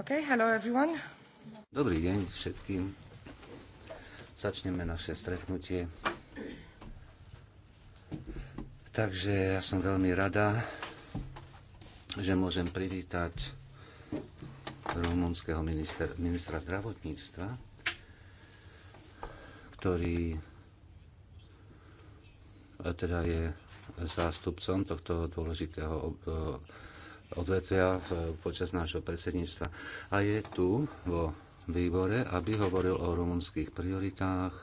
Okay, hello everyone. Dobrý deň všetkým. Začneme naše stretnutie. Takže ja som veľmi rada, že môžem privítať rumunského minister, ministra zdravotníctva, ktorý eh, teda je zástupcom tohto dôležitého eh, odvetvia e, počas nášho predsedníctva. A je tu vo výbore, aby hovoril o rumunských prioritách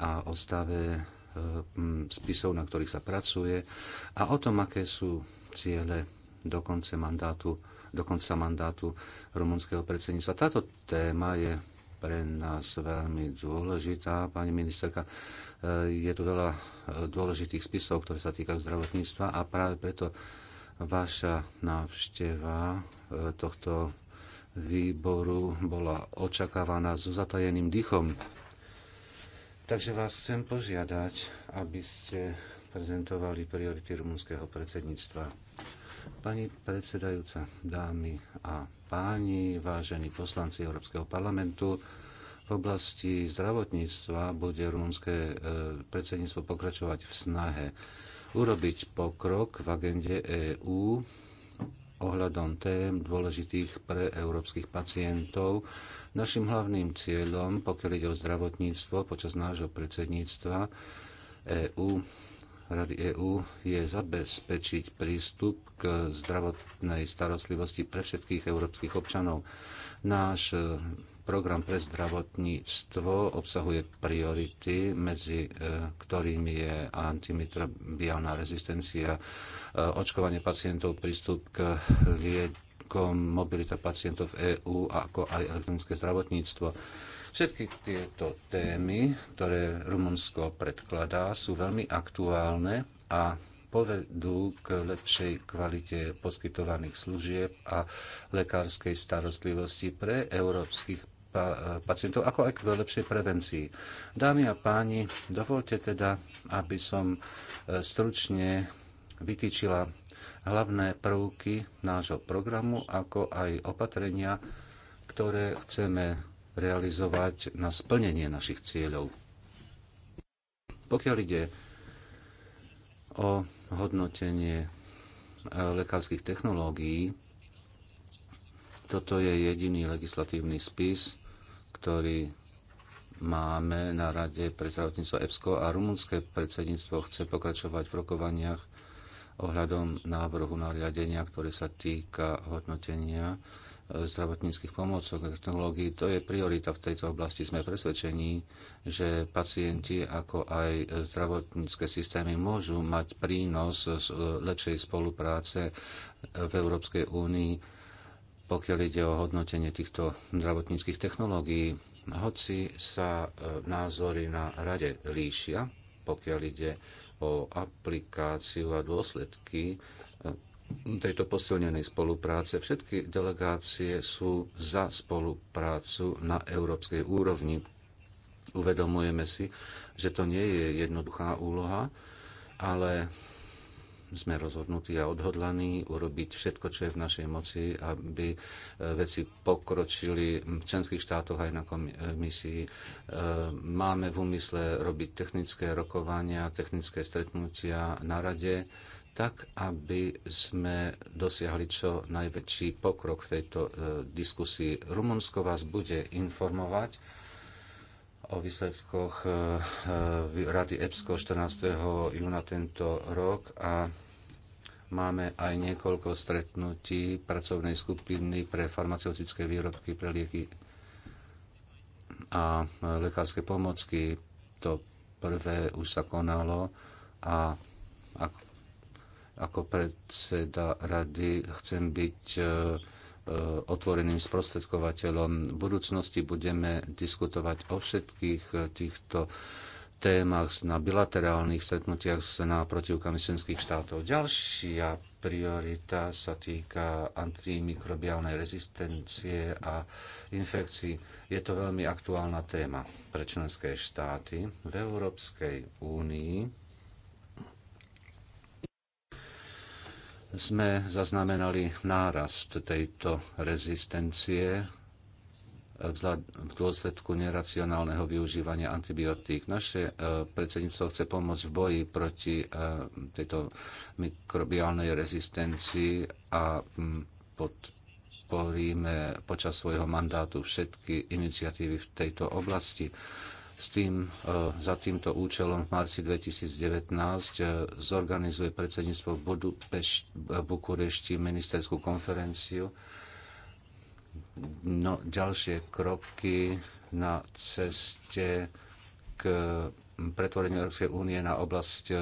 a o stave e, spisov, na ktorých sa pracuje a o tom, aké sú ciele do konca mandátu, do konca mandátu rumunského predsedníctva. Táto téma je pre nás veľmi dôležitá. Pani ministerka, e, je tu veľa dôležitých spisov, ktoré sa týkajú zdravotníctva a práve preto Vaša návšteva e, tohto výboru bola očakávaná so zatajeným dychom. Takže vás chcem požiadať, aby ste prezentovali priority rumunského predsedníctva. Pani predsedajúca, dámy a páni, vážení poslanci Európskeho parlamentu, v oblasti zdravotníctva bude rumunské e, predsedníctvo pokračovať v snahe urobiť pokrok v agende EÚ ohľadom tém dôležitých pre európskych pacientov. Našim hlavným cieľom, pokiaľ ide o zdravotníctvo počas nášho predsedníctva EÚ, Rady EÚ je zabezpečiť prístup k zdravotnej starostlivosti pre všetkých európskych občanov. Náš Program pre zdravotníctvo obsahuje priority, medzi e, ktorými je antimitrobiálna rezistencia, e, očkovanie pacientov, prístup k liekom, mobilita pacientov v EÚ, ako aj elektronické zdravotníctvo. Všetky tieto témy, ktoré Rumunsko predkladá, sú veľmi aktuálne a povedú k lepšej kvalite poskytovaných služieb a lekárskej starostlivosti pre európskych E, pacientov, ako aj k lepšej prevencii. Dámy a páni, dovolte teda, aby som e, stručne vytýčila hlavné prvky nášho programu, ako aj opatrenia, ktoré chceme realizovať na splnenie našich cieľov. Pokiaľ ide o hodnotenie e, lekárskych technológií, toto je jediný legislatívny spis, ktorý máme na Rade pre zdravotníctvo EPSCO a rumunské predsedníctvo chce pokračovať v rokovaniach ohľadom návrhu nariadenia, ktoré sa týka hodnotenia eh, zdravotníckých pomôcok a technológií. To je priorita v tejto oblasti. Sme presvedčení, že pacienti ako aj zdravotnícke systémy môžu mať prínos z eh, lepšej spolupráce v Európskej únii pokiaľ ide o hodnotenie týchto zdravotníckých technológií. Hoci sa e, názory na rade líšia, pokiaľ ide o aplikáciu a dôsledky e, tejto posilnenej spolupráce, všetky delegácie sú za spoluprácu na európskej úrovni. Uvedomujeme si, že to nie je jednoduchá úloha, ale sme rozhodnutí a odhodlaní urobiť všetko, čo je v našej moci, aby e, veci pokročili v členských štátoch aj na komisii. E, máme v úmysle robiť technické rokovania, technické stretnutia na rade, tak, aby sme dosiahli čo najväčší pokrok v tejto e, diskusii. Rumunsko vás bude informovať o výsledkoch e, e, Rady EPSCO 14. júna tento rok a máme aj niekoľko stretnutí pracovnej skupiny pre farmaceutické výrobky, pre lieky a e, lekárske pomocky. To prvé už sa konalo a ako, ako predseda rady chcem byť E, otvoreným sprostredkovateľom. V budúcnosti budeme diskutovať o všetkých e, týchto témach na bilaterálnych stretnutiach s náprotivkami členských štátov. Ďalšia priorita sa týka antimikrobiálnej rezistencie a infekcií. Je to veľmi aktuálna téma pre členské štáty. V Európskej únii sme zaznamenali nárast tejto rezistencie v dôsledku neracionálneho využívania antibiotík. Naše e, predsedníctvo chce pomôcť v boji proti e, tejto mikrobiálnej rezistencii a podporíme počas svojho mandátu všetky iniciatívy v tejto oblasti. S tým, e, za týmto účelom v marci 2019 e, zorganizuje predsedníctvo v Bukurešti ministerskú konferenciu. No, ďalšie kroky na ceste k pretvoreniu Európskej únie na oblasť e,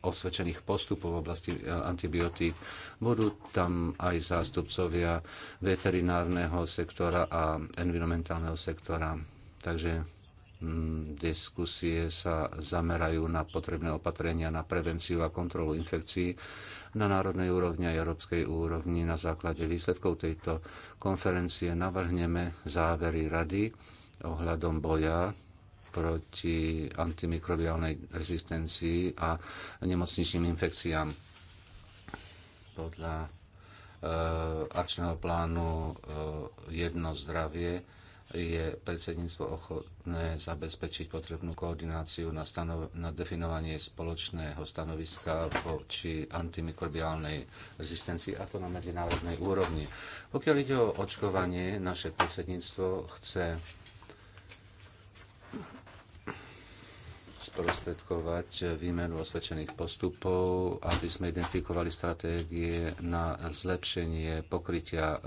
osvedčených postupov v oblasti antibiotík. Budú tam aj zástupcovia veterinárneho sektora a environmentálneho sektora. Takže mm, diskusie sa zamerajú na potrebné opatrenia na prevenciu a kontrolu infekcií na národnej úrovni a európskej úrovni. Na základe výsledkov tejto konferencie navrhneme závery rady ohľadom boja proti antimikrobiálnej rezistencii a nemocničným infekciám. Podľa e, akčného plánu e, jedno zdravie je predsedníctvo ochotné zabezpečiť potrebnú koordináciu na, stanov- na definovanie spoločného stanoviska voči antimikrobiálnej rezistencii, a to na medzinárodnej úrovni. Pokiaľ ide o očkovanie, naše predsedníctvo chce sprostredkovať výmenu osvedčených postupov, aby sme identifikovali stratégie na zlepšenie pokrytia e,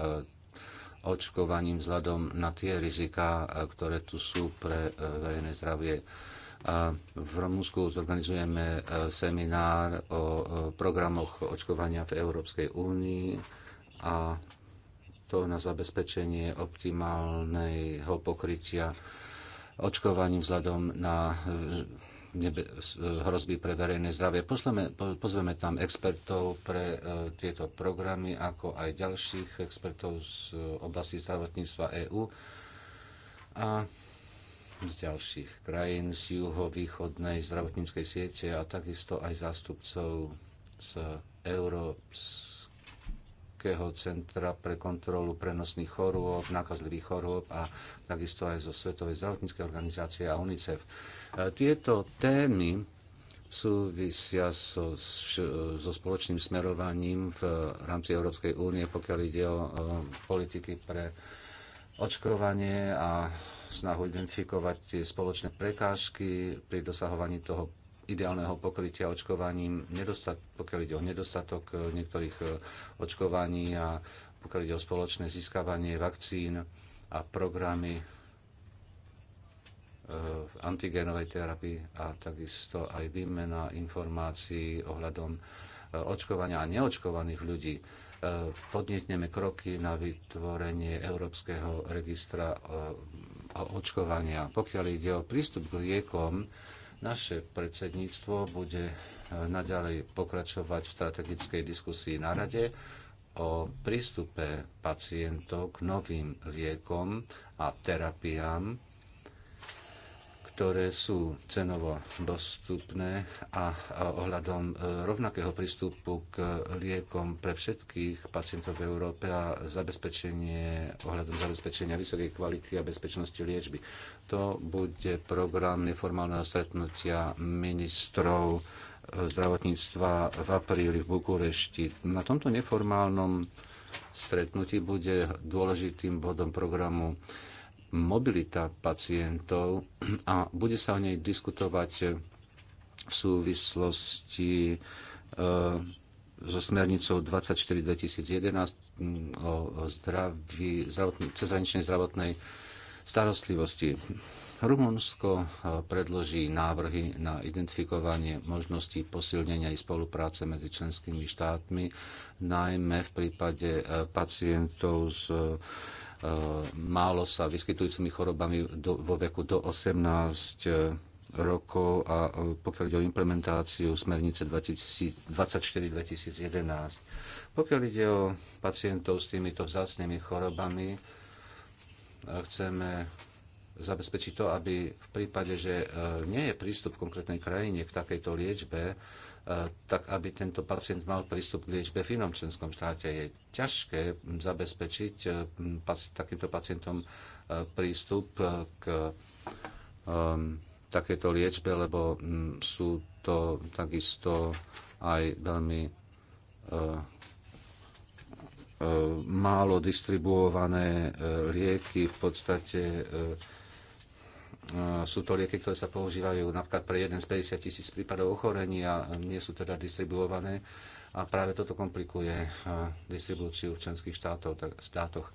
očkovaním vzhľadom na tie riziká, e, ktoré tu sú pre e, verejné zdravie. V Rumúnsku zorganizujeme e, seminár o programoch očkovania v Európskej únii a to na zabezpečenie optimálneho pokrytia očkovaním vzhľadom na E, hrozby pre verejné zdravie. Pošleme, pozveme tam expertov pre e, tieto programy, ako aj ďalších expertov z e, oblasti zdravotníctva EÚ a z ďalších krajín, z juho-východnej zdravotníckej siete a takisto aj zástupcov z Európskeho centra pre kontrolu prenosných chorôb, nákazlivých chorôb a takisto aj zo Svetovej zdravotníckej organizácie a UNICEF tieto témy súvisia so, so spoločným smerovaním v rámci Európskej únie, pokiaľ ide o, politiky pre očkovanie a snahu identifikovať tie spoločné prekážky pri dosahovaní toho ideálneho pokrytia očkovaním, nedostat, pokiaľ ide o nedostatok e, niektorých e, očkovaní a pokiaľ ide o spoločné získavanie vakcín a programy v antigenovej terapii a takisto aj výmena informácií ohľadom e, očkovania a neočkovaných ľudí. E, Podnetneme kroky na vytvorenie Európskeho registra e, očkovania. Pokiaľ ide o prístup k liekom, naše predsedníctvo bude naďalej pokračovať v strategickej diskusii na Rade o prístupe pacientov k novým liekom a terapiám ktoré sú cenovo dostupné a ohľadom e, rovnakého prístupu k liekom pre všetkých pacientov v Európe a zabezpečenie, ohľadom zabezpečenia vysokej kvality a bezpečnosti liečby. To bude program neformálneho stretnutia ministrov e, zdravotníctva v apríli v Bukurešti. Na tomto neformálnom stretnutí bude dôležitým bodom programu mobilita pacientov a bude sa o nej diskutovať v súvislosti eh, so smernicou 24-2011 mm, o zdraví, zdravotný, zdravotnej starostlivosti. Rumunsko eh, predloží návrhy na identifikovanie možností posilnenia i spolupráce medzi členskými štátmi, najmä v prípade eh, pacientov s málo sa vyskytujúcimi chorobami do, vo veku do 18 e, rokov a e, pokiaľ ide o implementáciu smernice 24-2011. Pokiaľ ide o pacientov s týmito vzácnými chorobami, e, chceme zabezpečiť to, aby v prípade, že nie je prístup v konkrétnej krajine k takejto liečbe, E, tak aby tento pacient mal prístup k liečbe v inom členskom štáte. Je ťažké zabezpečiť e, takýmto pacientom e, prístup k takéto liečbe, lebo sú to takisto aj veľmi málo distribuované lieky, v podstate Eh, sú to lieky, ktoré sa používajú napríklad pre jeden z 50 tisíc prípadov ochorení a nie sú teda distribuované. A práve toto komplikuje eh, distribúciu v členských štátoch. Tak, štátoch.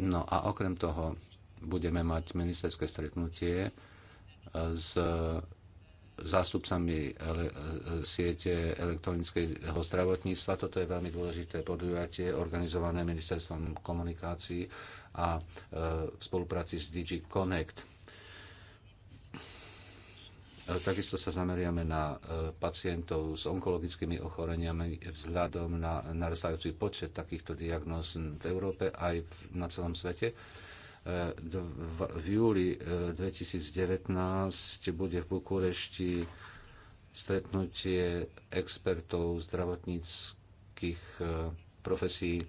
No a okrem toho budeme mať ministerské stretnutie eh, s zástupcami ele- siete elektronického zdravotníctva. Toto je veľmi dôležité podujatie organizované ministerstvom komunikácií a e, v spolupráci s DG Connect. E, takisto sa zameriame na e, pacientov s onkologickými ochoreniami vzhľadom na narastajúci počet takýchto diagnóz v Európe aj na celom svete. V júli 2019 bude v Bukurešti stretnutie expertov zdravotníckých profesí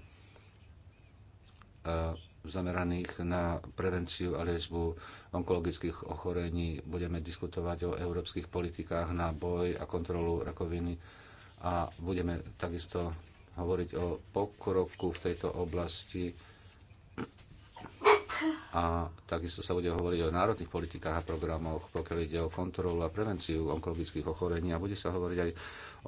zameraných na prevenciu a liečbu onkologických ochorení. Budeme diskutovať o európskych politikách na boj a kontrolu rakoviny a budeme takisto hovoriť o pokroku v tejto oblasti a takisto sa bude hovoriť o národných politikách a programoch, pokiaľ ide o kontrolu a prevenciu onkologických ochorení a bude sa hovoriť aj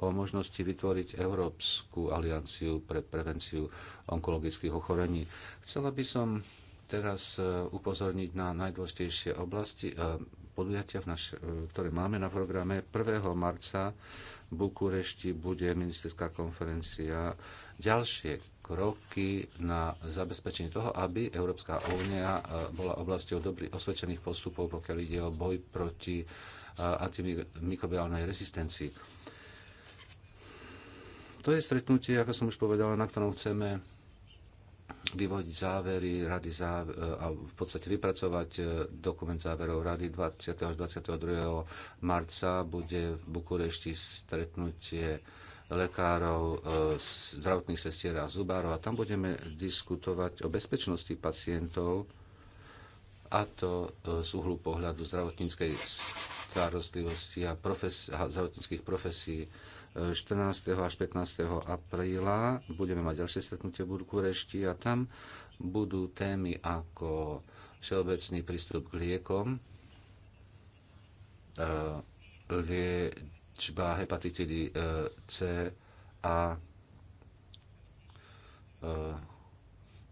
o možnosti vytvoriť Európsku alianciu pre prevenciu onkologických ochorení. Chcela by som teraz e, upozorniť na najdôležitejšie oblasti e, podujatia, v naš- e, ktoré máme na programe. 1. marca v Bukurešti bude ministerská konferencia ďalšie kroky na zabezpečenie toho, aby Európska únia e, bola oblasťou dobrých osvedčených postupov, pokiaľ ide o boj proti e, antimikrobiálnej rezistencii. To je stretnutie, ako som už povedala, na ktorom chceme vyvodiť závery rady záver, a v podstate vypracovať e, dokument záverov rady 20. až 22. marca bude v Bukurešti stretnutie lekárov, e, zdravotných sestier a zubárov a tam budeme diskutovať o bezpečnosti pacientov a to e, z uhlu pohľadu zdravotníckej starostlivosti a, profes, a zdravotníckých profesí. 14. E, až 15. apríla budeme mať ďalšie stretnutie v Burkurešti a tam budú témy ako všeobecný prístup k liekom, liečba hepatitidy e, C a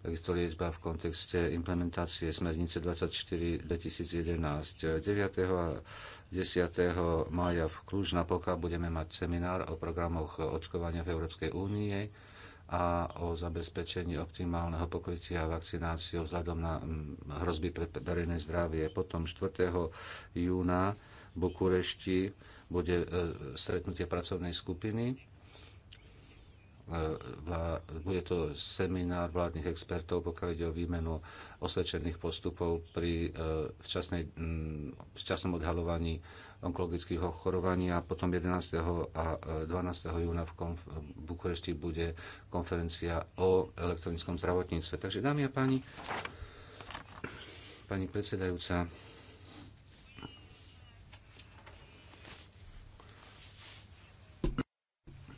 takisto e, liečba v kontexte implementácie smernice 24 2011 9. a 10. maja v Kluž na Poka budeme mať seminár o programoch očkovania v Európskej únie a o zabezpečení optimálneho pokrytia vakcináciou vzhľadom na hrozby pre verejné zdravie. Potom 4. júna v Bukurešti bude e, stretnutie pracovnej skupiny. E, bude to seminár vládnych expertov, pokiaľ ide o výmenu osvedčených postupov pri e, včasnej, mm, včasnom odhalovaní onkologických ochorovaní a potom 11. a 12. júna v, konf- v Bukurešti bude konferencia o elektronickom zdravotníctve. Takže dámy a páni, pani predsedajúca,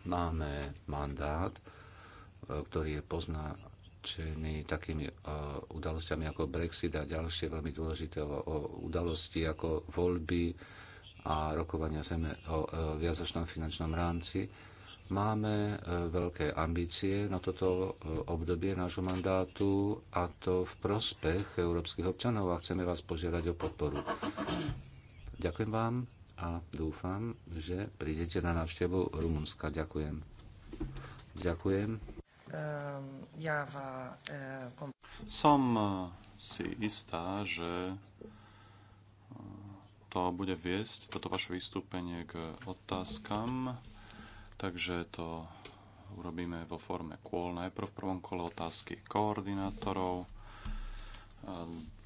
máme mandát, e, ktorý je poznačený takými e, udalosťami ako Brexit a ďalšie veľmi dôležité udalosti ako voľby a rokovania zeme o e, viazočnom finančnom rámci. Máme veľké ambície na toto obdobie nášho mandátu a to v prospech európskych občanov a chceme vás požiadať o podporu. Ďakujem vám a dúfam, že prídete na návštevu Rumunska. Ďakujem. Ďakujem. Ehm, eh, som eh, si istá, že eh, to bude viesť, toto vaše vystúpenie k otázkam, takže to urobíme vo forme kôl. Najprv v prvom kole otázky koordinátorov.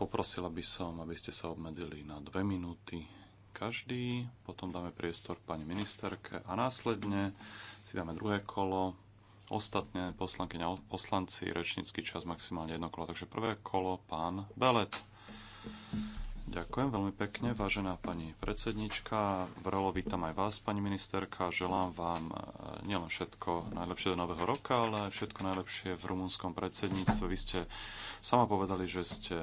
Poprosila by som, aby ste sa obmedzili na dve minúty každý, potom dáme priestor pani ministerke a následne si dáme druhé kolo. Ostatne poslankyňa, poslanci, rečnícky čas maximálne jedno kolo. Takže prvé kolo, pán Belet. Ďakujem veľmi pekne, vážená pani predsednička. Vrelo vítam aj vás, pani ministerka. Želám vám e, nielen všetko najlepšie do nového roka, ale všetko najlepšie v rumúnskom predsedníctve. Vy ste sama povedali, že ste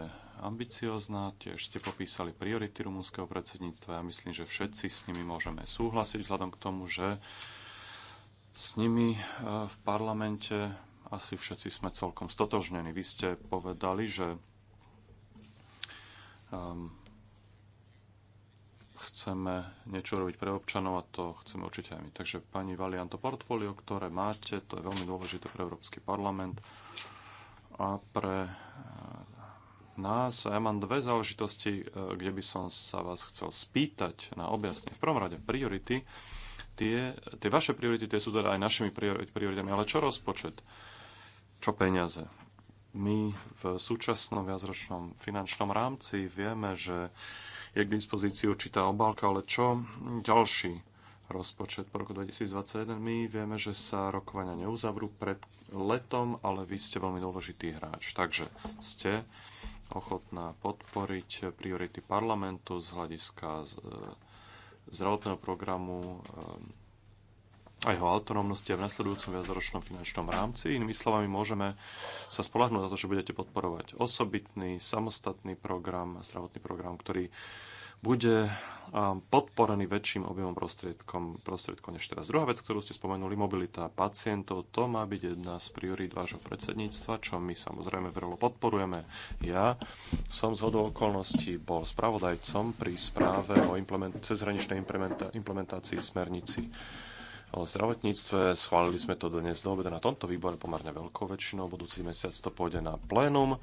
ambiciozná, tiež ste popísali priority rumúnskeho predsedníctva. Ja myslím, že všetci s nimi môžeme súhlasiť, vzhľadom k tomu, že s nimi e, v parlamente asi všetci sme celkom stotožnení. Vy ste povedali, že um, chceme niečo robiť pre občanov a to chceme určite aj my. Takže pani Valian, to portfólio, ktoré máte, to je veľmi dôležité pre Európsky parlament a pre nás. A ja mám dve záležitosti, e, kde by som sa vás chcel spýtať na objasne. V prvom rade priority. Tie, tie vaše priority, tie sú teda aj našimi prioritami, ale čo rozpočet? Čo peniaze? My v súčasnom viacročnom finančnom rámci vieme, že je k dispozícii určitá obálka, ale čo ďalší rozpočet po roku 2021. My vieme, že sa rokovania neuzavrú pred letom, ale vy ste veľmi dôležitý hráč. Takže ste ochotná podporiť priority parlamentu z hľadiska e, zdravotného programu e, a jeho autonómnosti a v nasledujúcom viacročnom finančnom rámci. Inými slovami, môžeme sa spolahnúť na to, že budete podporovať osobitný, samostatný program, zdravotný program, ktorý bude podporený väčším objemom prostriedkom, prostriedkom než teraz. Druhá vec, ktorú ste spomenuli, mobilita pacientov, to má byť jedna z priorít vášho predsedníctva, čo my samozrejme veľmi podporujeme. Ja som z hodou okolností bol spravodajcom pri správe o implement- cezhraničnej implementa- implementácii smernici o zdravotníctve. Schválili sme to dnes do obeda na tomto výbore pomerne veľkou väčšinou. Budúci mesiac to pôjde na plénum.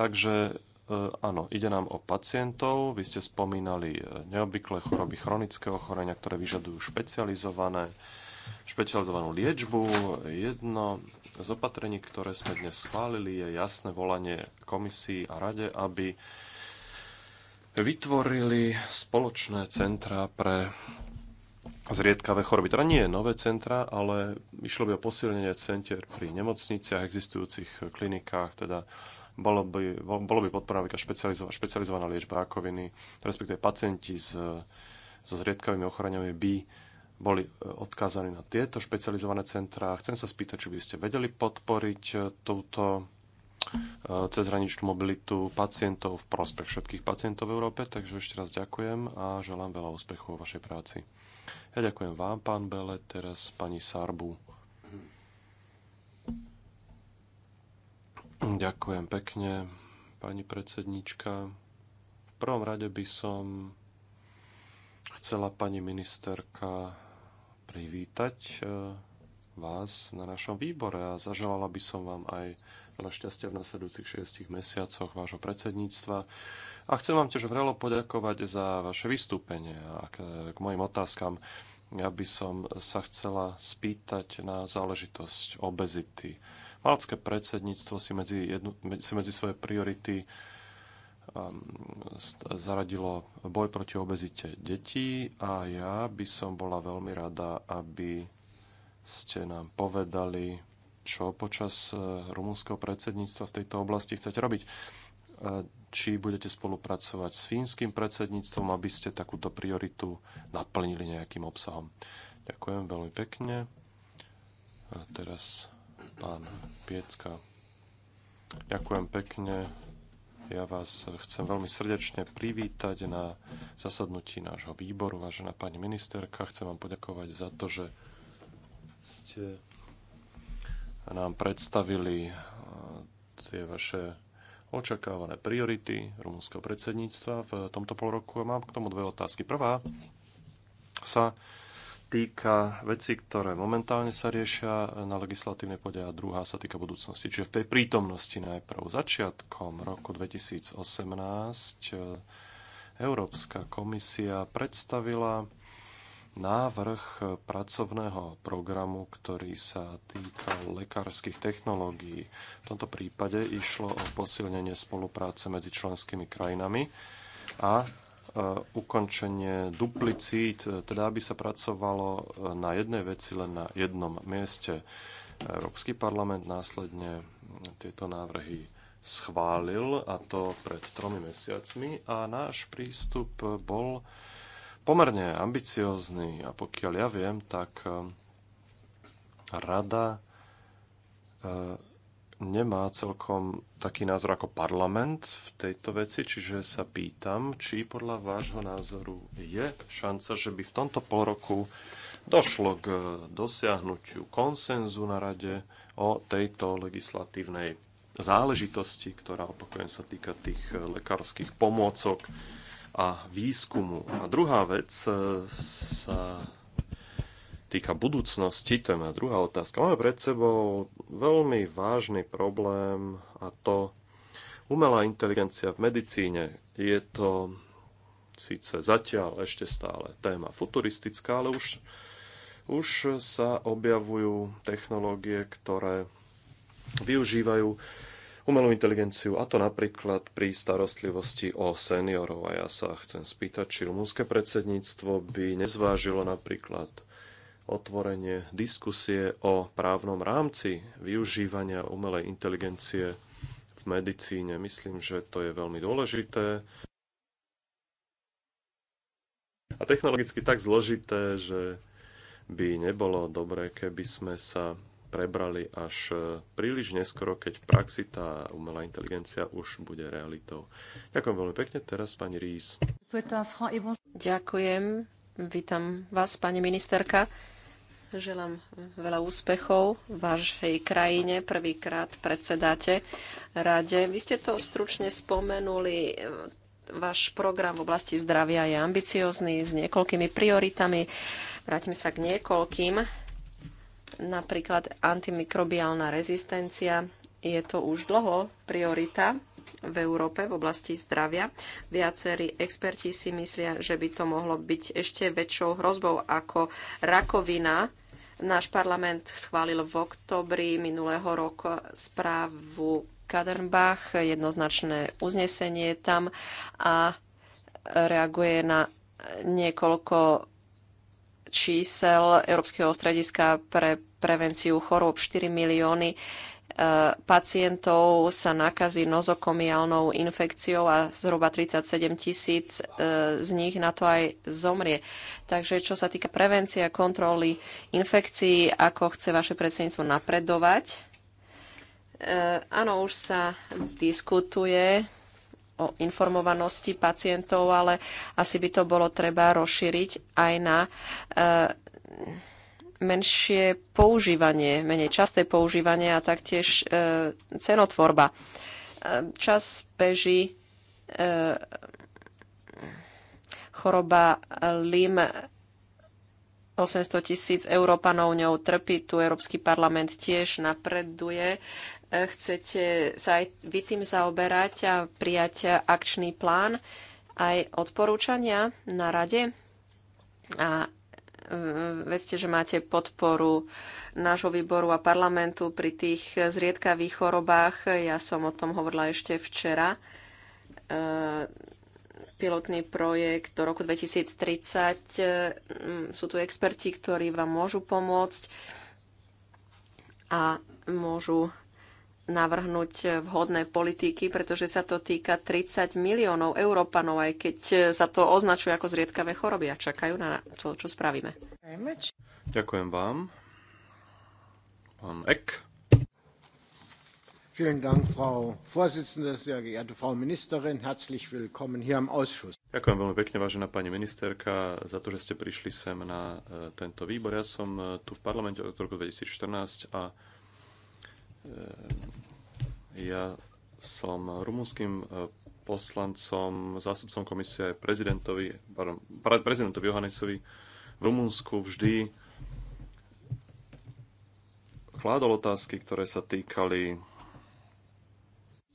Takže E, áno, ide nám o pacientov. Vy ste spomínali e, neobvyklé choroby, chronické ochorenia, ktoré vyžadujú špecializované, špecializovanú liečbu. Jedno z opatrení, ktoré sme dnes schválili, je jasné volanie komisii a rade, aby vytvorili spoločné centra pre zriedkavé choroby. Teda nie je nové centra, ale išlo by o posilnenie centier pri nemocniciach, existujúcich klinikách, teda bolo by, bolo by podporná špecializovaná, špecializovaná liečba rakoviny, respektíve pacienti s, so zriedkavými ochoreniami by boli e, odkázaní na tieto špecializované centrá. Chcem sa spýtať, či by ste vedeli podporiť e, túto e, cezhraničnú mobilitu pacientov v prospech všetkých pacientov v Európe. Takže ešte raz ďakujem a želám veľa úspechov vo vašej práci. Ja ďakujem vám, pán Bele, teraz pani Sarbu. Ďakujem pekne, pani predsedníčka. V prvom rade by som chcela pani ministerka privítať e, vás na našom výbore a zaželala by som vám aj veľa šťastia v nasledujúcich 6 mesiacoch vášho predsedníctva. A chcem vám tiež vrelo poďakovať za vaše vystúpenie a k, k mojim otázkam. Ja by som sa chcela spýtať na záležitosť obezity. Malcké predsedníctvo si medzi, jednu, si medzi svoje priority um, zaradilo boj proti obezite detí a ja by som bola veľmi rada, aby ste nám povedali, čo počas eh, rumúnskeho predsedníctva v tejto oblasti chcete robiť eh, či budete spolupracovať s fínskym predsedníctvom, aby ste takúto prioritu naplnili nejakým obsahom. Ďakujem veľmi pekne. A teraz pán Piecka. Ďakujem pekne. Ja vás chcem veľmi srdečne privítať na zasadnutí nášho výboru, vážená pani ministerka. Chcem vám poďakovať za to, že ste nám predstavili e, tie vaše očakávané priority rumúnskeho predsedníctva v tomto a Mám k tomu dve otázky. Prvá sa týka veci, ktoré momentálne sa riešia na legislatívnej pôde a druhá sa týka budúcnosti. Čiže v tej prítomnosti najprv. Začiatkom roku 2018 eh, Európska komisia predstavila návrh pracovného programu, ktorý sa týkal lekárskych technológií. V tomto prípade išlo o posilnenie spolupráce medzi členskými krajinami a Eh, ukončenie duplicít, eh, teda aby sa pracovalo eh, na jednej veci len na jednom mieste. Európsky parlament následne hm, tieto návrhy schválil, a to pred tromi mesiacmi, a náš prístup bol pomerne ambiciózny. A pokiaľ ja viem, tak rada nemá celkom taký názor ako parlament v tejto veci, čiže sa pýtam, či podľa vášho názoru je šanca, že by v tomto roku došlo k dosiahnutiu konsenzu na rade o tejto legislatívnej záležitosti, ktorá opakujem sa týka tých lekárskych pomôcok a výskumu. A druhá vec e, sa týka budúcnosti, to je moja druhá otázka. Máme pred sebou veľmi vážny problém a to umelá inteligencia v medicíne. Je to síce zatiaľ ešte stále téma futuristická, ale už, už sa objavujú technológie, ktoré využívajú umelú inteligenciu, a to napríklad pri starostlivosti o seniorov. A ja sa chcem spýtať, či rumúnske predsedníctvo by nezvážilo napríklad otvorenie diskusie o právnom rámci využívania umelej inteligencie v medicíne. Myslím, že to je veľmi dôležité a technologicky tak zložité, že by nebolo dobré, keby sme sa prebrali až príliš neskoro, keď v praxi tá umelá inteligencia už bude realitou. Ďakujem veľmi pekne. Teraz pani Rís. Ďakujem. Vítam vás, pani ministerka. Želám veľa úspechov v vašej krajine. Prvýkrát predsedáte rade. Vy ste to stručne spomenuli. Váš program v oblasti zdravia je ambiciózny s niekoľkými prioritami. Vrátim sa k niekoľkým. Napríklad antimikrobiálna rezistencia. Je to už dlho priorita v Európe v oblasti zdravia. Viacerí experti si myslia, že by to mohlo byť ešte väčšou hrozbou ako rakovina. Náš parlament schválil v oktobri minulého roku správu Kadernbach, jednoznačné uznesenie tam a reaguje na niekoľko čísel Európskeho strediska pre prevenciu chorób 4 milióny Eh, pacientov sa nakazí nozokomiálnou infekciou a zhruba 37 tisíc eh, z nich na to aj zomrie. Takže čo sa týka prevencie a kontroly infekcií, ako chce vaše predsedníctvo napredovať? Eh, áno, už sa diskutuje o informovanosti pacientov, ale asi by to bolo treba rozšíriť aj na menšie používanie, menej časté používanie a taktiež e, cenotvorba. E, čas beží, e, choroba LIM 800 tisíc Európanov ňou trpí, tu Európsky parlament tiež napreduje. E, chcete sa aj vy tým zaoberať a prijať akčný plán, aj odporúčania na rade? A E, vedzte, že máte podporu nášho výboru a parlamentu pri tých zriedkavých chorobách. Ja som o tom hovorila ešte včera. E, pilotný projekt do roku 2030. E, sú tu experti, ktorí vám môžu pomôcť a môžu navrhnúť vhodné politiky, pretože sa to týka 30 miliónov Európanov, aj keď sa to označuje ako zriedkavé choroby a čakajú na to, čo spravíme. Ďakujem vám. Pán Eck. Vielen Dank, Frau Vorsitzende, sehr geehrte Frau Ministerin, herzlich willkommen hier im Ausschuss. Ďakujem veľmi pekne, vážená pani ministerka, za to, že ste prišli sem na eh, tento výbor. Ja som eh, tu v parlamente od roku 2014 a E, ja som rumúnským e, poslancom, zástupcom komisie aj prezidentovi, pardon, prezidentovi Johannesovi v Rumúnsku vždy kládol otázky, ktoré sa týkali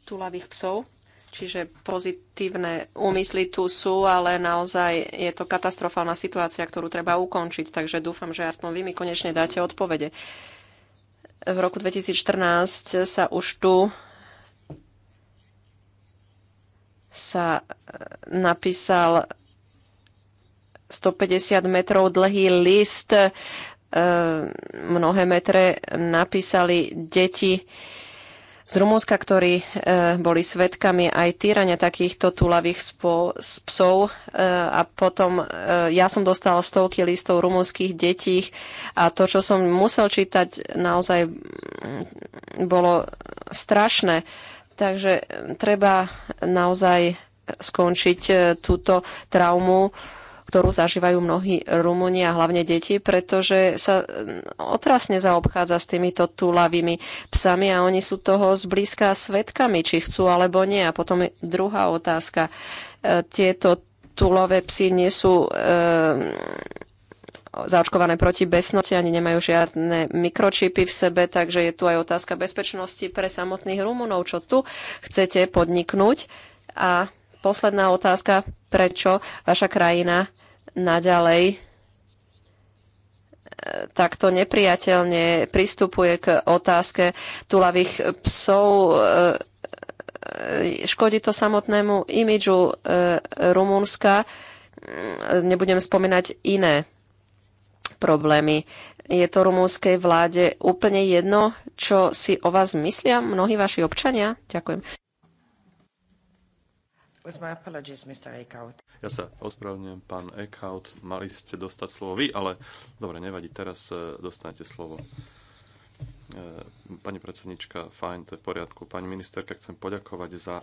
tulavých psov. Čiže pozitívne úmysly tu sú, ale naozaj je to katastrofálna situácia, ktorú treba ukončiť. Takže dúfam, že aspoň vy mi konečne dáte odpovede. Uh, v roku 2014 sa už tu sa e, napísal 150 metrov dlhý list. E, mnohé metre napísali deti z Rumúnska, ktorí e, boli svetkami aj týrania takýchto tulavých spo, psov. E, a potom e, ja som dostal stovky listov rumúnskych detí a to, čo som musel čítať, naozaj bolo strašné. Takže treba naozaj skončiť e, túto traumu ktorú zažívajú mnohí Rumúni a hlavne deti, pretože sa mm, otrasne zaobchádza s týmito túlavými psami a oni sú toho zblízka svetkami, či chcú alebo nie. A potom druhá otázka. E, tieto túlové psy nie sú e, zaočkované proti besnosti, ani nemajú žiadne mikročipy v sebe, takže je tu aj otázka bezpečnosti pre samotných Rumunov, čo tu chcete podniknúť. A posledná otázka, prečo vaša krajina naďalej e, takto nepriateľne pristupuje k otázke tulavých psov. E, e, škodí to samotnému imidžu Rumunska. Mm, nebudem spomínať iné problémy. Je to rumúnskej vláde úplne jedno, čo si o vás myslia mnohí vaši občania? Ďakujem. Ja sa ospravedlňujem, pán Eckhout, mali ste dostať slovo vy, ale dobre, nevadí, teraz e, dostanete slovo. E, pani predsednička, fajn, to je v poriadku. Pani ministerka, chcem poďakovať za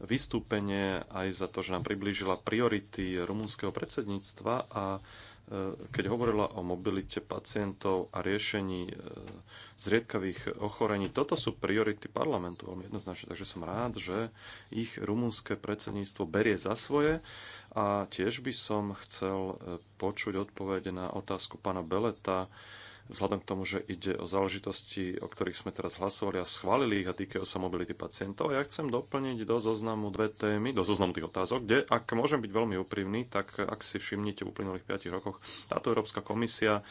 vystúpenie, aj za to, že nám priblížila priority rumúnskeho predsedníctva a E, keď hovorila o mobilite pacientov a riešení e, zriedkavých ochorení. Toto sú priority parlamentu veľmi jednoznačne, takže som rád, že ich rumúnske predsedníctvo berie za svoje a tiež by som chcel e, počuť odpovede na otázku pána Beleta, vzhľadom k tomu, že ide o záležitosti, o ktorých sme teraz hlasovali a schválili ich a týkajú sa mobility pacientov. Ja chcem doplniť do zoznamu dve témy, do zoznamu tých otázok, kde, ak môžem byť veľmi úprimný, tak ak si všimnite v uplynulých 5 rokoch, táto Európska komisia,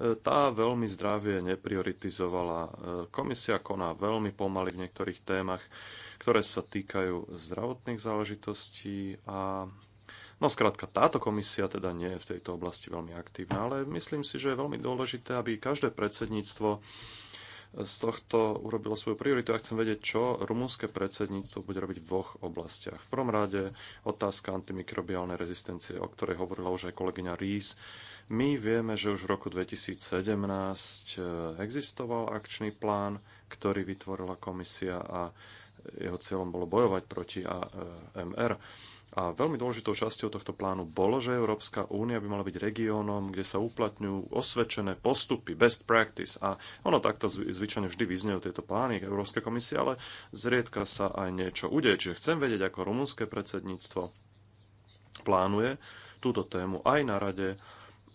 e, tá veľmi zdravie neprioritizovala. E, komisia koná veľmi pomaly v niektorých témach, ktoré sa týkajú zdravotných záležitostí a No zkrátka táto komisia teda nie je v tejto oblasti veľmi aktívna, ale myslím si, že je veľmi dôležité, aby každé predsedníctvo z tohto urobilo svoju prioritu a chcem vedieť, čo rumúnske predsedníctvo bude robiť v dvoch oblastiach. V prvom rade otázka antimikrobiálnej rezistencie, o ktorej hovorila už aj kolegyňa Rís. My vieme, že už v roku 2017 eh, existoval akčný plán, ktorý vytvorila komisia a jeho cieľom bolo bojovať proti AMR. A veľmi dôležitou časťou tohto plánu bolo, že Európska únia by mala byť regiónom, kde sa uplatňujú osvedčené postupy, best practice. A ono takto zvyčajne vždy vyznejú tieto plány Európskej komisie, ale zriedka sa aj niečo udeje. Čiže chcem vedieť, ako rumunské predsedníctvo plánuje túto tému aj na rade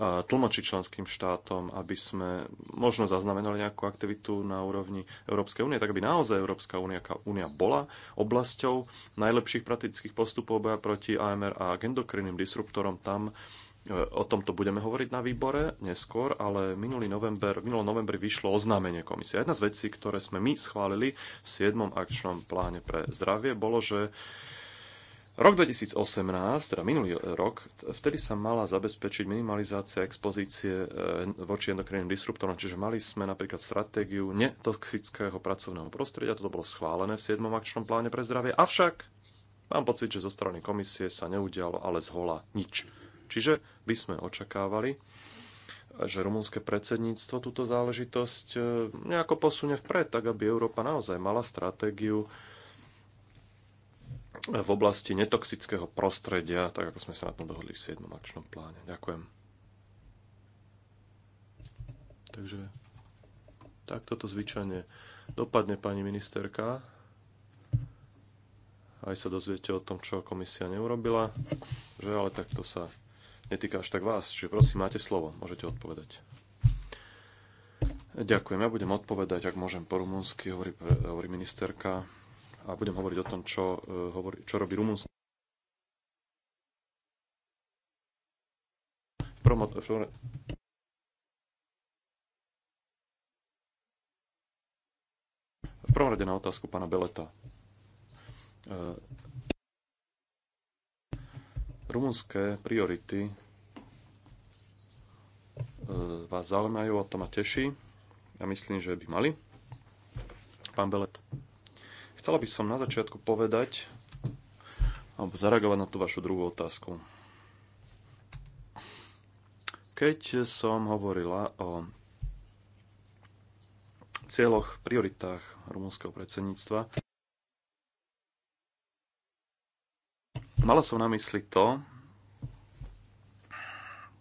tlmočiť členským štátom, aby sme možno zaznamenali nejakú aktivitu na úrovni Európskej únie, tak aby naozaj Európska únia, únia bola oblasťou najlepších praktických postupov boja proti AMR a endokrinným disruptorom tam, e, O tomto budeme hovoriť na výbore neskôr, ale minulý november, minulý november vyšlo oznámenie komisie. Jedna z vecí, ktoré sme my schválili v 7. akčnom pláne pre zdravie, bolo, že Rok 2018, teda minulý rok, vtedy sa mala zabezpečiť minimalizácia expozície e, voči endokrinným disruptorom, čiže mali sme napríklad stratégiu netoxického pracovného prostredia, toto bolo schválené v 7. akčnom pláne pre zdravie, avšak mám pocit, že zo strany komisie sa neudialo ale zhola nič. Čiže by sme očakávali, že rumúnske predsedníctvo túto záležitosť e, nejako posunie vpred, tak aby Európa naozaj mala stratégiu v oblasti netoxického prostredia, tak ako sme sa na tom dohodli v 7. akčnom pláne. Ďakujem. Takže tak toto zvyčajne dopadne pani ministerka. Aj sa dozviete o tom, čo komisia neurobila, že ale takto sa netýka až tak vás. Čiže prosím, máte slovo, môžete odpovedať. Ďakujem, ja budem odpovedať, ak môžem po rumúnsky, hovorí, hovorí ministerka a budem hovoriť o tom, čo, e, hovorí, čo robí Rumunsko. E, v prvom rade na otázku pána Beleta. E, rumunské priority vás zaujímajú, a to ma teší. Ja myslím, že by mali. Pán Belet. Chcela by som na začiatku povedať, alebo zareagovať na tú vašu druhú otázku. Keď som hovorila o cieľoch, prioritách rumúnskeho predsedníctva, mala som na mysli to,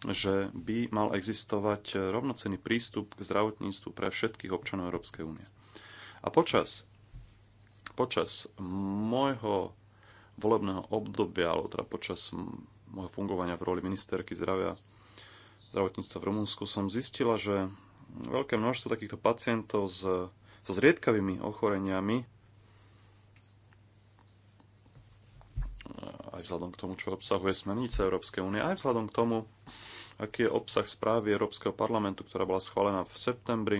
že by mal existovať rovnocenný prístup k zdravotníctvu pre všetkých občanov Európskej únie. A počas Počas môjho volebného obdobia, alebo teda počas môjho fungovania v roli ministerky zdravia zdravotníctva v Rumunsku som zistila, že veľké množstvo takýchto pacientov s, so zriedkavými ochoreniami aj vzhľadom k tomu, čo obsahuje smernica Európskej únie, aj vzhľadom k tomu, aký je obsah správy Európskeho parlamentu, ktorá bola schválená v septembri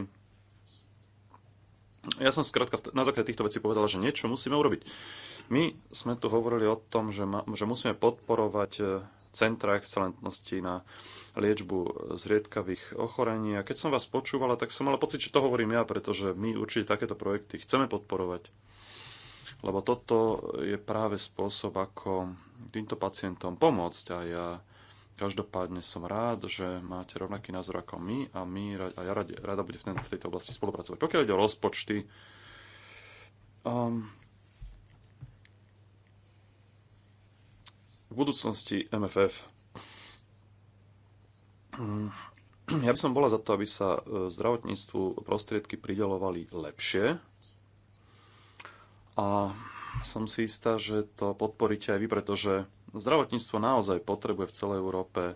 ja som skrátka na základe týchto vecí povedala, že niečo musíme urobiť. My sme tu hovorili o tom, že, ma, že musíme podporovať e, centra excelentnosti na liečbu e, zriedkavých ochorení. A keď som vás počúvala, tak som mala pocit, že to hovorím ja, pretože my určite takéto projekty chceme podporovať. Lebo toto je práve spôsob, ako týmto pacientom pomôcť. A ja Každopádne som rád, že máte rovnaký názor ako my a, my, a ja rada, rada budem v, ten, v tejto oblasti spolupracovať. Pokiaľ ide o rozpočty, um, v budúcnosti MFF. Ja by som bola za to, aby sa e, zdravotníctvu prostriedky pridelovali lepšie. A som si istá, že to podporíte aj vy, pretože Zdravotníctvo naozaj potrebuje v celej Európe e,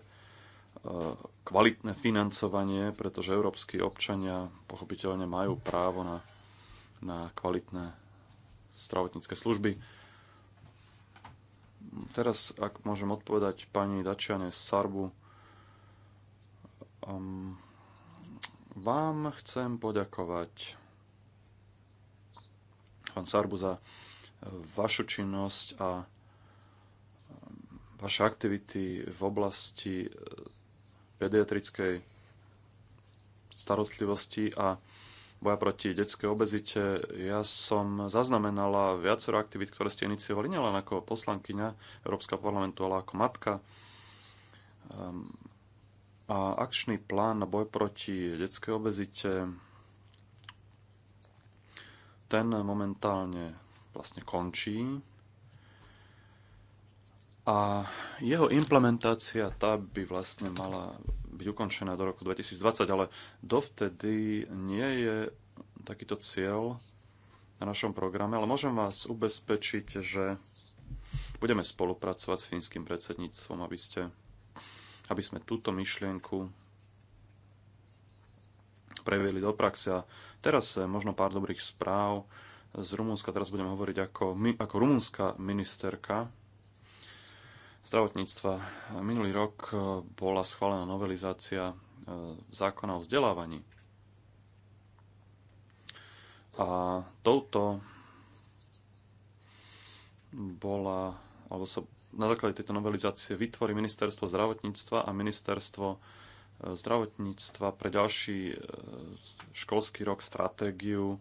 kvalitné financovanie, pretože európsky občania pochopiteľne majú právo na, na kvalitné zdravotnícke služby. Teraz, ak môžem odpovedať pani Dačiane Sarbu, um, vám chcem poďakovať, pán Sarbu, za vašu činnosť a vaše aktivity v oblasti e, pediatrickej starostlivosti a boja proti detskej obezite. Ja som zaznamenala viacero aktivít, ktoré ste iniciovali nielen ako poslankyňa Európskeho parlamentu, ale ako matka. Ehm, a akčný plán na boj proti detskej obezite, ten momentálne vlastne končí a jeho implementácia tá by vlastne mala byť ukončená do roku 2020, ale dovtedy nie je takýto cieľ na našom programe, ale môžem vás ubezpečiť, že budeme spolupracovať s fínskym predsedníctvom, aby, ste, aby sme túto myšlienku previeli do praxe. A teraz eh, možno pár dobrých správ z Rumúnska. Teraz budem hovoriť ako, ako rumúnska ministerka zdravotníctva. Minulý rok e, bola schválená novelizácia e, zákona o vzdelávaní. A touto bola, alebo sa na základe tejto novelizácie vytvorí ministerstvo zdravotníctva a ministerstvo e, zdravotníctva pre ďalší školský rok stratégiu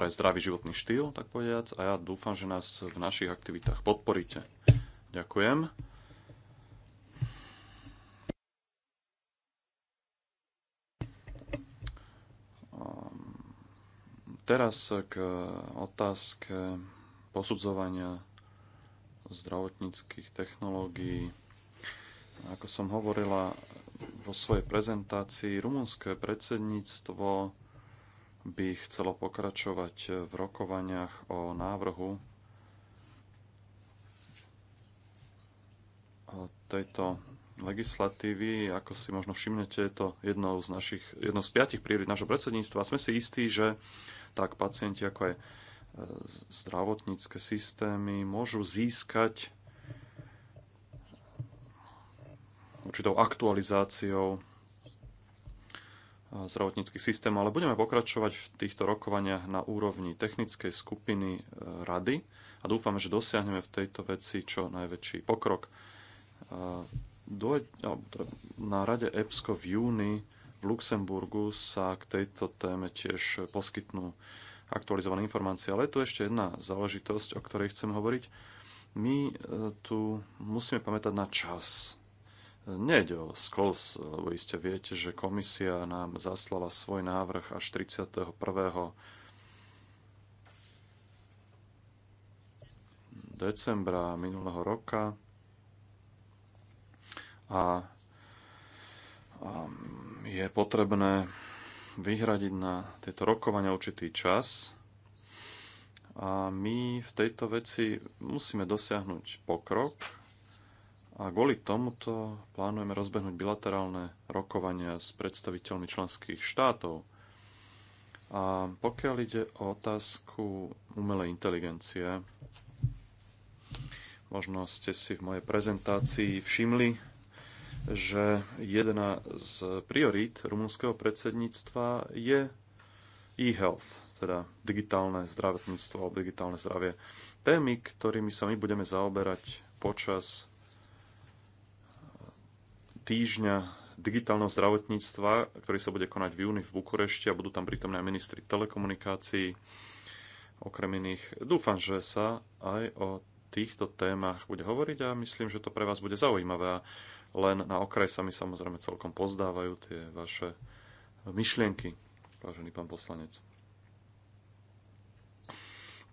pre zdravý životný štýl, tak povediac, a ja dúfam, že nás v našich aktivitách podporíte. Ďakujem. Ehm, teraz k otázke posudzovania zdravotníckých technológií. Ako som hovorila vo svojej prezentácii, rumunské predsedníctvo by chcelo pokračovať v rokovaniach o návrhu tejto legislatívy. Ako si možno všimnete, je to jednou z, našich, jednou z piatich priorit nášho predsedníctva. Sme si istí, že tak pacienti ako aj e, zdravotnícke systémy môžu získať určitou aktualizáciou zdravotníckých systémov, ale budeme pokračovať v týchto rokovaniach na úrovni technickej skupiny e, rady a dúfame, že dosiahneme v tejto veci čo najväčší pokrok. E, teda na rade EPSCO v júni v Luxemburgu sa k tejto téme tiež poskytnú aktualizované informácie, ale je tu ešte jedna záležitosť, o ktorej chcem hovoriť. My e, tu musíme pamätať na čas, Nejde o skolz, lebo iste viete, že komisia nám zaslala svoj návrh až 31. decembra minulého roka a, a je potrebné vyhradiť na tieto rokovania určitý čas a my v tejto veci musíme dosiahnuť pokrok a kvôli tomuto plánujeme rozbehnúť bilaterálne rokovania s predstaviteľmi členských štátov. A pokiaľ ide o otázku umelej inteligencie, možno ste si v mojej prezentácii všimli, že jedna z priorít rumunského predsedníctva je e-health, teda digitálne zdravotníctvo alebo digitálne zdravie. Témy, ktorými sa my budeme zaoberať počas týždňa digitálneho zdravotníctva, ktorý sa bude konať v júni v Bukurešti a budú tam prítomné aj ministri telekomunikácií, okrem iných. Dúfam, že sa aj o týchto témach bude hovoriť a myslím, že to pre vás bude zaujímavé. A len na okraj sa mi samozrejme celkom pozdávajú tie vaše myšlienky, vážený pán poslanec.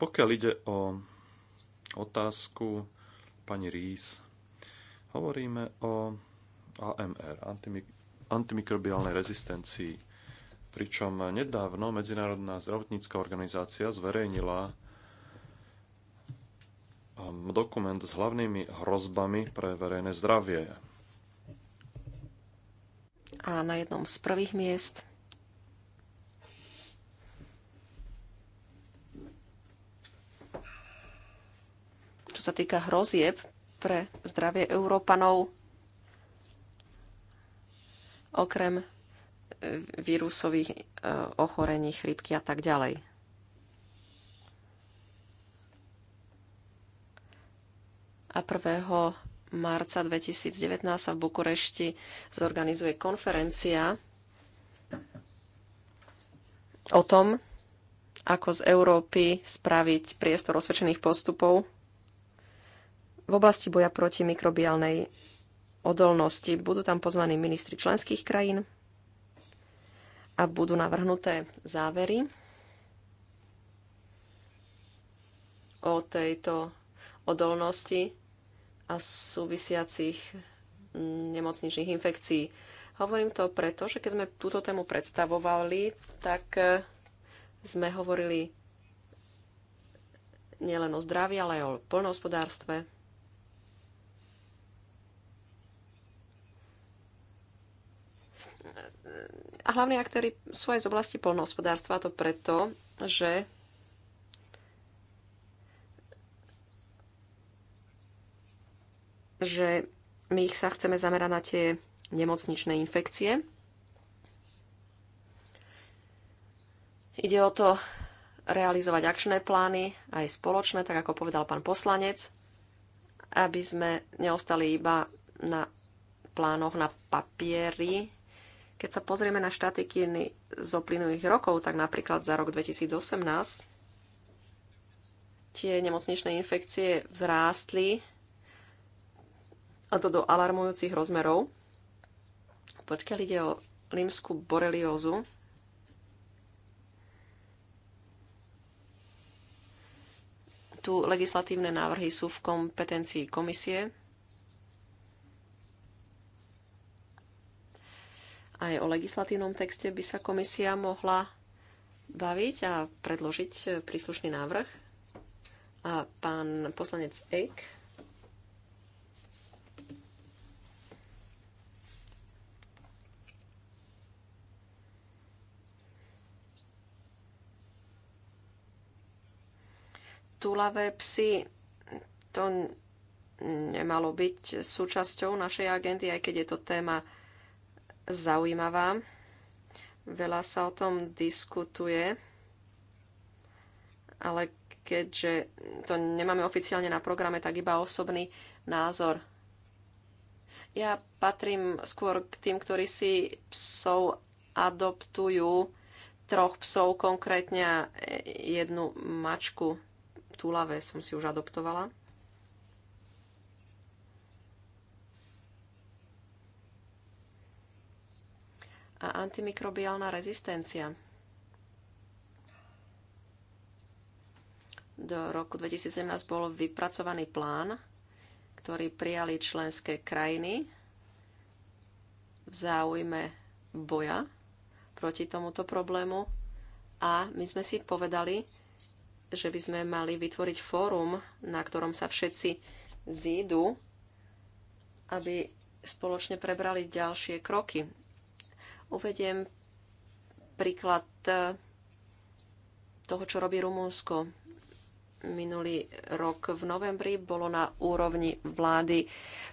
Pokiaľ ide o otázku pani Rís, hovoríme o AMR, antimikrobiálnej rezistencii. Pričom nedávno Medzinárodná zdravotnícká organizácia zverejnila um, dokument s hlavnými hrozbami pre verejné zdravie. A na jednom z prvých miest čo sa týka hrozieb pre zdravie Európanov, okrem e, vírusových e, ochorení, chrypky a tak ďalej. A 1. marca 2019 sa v Bukurešti zorganizuje konferencia o tom, ako z Európy spraviť priestor osvedčených postupov v oblasti boja proti mikrobiálnej odolnosti. Budú tam pozvaní ministri členských krajín a budú navrhnuté závery o tejto odolnosti a súvisiacich nemocničných infekcií. Hovorím to preto, že keď sme túto tému predstavovali, tak eh, sme hovorili nielen o zdraví, ale aj o plnohospodárstve, A hlavní aktéry sú aj z oblasti polnohospodárstva, to preto, že že my ich sa chceme zamerať na tie nemocničné infekcie. Ide o to realizovať akčné plány, aj spoločné, tak ako povedal pán poslanec, aby sme neostali iba na plánoch na papieri, keď sa pozrieme na štatiky z oplynulých rokov, tak napríklad za rok 2018 tie nemocničné infekcie vzrástli a to do alarmujúcich rozmerov. Pokiaľ ide o limskú boreliózu, tu legislatívne návrhy sú v kompetencii komisie. Aj o legislatívnom texte by sa komisia mohla baviť a predložiť príslušný návrh. A pán poslanec Eik. Tulavé psy, to nemalo byť súčasťou našej agendy, aj keď je to téma zaujímavá. Veľa sa o tom diskutuje, ale keďže to nemáme oficiálne na programe, tak iba osobný názor. Ja patrím skôr k tým, ktorí si psov adoptujú, troch psov konkrétne jednu mačku. Túlave som si už adoptovala. a antimikrobiálna rezistencia. Do roku 2017 bol vypracovaný plán, ktorý prijali členské krajiny v záujme boja proti tomuto problému. A my sme si povedali, že by sme mali vytvoriť fórum, na ktorom sa všetci zídu, aby spoločne prebrali ďalšie kroky Uvediem príklad e, toho, čo robí Rumúnsko. Minulý rok v novembri bolo na úrovni vlády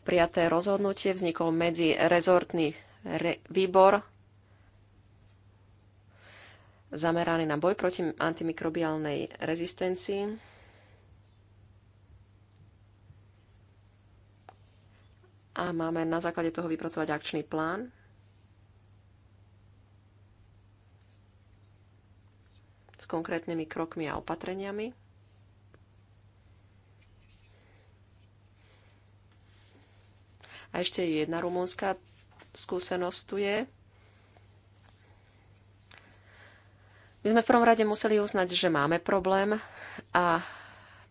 prijaté rozhodnutie, vznikol medzi rezortný re- výbor zameraný na boj proti antimikrobiálnej rezistencii. A máme na základe toho vypracovať akčný plán s konkrétnymi krokmi a opatreniami. A ešte jedna rumúnska skúsenosť tu je. My sme v prvom rade museli uznať, že máme problém a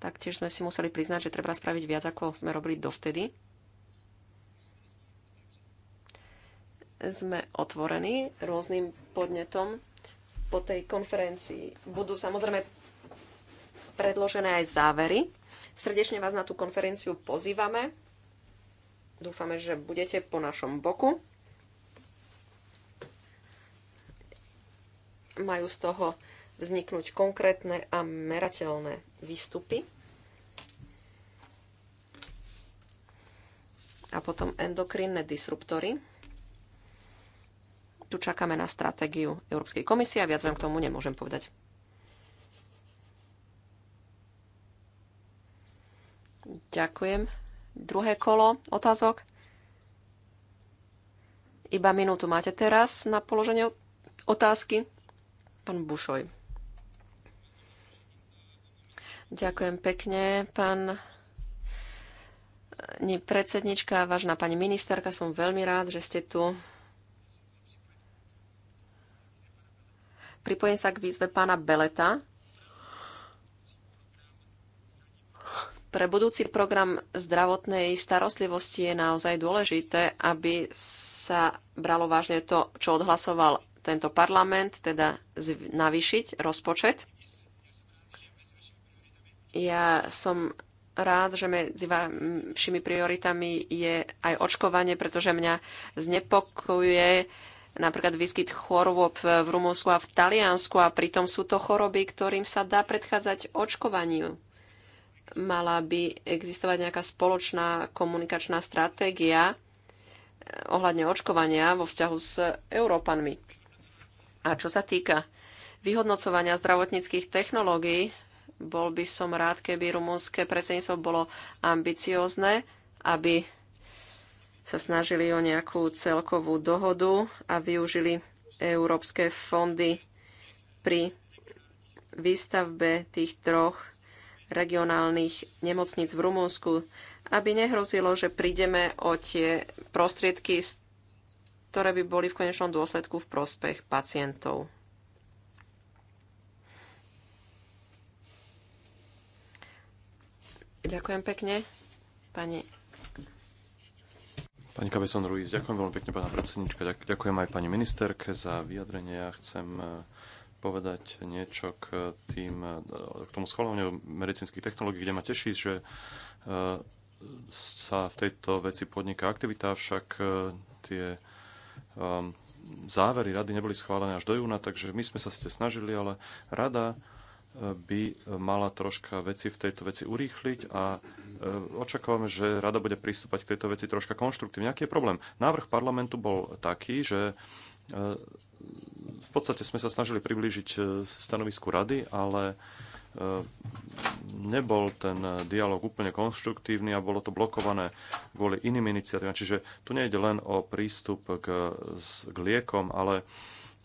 taktiež sme si museli priznať, že treba spraviť viac, ako sme robili dovtedy. Sme otvorení rôznym podnetom po tej konferencii budú samozrejme predložené aj závery. Srdečne vás na tú konferenciu pozývame. Dúfame, že budete po našom boku. Majú z toho vzniknúť konkrétne a merateľné výstupy. A potom endokrinné disruptory tu čakáme na stratégiu Európskej komisie a viac vám k tomu nemôžem povedať. Ďakujem. Druhé kolo otázok. Iba minútu máte teraz na položenie otázky. Pán Bušoj. Ďakujem pekne, pán predsednička, vážna pani ministerka, som veľmi rád, že ste tu. Pripojím sa k výzve pána Beleta. Pre budúci program zdravotnej starostlivosti je naozaj dôležité, aby sa bralo vážne to, čo odhlasoval tento parlament, teda navýšiť rozpočet. Ja som rád, že medzi vašimi prioritami je aj očkovanie, pretože mňa znepokojuje napríklad výskyt chorôb v Rumunsku a v Taliansku a pritom sú to choroby, ktorým sa dá predchádzať očkovaniu. Mala by existovať nejaká spoločná komunikačná stratégia eh, ohľadne očkovania vo vzťahu s Európanmi. A čo sa týka vyhodnocovania zdravotníckých technológií, bol by som rád, keby rumunské predsedníctvo bolo ambiciózne, aby sa snažili o nejakú celkovú dohodu a využili európske fondy pri výstavbe tých troch regionálnych nemocníc v Rumunsku, aby nehrozilo, že prídeme o tie prostriedky, ktoré by boli v konečnom dôsledku v prospech pacientov. Ďakujem pekne, pani Pani Kabeson Ruiz, ďakujem veľmi pekne, pána predsednička. Ďakujem aj pani ministerke za vyjadrenie. Ja chcem eh, povedať niečo k, eh, tým, eh, k tomu schváľovaniu medicínskych technológií, kde ma teší, že sa v tejto veci podniká aktivita, avšak tie závery rady neboli schválené až do júna, takže my sme sa ste snažili, ale rada by mala troška veci v tejto veci urýchliť a e, očakávame, že rada bude pristúpať k tejto veci troška konštruktívne. Aký je problém? Návrh parlamentu bol taký, že e, v podstate sme sa snažili priblížiť e, stanovisku rady, ale nebol ten dialog úplne konštruktívny a bolo to blokované kvôli iným iniciatívam. Čiže tu nejde len o prístup k, k liekom, ale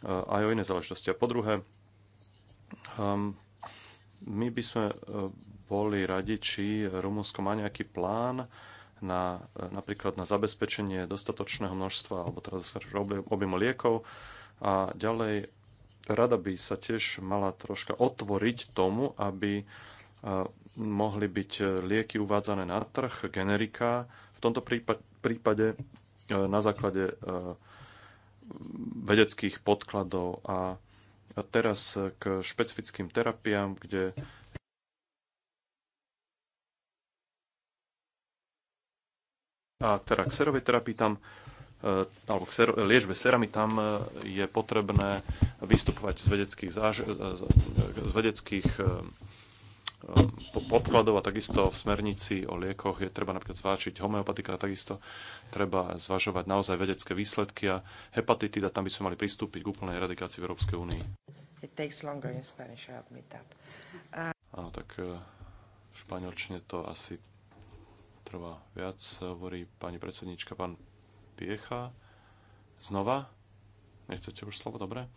aj o iné záležitosti. A po druhé, my by sme e, boli radi, či Rumunsko má nejaký plán na, e, napríklad na zabezpečenie dostatočného množstva alebo teraz objemu liekov a ďalej rada by sa tiež mala troška otvoriť tomu, aby e, mohli byť lieky uvádzané na trh, generika, v tomto prípade na základe vedeckých podkladov a a teraz k špecifickým terapiám, kde a teda k serovej terapii tam e, alebo k ser- liečbe serami, tam e, je potrebné vystupovať z vedeckých, záž- z vedeckých e, podkladov a takisto v smernici o liekoch je treba napríklad zvážiť homeopatika a takisto treba zvažovať naozaj vedecké výsledky a hepatitida, tam by sme mali pristúpiť k úplnej eradikácii v Európskej únii. Uh, Áno, tak eh, v španielčine to asi trvá viac, hovorí pani predsednička, pán Piecha. Znova? Nechcete už slovo? Dobre.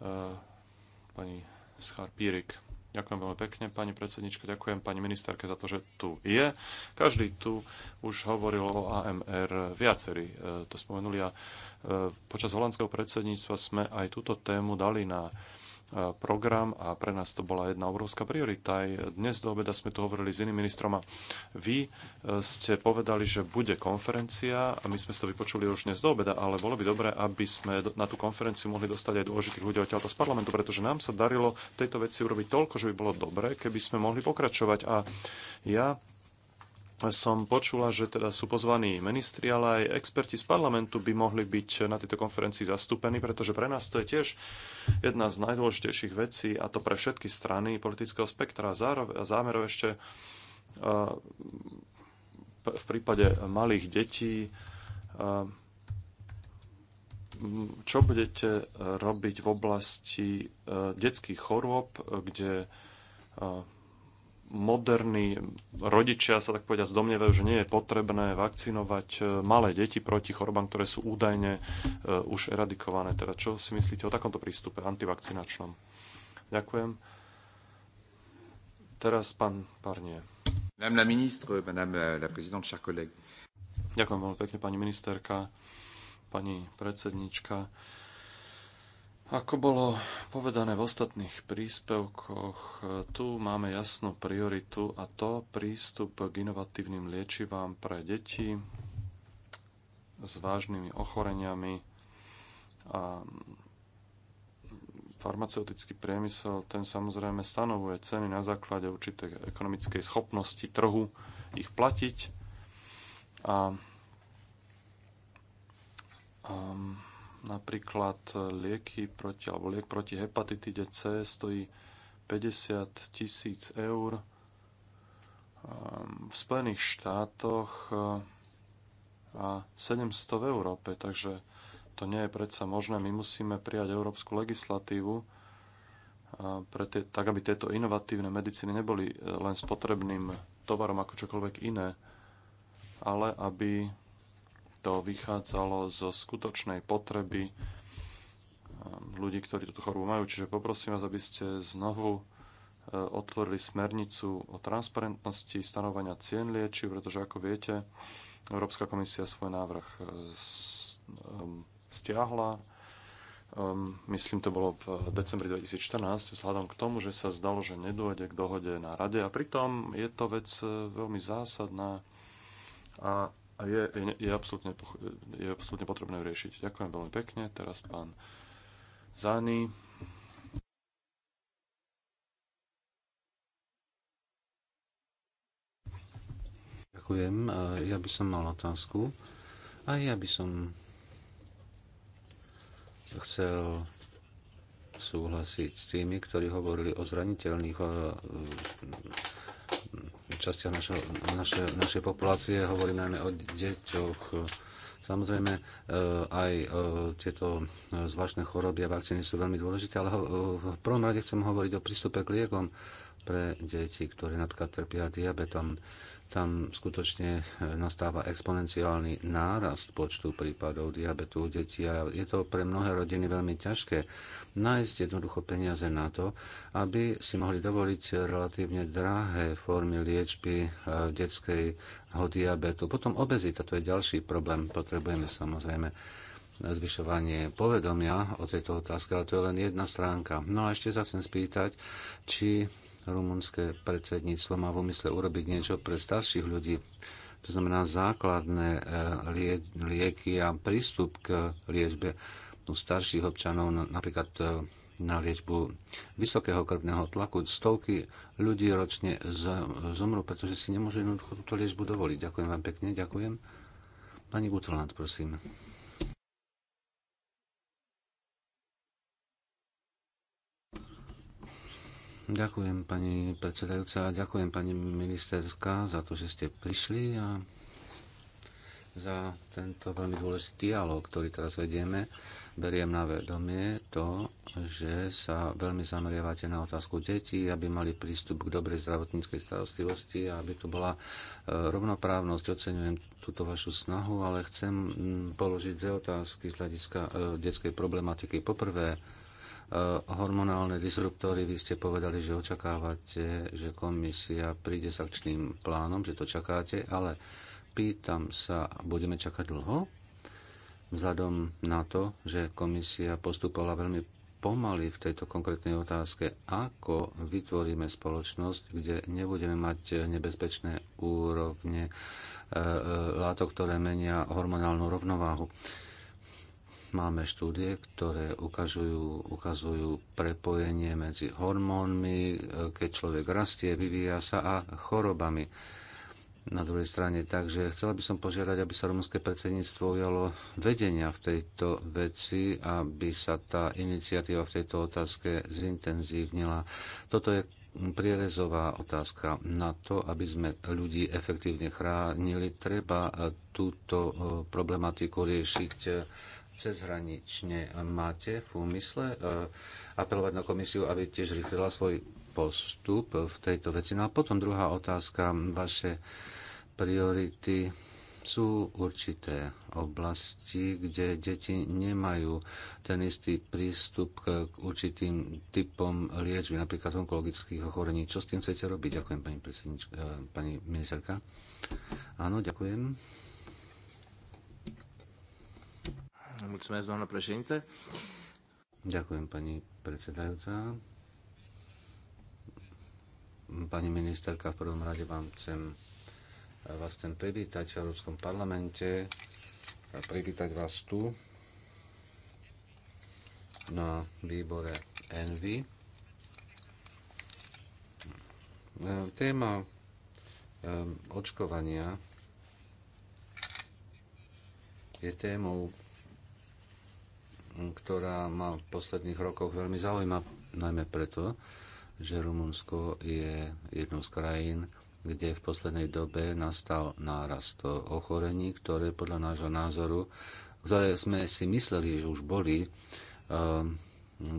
Eh, pani Pírik. Ďakujem veľmi pekne, pani predsednička, ďakujem pani ministerke za to, že tu je. Každý tu už hovoril o AMR, viacerí e, to spomenuli a e, počas holandského predsedníctva sme aj túto tému dali na program a pre nás to bola jedna obrovská priorita. Aj dnes do obeda sme tu hovorili s iným ministrom a vy e, ste povedali, že bude konferencia a my sme si to vypočuli už dnes do obeda, ale bolo by dobré, aby sme na tú konferenciu mohli dostať aj dôležitých ľudí odtiaľto z parlamentu, pretože nám sa darilo tejto veci urobiť toľko, že by bolo dobré, keby sme mohli pokračovať. A ja som počula, že teda sú pozvaní ministri, ale aj experti z parlamentu by mohli byť na tejto konferencii zastúpení, pretože pre nás to je tiež jedna z najdôležitejších vecí, a to pre všetky strany politického spektra. A zámerov ešte e, v prípade malých detí, e, čo budete robiť v oblasti e, detských chorôb, kde moderní rodičia sa tak povedať zdomnievajú, že nie je potrebné vakcinovať e, malé deti proti chorobám, ktoré sú údajne e, už eradikované. Teda čo si myslíte o takomto prístupe antivakcinačnom? Ďakujem. Teraz pán Parnie. Madame la ministre, madame la présidente, chers collègues. Ďakujem veľmi pekne, pani ministerka, pani predsednička. Ako bolo povedané v ostatných príspevkoch, tu máme jasnú prioritu a to prístup k inovatívnym liečivám pre deti s vážnymi ochoreniami a farmaceutický priemysel, ten samozrejme stanovuje ceny na základe určitej ekonomickej schopnosti trhu ich platiť a um, Napríklad e, lieky proti, alebo liek proti hepatitide C stojí 50 tisíc eur. E, v Spojených štátoch e, a 700 v Európe, takže to nie je predsa možné. My musíme prijať európsku legislatívu, pre tie, tak aby tieto inovatívne medicíny neboli len spotrebným tovarom ako čokoľvek iné, ale aby to vychádzalo zo skutočnej potreby um, ľudí, ktorí túto chorobu majú. Čiže poprosím vás, aby ste znovu uh, otvorili smernicu o transparentnosti stanovania cien liečiv, pretože ako viete, Európska komisia svoj návrh uh, um, stiahla. Um, myslím, to bolo v decembri 2014, vzhľadom k tomu, že sa zdalo, že nedôjde k dohode na rade. A pritom je to vec uh, veľmi zásadná a a je, je, je, absolútne, je absolútne potrebné riešiť. Ďakujem veľmi pekne. Teraz pán Zány. Ďakujem. Ja by som mal otázku. A ja by som chcel súhlasiť s tými, ktorí hovorili o zraniteľných častiach našo, naše, našej populácie, hovorím najmä o deťoch. Samozrejme, e, aj e, tieto e, zvláštne choroby a vakcíny sú veľmi dôležité, ale v prvom rade chcem hovoriť o prístupe k liekom pre deti, ktoré napríklad trpia diabetom tam skutočne e, nastáva exponenciálny nárast počtu prípadov diabetu u detí a je to pre mnohé rodiny veľmi ťažké nájsť jednoducho peniaze na to, aby si mohli dovoliť relatívne drahé formy liečby e, detského diabetu. Potom obezita, to je ďalší problém, potrebujeme samozrejme zvyšovanie povedomia o tejto otázke, ale to je len jedna stránka. No a ešte sa chcem spýtať, či rumunské predsedníctvo má v úmysle urobiť niečo pre starších ľudí. To znamená základné e, lieky a prístup k liečbe u starších občanov, napríklad e, na liečbu vysokého krvného tlaku. Stovky ľudí ročne zomrú, pretože si nemôžu jednoducho túto liečbu dovoliť. Ďakujem vám pekne, ďakujem. Pani Gutland, prosím. Ďakujem pani predsedajúca, ďakujem pani ministerka za to, že ste prišli a za tento veľmi dôležitý dialog, ktorý teraz vedieme. Beriem na vedomie to, že sa veľmi zameriavate na otázku detí, aby mali prístup k dobrej zdravotníckej starostlivosti a aby tu bola e, rovnoprávnosť. Oceňujem túto vašu snahu, ale chcem položiť dve otázky z hľadiska e, detskej problematiky. Poprvé, Eh, hormonálne disruptory, vy ste povedali, že očakávate, že komisia príde s akčným plánom, že to čakáte, ale pýtam sa, budeme čakať dlho? Vzhľadom na to, že komisia postupovala veľmi pomaly v tejto konkrétnej otázke, ako vytvoríme spoločnosť, kde nebudeme mať nebezpečné úrovne eh, eh, látok, ktoré menia hormonálnu rovnováhu. Máme štúdie, ktoré ukazujú, ukazujú prepojenie medzi hormónmi, e, keď človek rastie, vyvíja sa a chorobami. Na druhej strane, takže chcela by som požiadať, aby sa rumunské predsedníctvo ujalo vedenia v tejto veci, aby sa tá iniciatíva v tejto otázke zintenzívnila. Toto je prierezová otázka. Na to, aby sme ľudí efektívne chránili, treba e, túto e, problematiku riešiť cezhranične. Máte v úmysle eh, apelovať na komisiu, aby tiež rýchlila svoj postup v tejto veci? No a potom druhá otázka. Vaše priority sú určité oblasti, kde deti nemajú ten istý prístup k určitým typom liečby, napríklad onkologických ochorení. Čo s tým chcete robiť? Ďakujem, pani, eh, pani ministerka. Áno, ďakujem. Mulțumesc, doamnă președinte. Ďakujem, pani predsedajúca. Pani ministerka, v prvom rade vám chcem eh, vás ten privítať v Európskom parlamente a privítať vás tu na výbore Envy. Eh, téma eh, očkovania je témou, ktorá ma v posledných rokoch veľmi zaujíma, najmä preto, že Rumunsko je jednou z krajín, kde v poslednej dobe nastal nárast ochorení, ktoré podľa nášho názoru, ktoré sme si mysleli, že už boli ehm,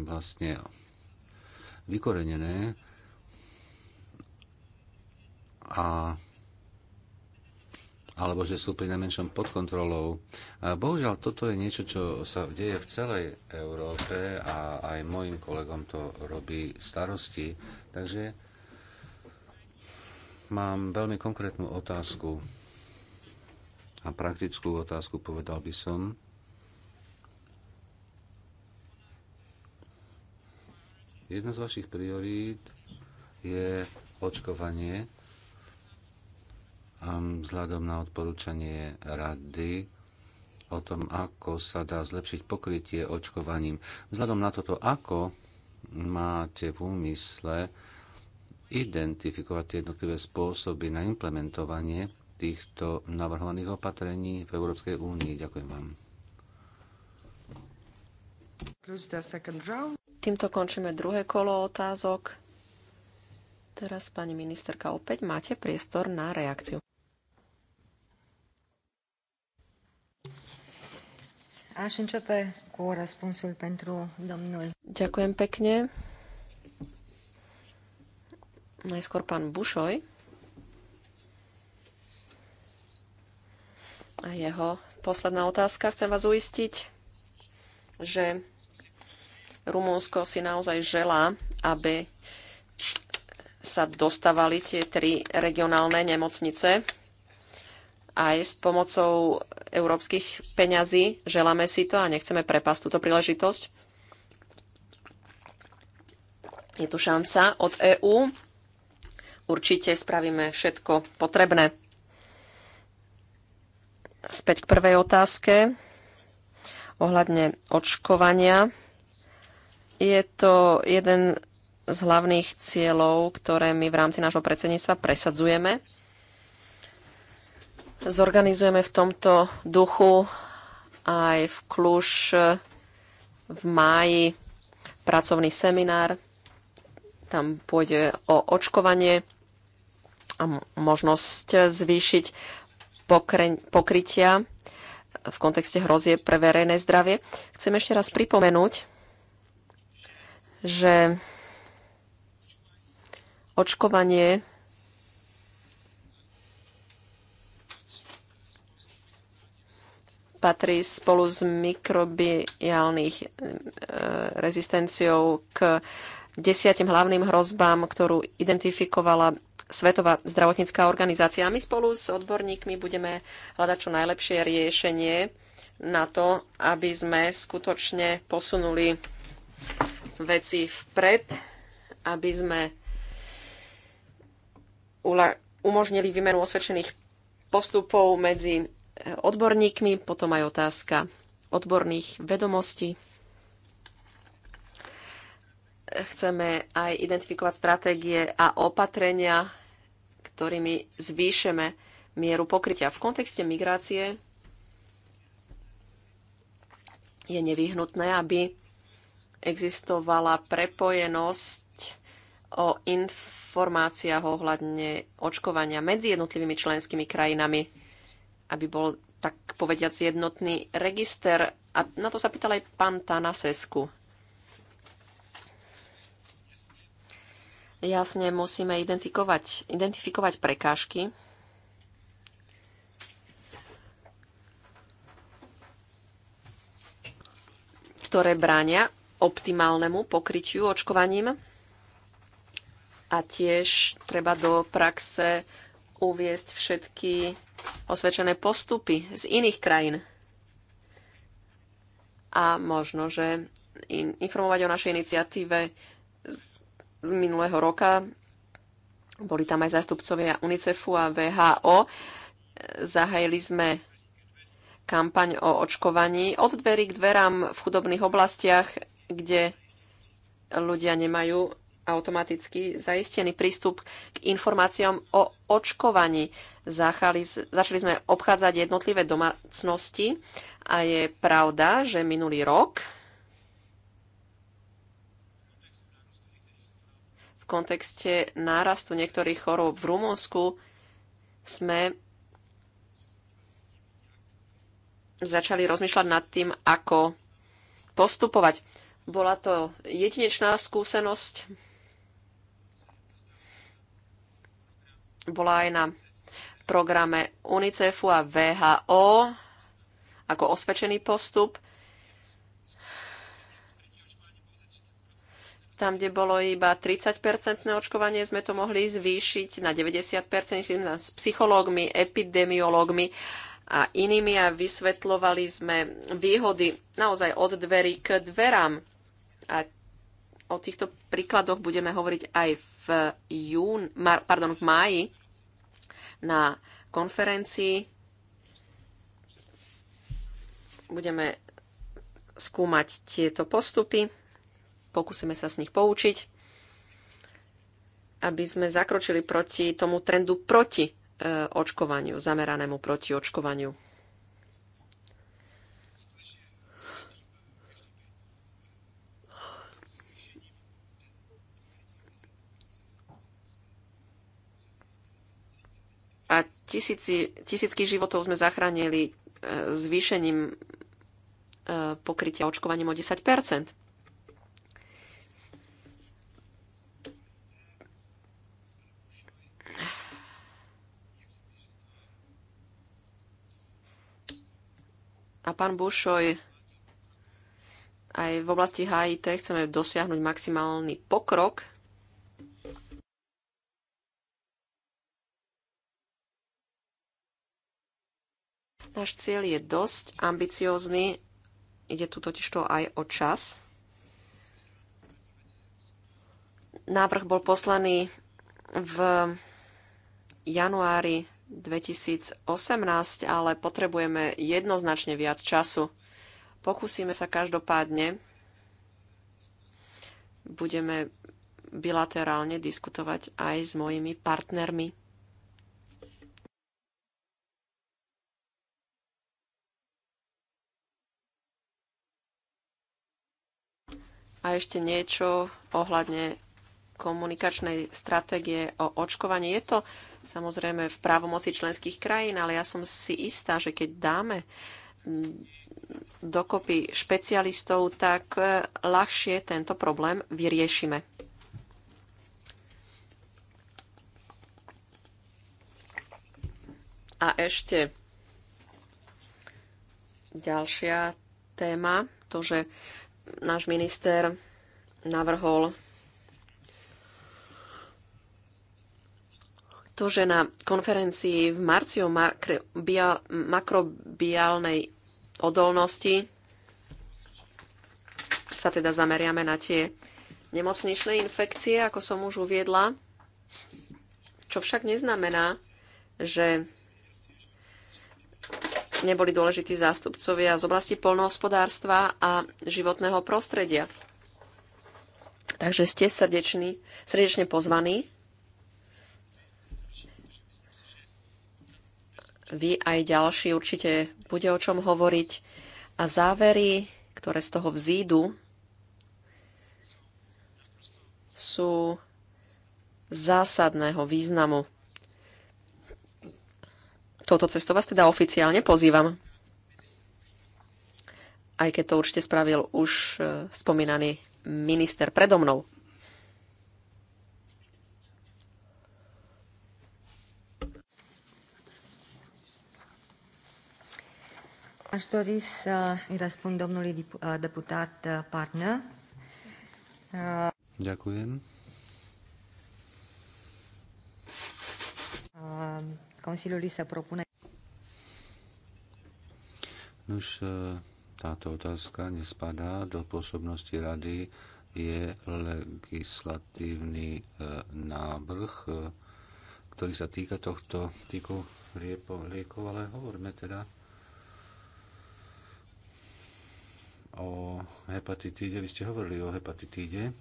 vlastne vykorenené a alebo že sú pri najmenšom pod kontrolou. Bohužiaľ, toto je niečo, čo sa deje v celej Európe a aj mojim kolegom to robí starosti. Takže mám veľmi konkrétnu otázku a praktickú otázku povedal by som. Jedna z vašich priorít je očkovanie vzhľadom na odporúčanie rady o tom, ako sa dá zlepšiť pokrytie očkovaním. Vzhľadom na toto, ako máte v úmysle identifikovať jednotlivé spôsoby na implementovanie týchto navrhovaných opatrení v Európskej únii. Ďakujem vám. Týmto končíme druhé kolo otázok. Teraz, pani ministerka, opäť máte priestor na reakciu. Aș începe cu răspunsul pentru domnul. Ďakujem pekne. Najskôr pán Bušoj a jeho posledná otázka. Chcem vás uistiť, že Rumúnsko si naozaj želá, aby sa dostávali tie tri regionálne nemocnice aj s pomocou európskych peňazí. Želáme si to a nechceme prepasť túto príležitosť. Je tu šanca od EÚ. Určite spravíme všetko potrebné. Späť k prvej otázke ohľadne očkovania. Je to jeden z hlavných cieľov, ktoré my v rámci nášho predsedníctva presadzujeme. Zorganizujeme v tomto duchu aj v Kluž v máji pracovný seminár. Tam pôjde o očkovanie a možnosť zvýšiť pokrytia v kontexte hrozie pre verejné zdravie. Chcem ešte raz pripomenúť, že očkovanie patrí spolu s mikrobiálnych e, rezistenciou k desiatim hlavným hrozbám, ktorú identifikovala Svetová zdravotnícká organizácia. A my spolu s odborníkmi budeme hľadať čo najlepšie riešenie na to, aby sme skutočne posunuli veci vpred, aby sme umožnili výmenu osvedčených postupov medzi eh, odborníkmi, potom aj otázka odborných vedomostí. Chceme aj identifikovať stratégie a opatrenia, ktorými zvýšeme mieru pokrytia. V kontexte migrácie je nevyhnutné, aby existovala prepojenosť o inf- informáciách ohľadne očkovania medzi jednotlivými členskými krajinami, aby bol tak povediac jednotný register. A na to sa pýtal aj pán Tanasesku. Jasne, musíme identifikovať, identifikovať prekážky, ktoré bránia optimálnemu pokryťu očkovaním a tiež treba do praxe uviesť všetky osvedčené postupy z iných krajín. A možno, že informovať o našej iniciatíve z, z minulého roka. Boli tam aj zástupcovia UNICEFu a VHO. Zahajili sme kampaň o očkovaní od dverí k dverám v chudobných oblastiach, kde ľudia nemajú automaticky zaistený prístup k informáciám o očkovaní. Zachali, začali sme obchádzať jednotlivé domácnosti a je pravda, že minulý rok v kontexte nárastu niektorých chorób v Rumunsku sme začali rozmýšľať nad tým, ako postupovať. Bola to jedinečná skúsenosť, bola aj na programe UNICEFu a VHO ako osvedčený postup. Tam, kde bolo iba 30-percentné očkovanie, sme to mohli zvýšiť na 90%, s psychológmi, epidemiológmi a inými a vysvetľovali sme výhody naozaj od dverí k dverám. A o týchto príkladoch budeme hovoriť aj v, jún, mar, pardon, v máji na konferencii. Budeme skúmať tieto postupy, pokúsime sa z nich poučiť, aby sme zakročili proti tomu trendu proti e, očkovaniu, zameranému proti očkovaniu. a tisíci, tisícky životov sme zachránili e, zvýšením e, pokrytia očkovaním o 10 A pán Bušoj, aj v oblasti HIT chceme dosiahnuť maximálny pokrok Náš cieľ je dosť ambiciózny, ide tu to aj o čas. Návrh bol poslaný v januári 2018, ale potrebujeme jednoznačne viac času. Pokúsime sa každopádne, budeme bilaterálne diskutovať aj s mojimi partnermi. A ešte niečo ohľadne komunikačnej stratégie o očkovaní. Je to samozrejme v právomoci členských krajín, ale ja som si istá, že keď dáme mm, dokopy špecialistov, tak e, ľahšie tento problém vyriešime. A ešte ďalšia téma, to, že náš minister navrhol to, že na konferencii v marci o makrobiálnej odolnosti sa teda zameriame na tie nemocničné infekcie, ako som už uviedla, čo však neznamená, že neboli dôležití zástupcovia z oblasti polnohospodárstva a životného prostredia. Takže ste srdečný, srdečne pozvaní. Vy aj ďalší určite bude o čom hovoriť. A závery, ktoré z toho vzídu, sú zásadného významu touto cestou vás teda oficiálne pozývam. Aj keď to určite spravil už e, spomínaný minister predo mnou. Aș dori să îi răspund domnului deputat Parnă. Ďakujem. Consiliului să propună. Nuž, e, táto otázka nespadá do pôsobnosti rady. Je legislatívny e, návrh, e, ktorý sa týka tohto typu liekov, ale hovoríme teda o hepatitíde. Vy ste hovorili o hepatitíde.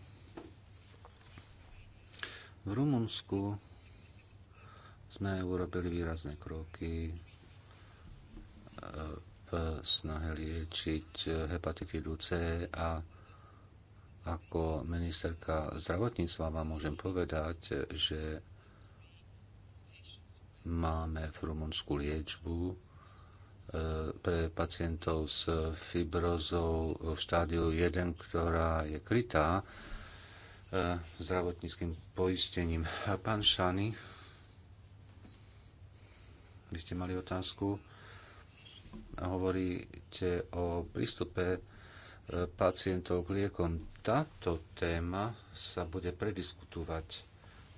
V Rumunsku sme urobili výrazné kroky e, v snahe liečiť e, hepatitidu C a ako ministerka zdravotníctva vám môžem povedať, že máme v Rumunsku liečbu e, pre pacientov s fibrozou v štádiu 1, ktorá je krytá zdravotníckým poistením. Pán Šany, vy ste mali otázku. Hovoríte o prístupe e, pacientov k liekom. Táto téma sa bude prediskutovať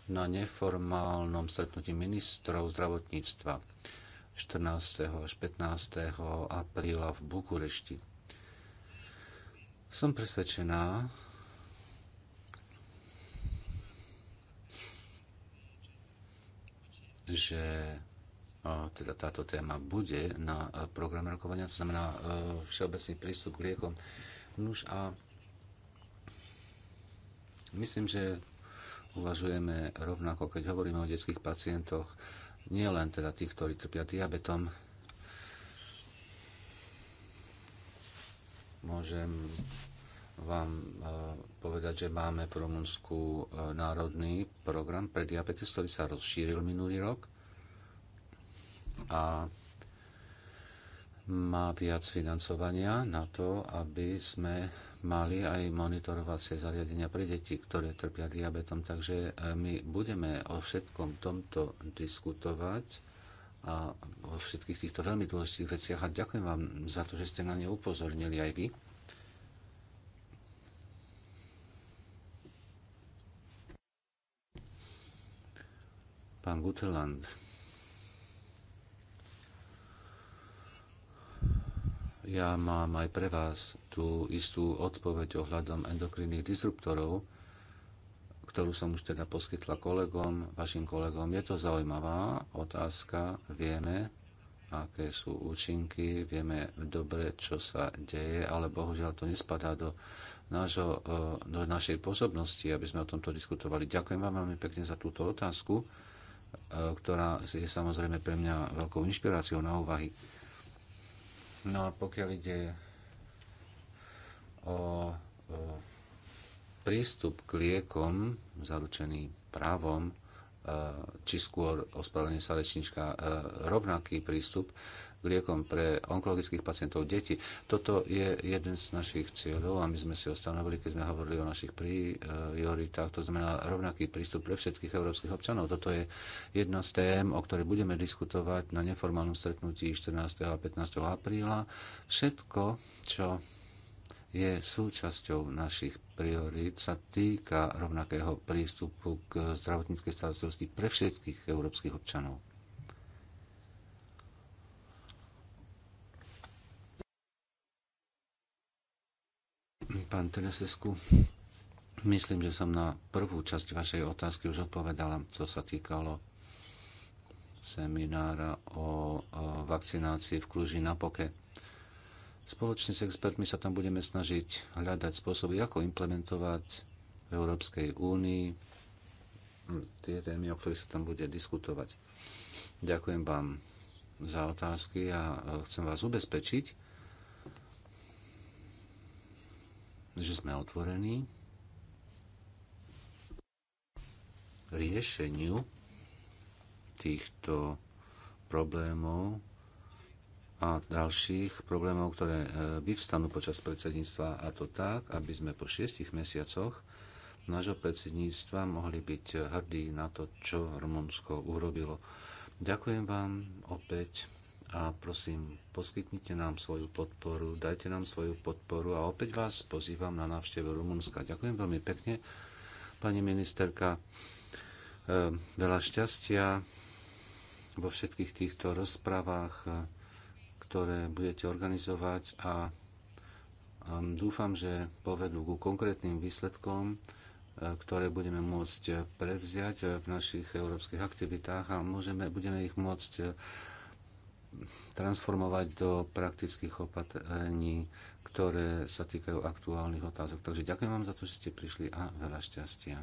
na neformálnom stretnutí ministrov zdravotníctva 14. až 15. apríla v Bukurešti. Som presvedčená, že teda táto téma bude na e, programe rokovania, to znamená e, všeobecný prístup k liekom. Nuž a myslím, že uvažujeme rovnako, keď hovoríme o detských pacientoch, nie len teda tých, ktorí trpia diabetom, môžem vám e, povedať, že máme v Rumunsku národný program pre diabetes, ktorý sa rozšíril minulý rok a má viac financovania na to, aby sme mali aj monitorovacie zariadenia pre deti, ktoré trpia diabetom. Takže e, my budeme o všetkom tomto diskutovať a o všetkých týchto veľmi dôležitých veciach. A ďakujem vám za to, že ste na ne upozornili aj vy. Pán Guteland. Ja mám aj pre vás tú istú odpoveď ohľadom endokrinných disruptorov, ktorú som už teda poskytla kolegom, vašim kolegom. Je to zaujímavá otázka. Vieme, aké sú účinky, vieme dobre, čo sa deje, ale bohužiaľ to nespadá do, nášho, eh, do našej pozornosti, aby sme o tomto diskutovali. Ďakujem vám veľmi pekne za túto otázku, eh, ktorá je samozrejme pre mňa veľkou inšpiráciou na úvahy. No a pokiaľ ide o, o prístup k liekom zaručený právom, e, či skôr ospravedlňuje sa rečnička e, rovnaký prístup, k liekom pre onkologických pacientov deti. Toto je jeden z našich cieľov a my sme si ostanovili, keď sme hovorili o našich prioritách. To znamená rovnaký prístup pre všetkých európskych občanov. Toto je jedna z tém, o ktorej budeme diskutovať na neformálnom stretnutí 14. a 15. apríla. Všetko, čo je súčasťou našich priorít, sa týka rovnakého prístupu k zdravotníckej starostlivosti pre všetkých európskych občanov. Pán Tenesesku, myslím, že som na prvú časť vašej otázky už odpovedala, čo sa týkalo seminára o vakcinácii v Kluži na Poke. Spoločne s expertmi sa tam budeme snažiť hľadať spôsoby, ako implementovať v Európskej únii tie témy, o ktorých sa tam bude diskutovať. Ďakujem vám za otázky a chcem vás ubezpečiť, že sme otvorení riešeniu týchto problémov a ďalších problémov, ktoré e, vyvstanú počas predsedníctva a to tak, aby sme po šiestich mesiacoch nášho predsedníctva mohli byť hrdí na to, čo Rumunsko urobilo. Ďakujem vám opäť a prosím, poskytnite nám svoju podporu, dajte nám svoju podporu a opäť vás pozývam na návštevu Rumunska. Ďakujem veľmi pekne, pani ministerka. E, veľa šťastia vo všetkých týchto rozprávach, e, ktoré budete organizovať a dúfam, že povedú ku konkrétnym výsledkom, e, ktoré budeme môcť prevziať v našich európskych aktivitách a môžeme, budeme ich môcť transformovať do praktických opatrení, ktoré sa týkajú aktuálnych otázok. Takže ďakujem vám za to, že ste prišli a veľa šťastia.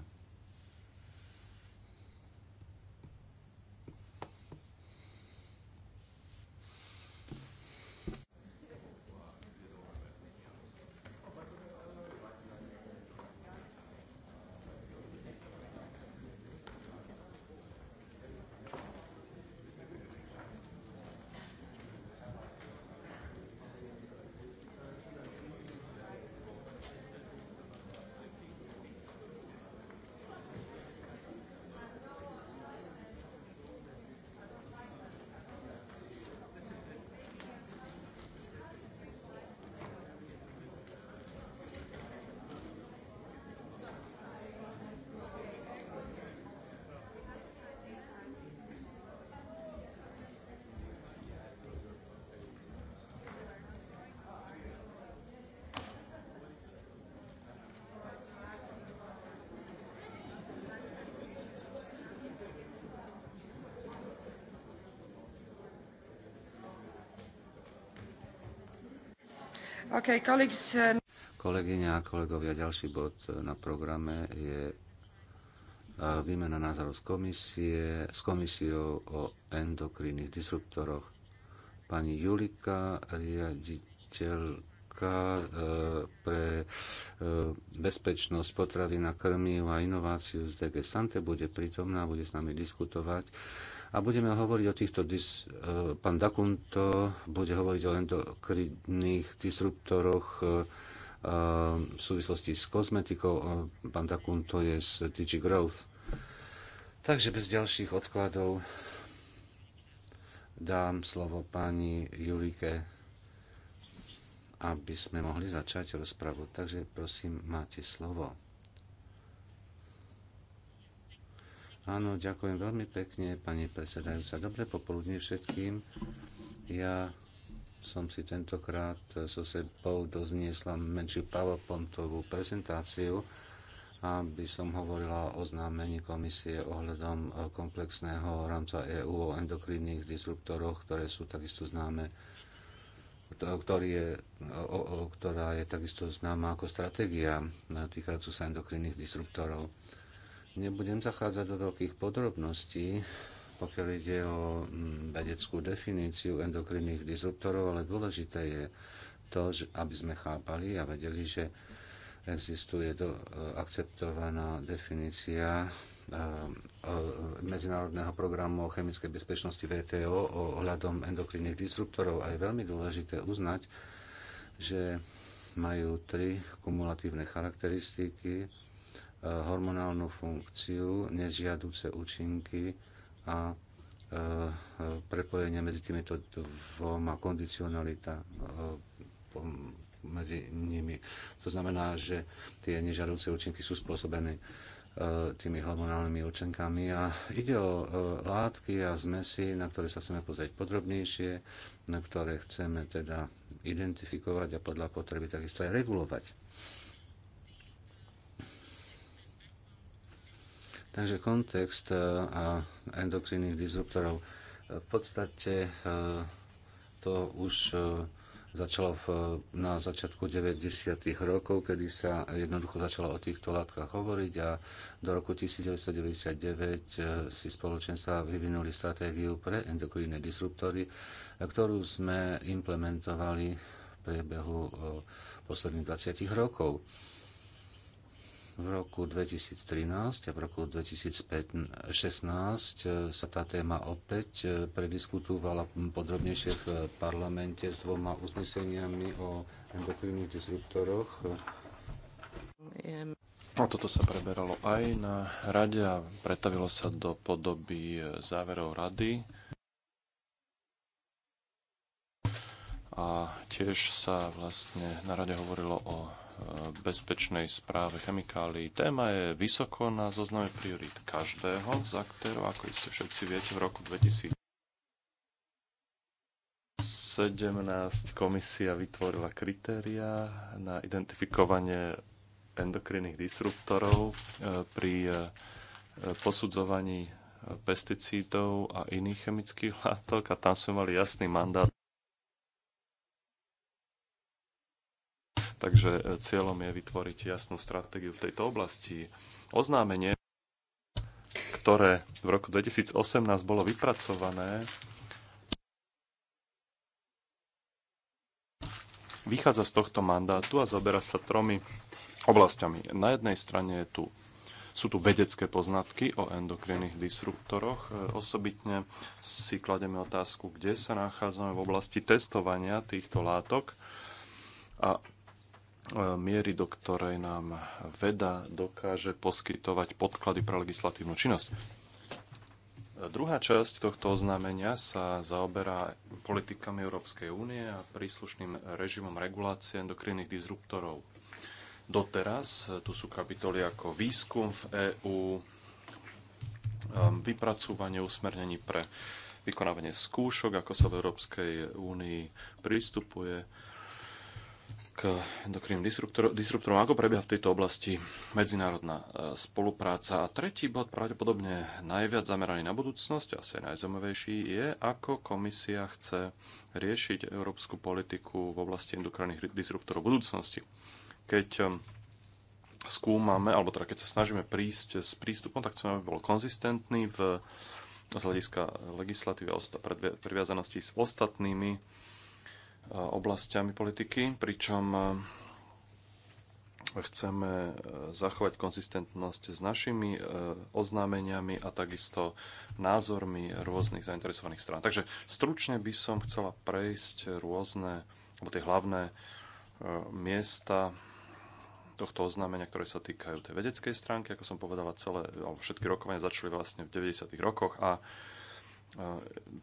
Okay, colleagues... Uh, Kolegyňa a kolegovia, ďalší bod na programe je uh, výmena názorov z komisie, s komisiou o endokrinných disruptoroch. Pani Julika, riaditeľka uh, pre bezpečnosť potravy na krmiv a inováciu z DG Sante bude prítomná, bude s nami diskutovať a budeme hovoriť o týchto, dis, e, pán Dakunto bude hovoriť o endokrinných disruptoroch e, e, v súvislosti s kozmetikou, pán Dakunto je z Digigrowth. Growth. Takže bez ďalších odkladov dám slovo pani Julike, aby sme mohli začať rozpravu. Takže prosím, máte slovo. Áno, ďakujem veľmi pekne, pani predsedajúca. Dobre popoludne všetkým. Ja som si tentokrát so sebou dozniesla menšiu PowerPointovú prezentáciu, aby som hovorila o známení komisie ohľadom e, komplexného rámca EÚ o endokrinných disruptoroch, ktoré sú takisto známe ktorý je, o, o, ktorá je takisto známa ako stratégia e, týkajúca sa endokrinných disruptorov. Nebudem zachádzať do veľkých podrobností, pokiaľ ide o mm, vedeckú definíciu endokrinných disruptorov, ale dôležité je to, aby sme chápali a vedeli, že existuje to e, akceptovaná definícia e, e, Medzinárodného programu o chemickej bezpečnosti VTO o ohľadom endokrinných disruptorov a je veľmi dôležité uznať, že majú tri kumulatívne charakteristiky, E, hormonálnu funkciu, nežiaduce účinky a e, e, prepojenie medzi týmito dvoma kondicionalita medzi nimi. To znamená, že tie nežiaduce účinky sú spôsobené tými hormonálnymi účinkami a ide o látky a zmesy, na ktoré sa chceme pozrieť podrobnejšie, na ktoré chceme teda identifikovať a podľa potreby takisto aj regulovať. Takže kontext e, a endokrinných disruptorov. E, v podstate e, to už začalo v, na začiatku 90. rokov, kedy sa jednoducho začalo o týchto látkach hovoriť a do roku 1999 si spoločenstva vyvinuli stratégiu pre endokrinné disruptory, ktorú sme implementovali v priebehu posledných 20 rokov. V roku 2013 a v roku 2016 e, sa tá téma opäť e, prediskutovala podrobnejšie v parlamente s dvoma uzneseniami o endokrinných disruptoroch. A toto sa preberalo aj na rade a pretavilo sa do podoby e, záverov rady. A tiež sa vlastne na rade hovorilo o bezpečnej správe chemikálií. Téma je vysoko na zozname priorít každého z aktérov, ako iste všetci viete, v roku 2017 komisia vytvorila kritéria na identifikovanie endokrinných disruptorov e, pri e, posudzovaní pesticídov a iných chemických látok a tam sme mali jasný mandát Takže e, cieľom je vytvoriť jasnú stratégiu v tejto oblasti. Oznámenie, ktoré v roku 2018 bolo vypracované, vychádza z tohto mandátu a zaberá sa tromi oblastiami. Na jednej strane je tu, sú tu vedecké poznatky o endokrinných disruptoroch. E, osobitne si klademe otázku, kde sa nachádzame v oblasti testovania týchto látok a E, miery, do ktorej nám veda dokáže poskytovať podklady pre legislatívnu činnosť. E, druhá časť tohto oznámenia sa zaoberá politikami Európskej únie a príslušným režimom regulácie endokrinných disruptorov. Doteraz e, tu sú kapitoly ako výskum v EÚ, vypracúvanie usmernení pre vykonávanie skúšok, ako sa v Európskej únii pristupuje k endokrinným disruptorom. Ako prebieha v tejto oblasti medzinárodná e, spolupráca? A tretí bod, pravdepodobne najviac zameraný na budúcnosť, asi aj najzaujímavejší, je, ako komisia chce riešiť európsku politiku v oblasti endokrinných disruptorov budúcnosti. Keď e, skúmame, alebo teda keď sa snažíme prísť s prístupom, tak chceme, aby bol konzistentný v, z hľadiska legislatívy a predviazanosti s ostatnými oblastiami politiky, pričom eh, chceme eh, zachovať konzistentnosť s našimi eh, oznámeniami a takisto názormi rôznych zainteresovaných strán. Takže stručne by som chcela prejsť rôzne, alebo tie hlavné miesta tohto oznámenia, ktoré sa týkajú tej vedeckej stránky. Ako som povedala, celé, alebo všetky rokovania začali vlastne v 90. rokoch a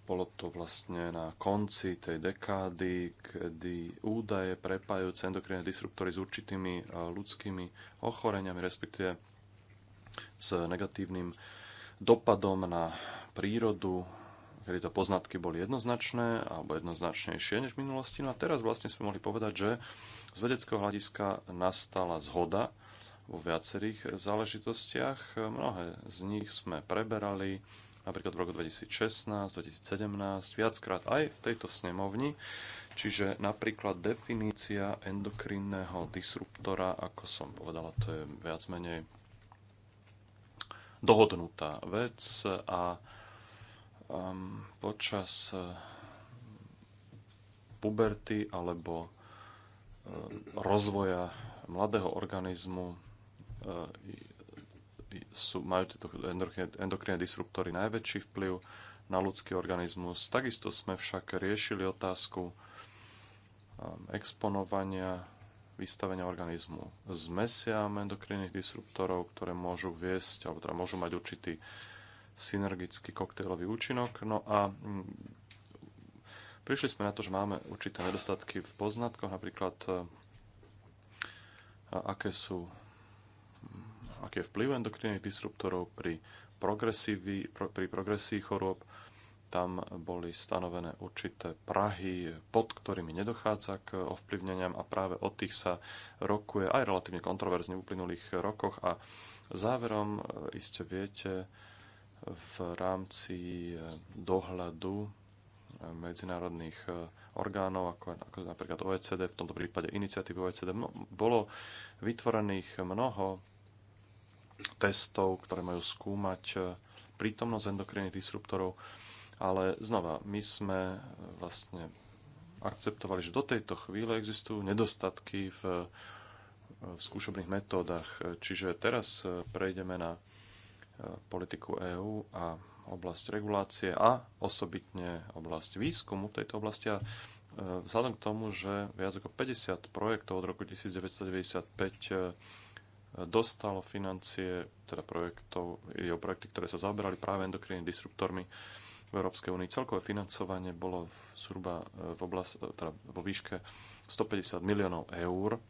bolo to vlastne na konci tej dekády, kedy údaje prepájajúce endokrinné disruptory s určitými e, ľudskými ochoreniami, respektíve s negatívnym dopadom na prírodu, kedy to poznatky boli jednoznačné alebo jednoznačnejšie než v minulosti. No a teraz vlastne sme mohli povedať, že z vedeckého hľadiska nastala zhoda vo viacerých záležitostiach. Mnohé z nich sme preberali napríklad v roku 2016, 2017, viackrát aj v tejto snemovni. Čiže napríklad definícia endokrinného disruptora, ako som povedala, to je viac menej dohodnutá vec a um, počas eh, puberty alebo eh, rozvoja mladého organizmu eh, sú, majú tieto endokrinné disruptory najväčší vplyv na ľudský organizmus. Takisto sme však riešili otázku um, exponovania, vystavenia organizmu mesiam endokrinných disruptorov, ktoré môžu viesť, alebo teda môžu mať určitý synergický koktejlový účinok. No a mm, prišli sme na to, že máme určité nedostatky v poznatkoch, napríklad e, aké sú mm, aký je vplyv endokrinných disruptorov pri, pri progresii chorôb. Tam boli stanovené určité prahy, pod ktorými nedochádza k ovplyvneniam a práve od tých sa rokuje aj relatívne kontroverzne v uplynulých rokoch a záverom e, iste viete, v rámci e, dohľadu e, medzinárodných orgánov, ako, ako napríklad OECD, v tomto prípade iniciatívy OECD, bolo vytvorených mnoho testov, ktoré majú skúmať e, prítomnosť endokrinných disruptorov. Ale znova, my sme e, vlastne akceptovali, že do tejto chvíle existujú nedostatky v, e, v skúšobných metódach. Čiže teraz prejdeme na politiku EÚ a oblasť regulácie a osobitne oblasť výskumu v tejto oblasti. A vzhľadom k tomu, že viac ako 50 projektov od roku 1995 dostalo financie, teda projektov, ide o projekty, ktoré sa zaoberali práve endokrinnými disruptormi v Európskej únii. Celkové financovanie bolo zhruba e, v oblast, e, teda vo výške 150 miliónov eur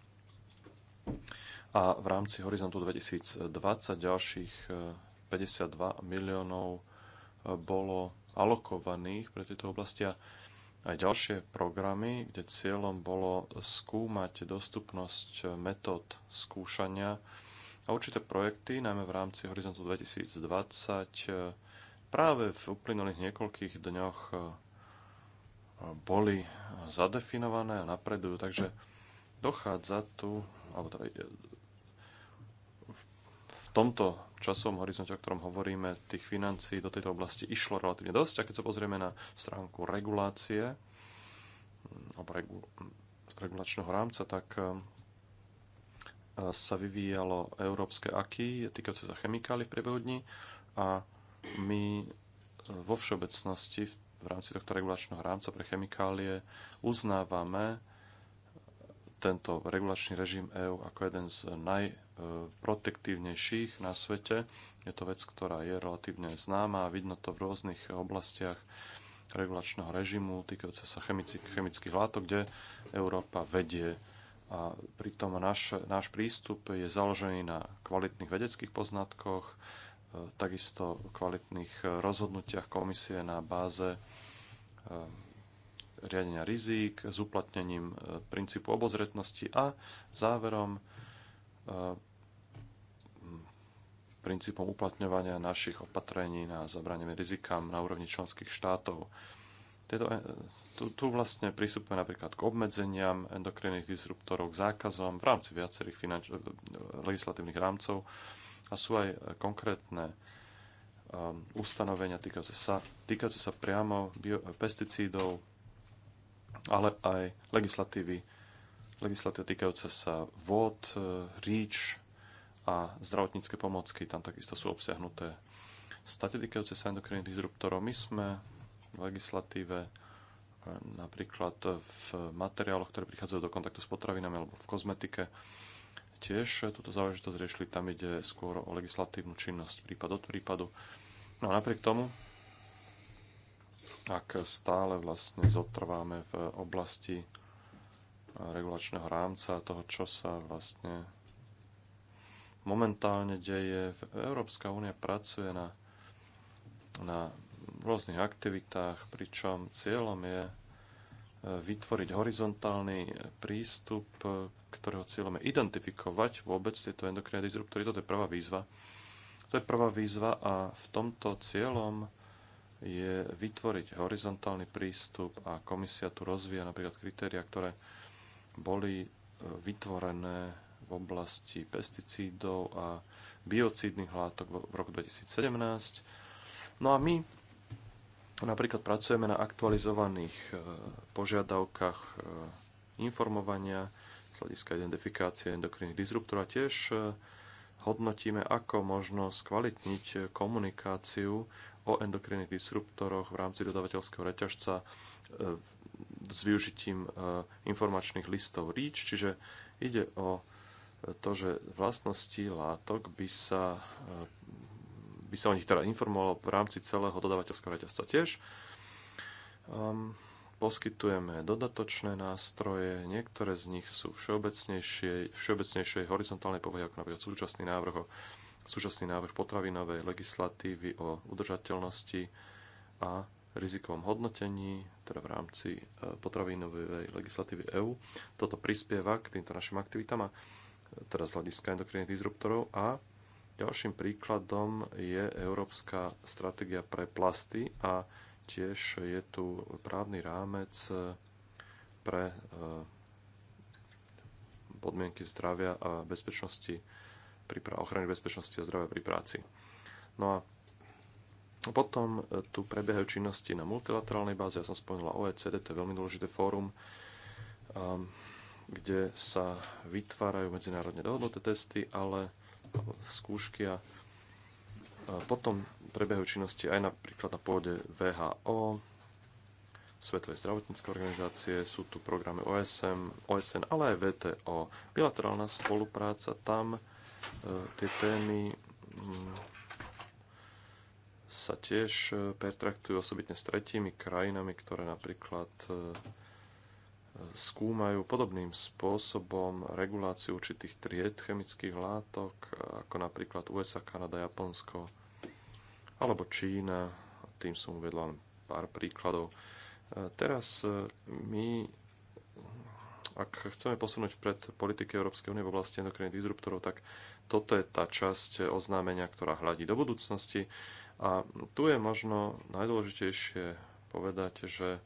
a v rámci Horizontu 2020 ďalších 52 e, miliónov bolo alokovaných pre tieto oblasti a aj ďalšie programy, kde cieľom bolo skúmať dostupnosť metód skúšania a určité projekty, najmä v rámci Horizontu 2020, e, práve v uplynulých niekoľkých dňoch e, boli zadefinované a napredujú. Takže dochádza tu, alebo teda e, v tomto časovom horizonte, o ktorom hovoríme, tých financií do tejto oblasti išlo relatívne dosť. A keď sa pozrieme na stránku regulácie, mm, alebo regu- mm, regulačného rámca, tak e, e, sa vyvíjalo európske aky týkajúce sa chemikály v priebehu dní a my e, vo všeobecnosti v rámci tohto regulačného rámca pre chemikálie uznávame tento regulačný režim EÚ ako jeden z najprotektívnejších na svete. Je to vec, ktorá je relatívne známa a vidno to v rôznych oblastiach regulačného režimu týkajúce sa chemických, látok, kde Európa vedie. A pritom náš, náš prístup je založený na kvalitných vedeckých poznatkoch, e, takisto kvalitných rozhodnutiach komisie na báze e, riadenia rizík s uplatnením e, princípu obozretnosti a záverom e, princípom uplatňovania našich opatrení na zabranie rizikám na úrovni členských štátov. Tieto, e, tu, tu vlastne prístupujeme napríklad k obmedzeniam endokrinných disruptorov, k zákazom v rámci viacerých finanč- legislatívnych rámcov a sú aj konkrétne um, ustanovenia týkajúce sa, týkajúce sa priamo bio- pesticídov, ale aj legislatívy, legislatíva týkajúce sa vod, e, ríč a zdravotnícke pomocky, tam takisto sú obsiahnuté state týkajúce sa endokrinných disruptorov. My sme v legislatíve e, napríklad v materiáloch, ktoré prichádzajú do kontaktu s potravinami alebo v kozmetike, tiež túto záležitosť riešili. Tam ide skôr o legislatívnu činnosť prípad od prípadu. No a napriek tomu ak stále vlastne zotrváme v oblasti regulačného rámca toho, čo sa vlastne momentálne deje. Európska únia pracuje na, na rôznych aktivitách, pričom cieľom je e, vytvoriť horizontálny prístup, ktorého cieľom je identifikovať vôbec tieto endokrinné disruptory. Toto je prvá výzva. To je prvá výzva a v tomto cieľom je vytvoriť horizontálny prístup a komisia tu rozvíja napríklad kritéria, ktoré boli e, vytvorené v oblasti pesticídov a biocídnych látok v roku 2017. No a my napríklad pracujeme na aktualizovaných e, požiadavkách e, informovania z hľadiska identifikácie endokrinných disruptorov a tiež hodnotíme, ako možno skvalitniť komunikáciu o endokrinných disruptoroch v rámci dodavateľského reťažca e, s využitím e, informačných listov REACH, čiže ide o e, to, že vlastnosti látok by sa, by sa o nich teda informovalo v rámci celého dodavateľského reťazca tiež. Um, poskytujeme dodatočné nástroje, niektoré z nich sú všeobecnejšie, všeobecnejšej horizontálnej povahy, ako napríklad súčasný návrh o súčasný návrh potravinovej legislatívy o udržateľnosti a rizikovom hodnotení, teda v rámci e, potravinovej legislatívy EÚ. Toto prispieva k týmto našim aktivitám a e, teda z hľadiska endokrinných disruptorov a ďalším príkladom je Európska stratégia pre plasty a tiež je tu právny rámec e, pre podmienky zdravia a bezpečnosti pri ochrane bezpečnosti a zdravia pri práci. No a potom e, tu prebiehajú činnosti na multilaterálnej báze, ja som spomenula OECD, to je veľmi dôležité fórum, e, kde sa vytvárajú medzinárodne dohodnuté testy, ale skúšky a e, potom prebiehajú činnosti aj napríklad na pôde VHO, Svetovej zdravotníckej organizácie, sú tu programy OSM, OSN, ale aj VTO. Bilaterálna spolupráca tam E, tie témy mm, sa tiež e, pertraktujú osobitne s tretími krajinami, ktoré napríklad e, skúmajú podobným spôsobom reguláciu určitých tried chemických látok, ako napríklad USA, Kanada, Japonsko alebo Čína. Tým som uvedla len pár príkladov. Teraz my ak chceme posunúť pred politiky Európskej únie v oblasti endokrinných disruptorov, tak toto je tá časť oznámenia, ktorá hľadí do budúcnosti. A tu je možno najdôležitejšie povedať, že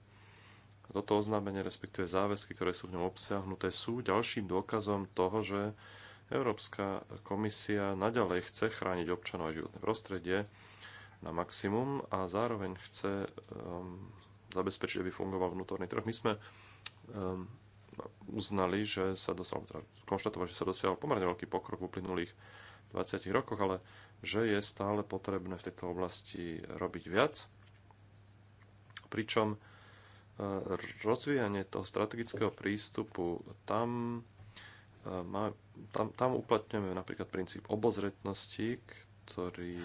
toto oznámenie, respektíve záväzky, ktoré sú v ňom obsiahnuté, sú ďalším dôkazom toho, že Európska komisia naďalej chce chrániť občanov a životné prostredie na maximum a zároveň chce um, zabezpečiť, aby fungoval vnútorný trh. My sme um, uznali, že sa dosiahol, teda konštatovali, že sa dosiahol pomerne veľký pokrok v uplynulých 20 rokoch, ale že je stále potrebné v tejto oblasti robiť viac. Pričom e, rozvíjanie toho strategického prístupu tam, e, má, tam, tam uplatňujeme napríklad princíp obozretnosti, ktorý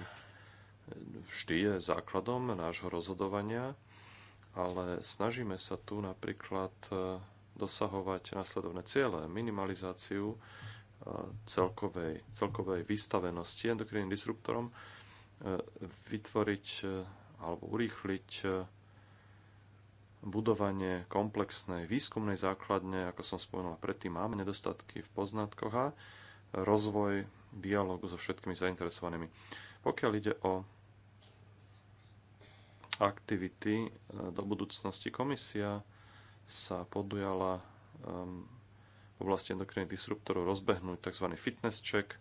vždy je základom nášho rozhodovania, ale snažíme sa tu napríklad e, dosahovať nasledovné ciele. Minimalizáciu e, celkovej, celkovej výstavenosti endokrinným disruptorom, e, vytvoriť e, alebo urýchliť budovanie komplexnej výskumnej základne, ako som spomenula predtým, máme nedostatky v poznatkoch a rozvoj dialogu so všetkými zainteresovanými. Pokiaľ ide o aktivity do budúcnosti komisia, sa podujala um, v oblasti endokrinných disruptorov rozbehnúť tzv. fitness check,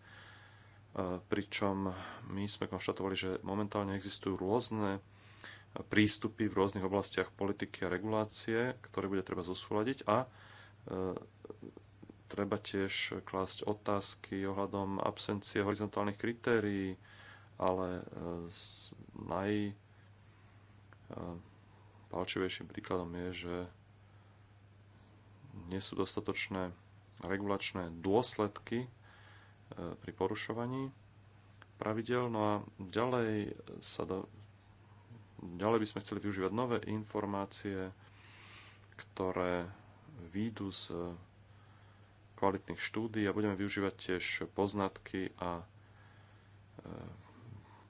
uh, pričom my sme konštatovali, že momentálne existujú rôzne uh, prístupy v rôznych oblastiach politiky a regulácie, ktoré bude treba zosúľadiť a uh, treba tiež klásť otázky ohľadom absencie horizontálnych kritérií, ale najpalčivejším e, príkladom je, že nie sú dostatočné regulačné dôsledky e, pri porušovaní pravidel. No a ďalej, sa do, ďalej by sme chceli využívať nové informácie, ktoré výjdu z kvalitných štúdí a budeme využívať tiež poznatky a e,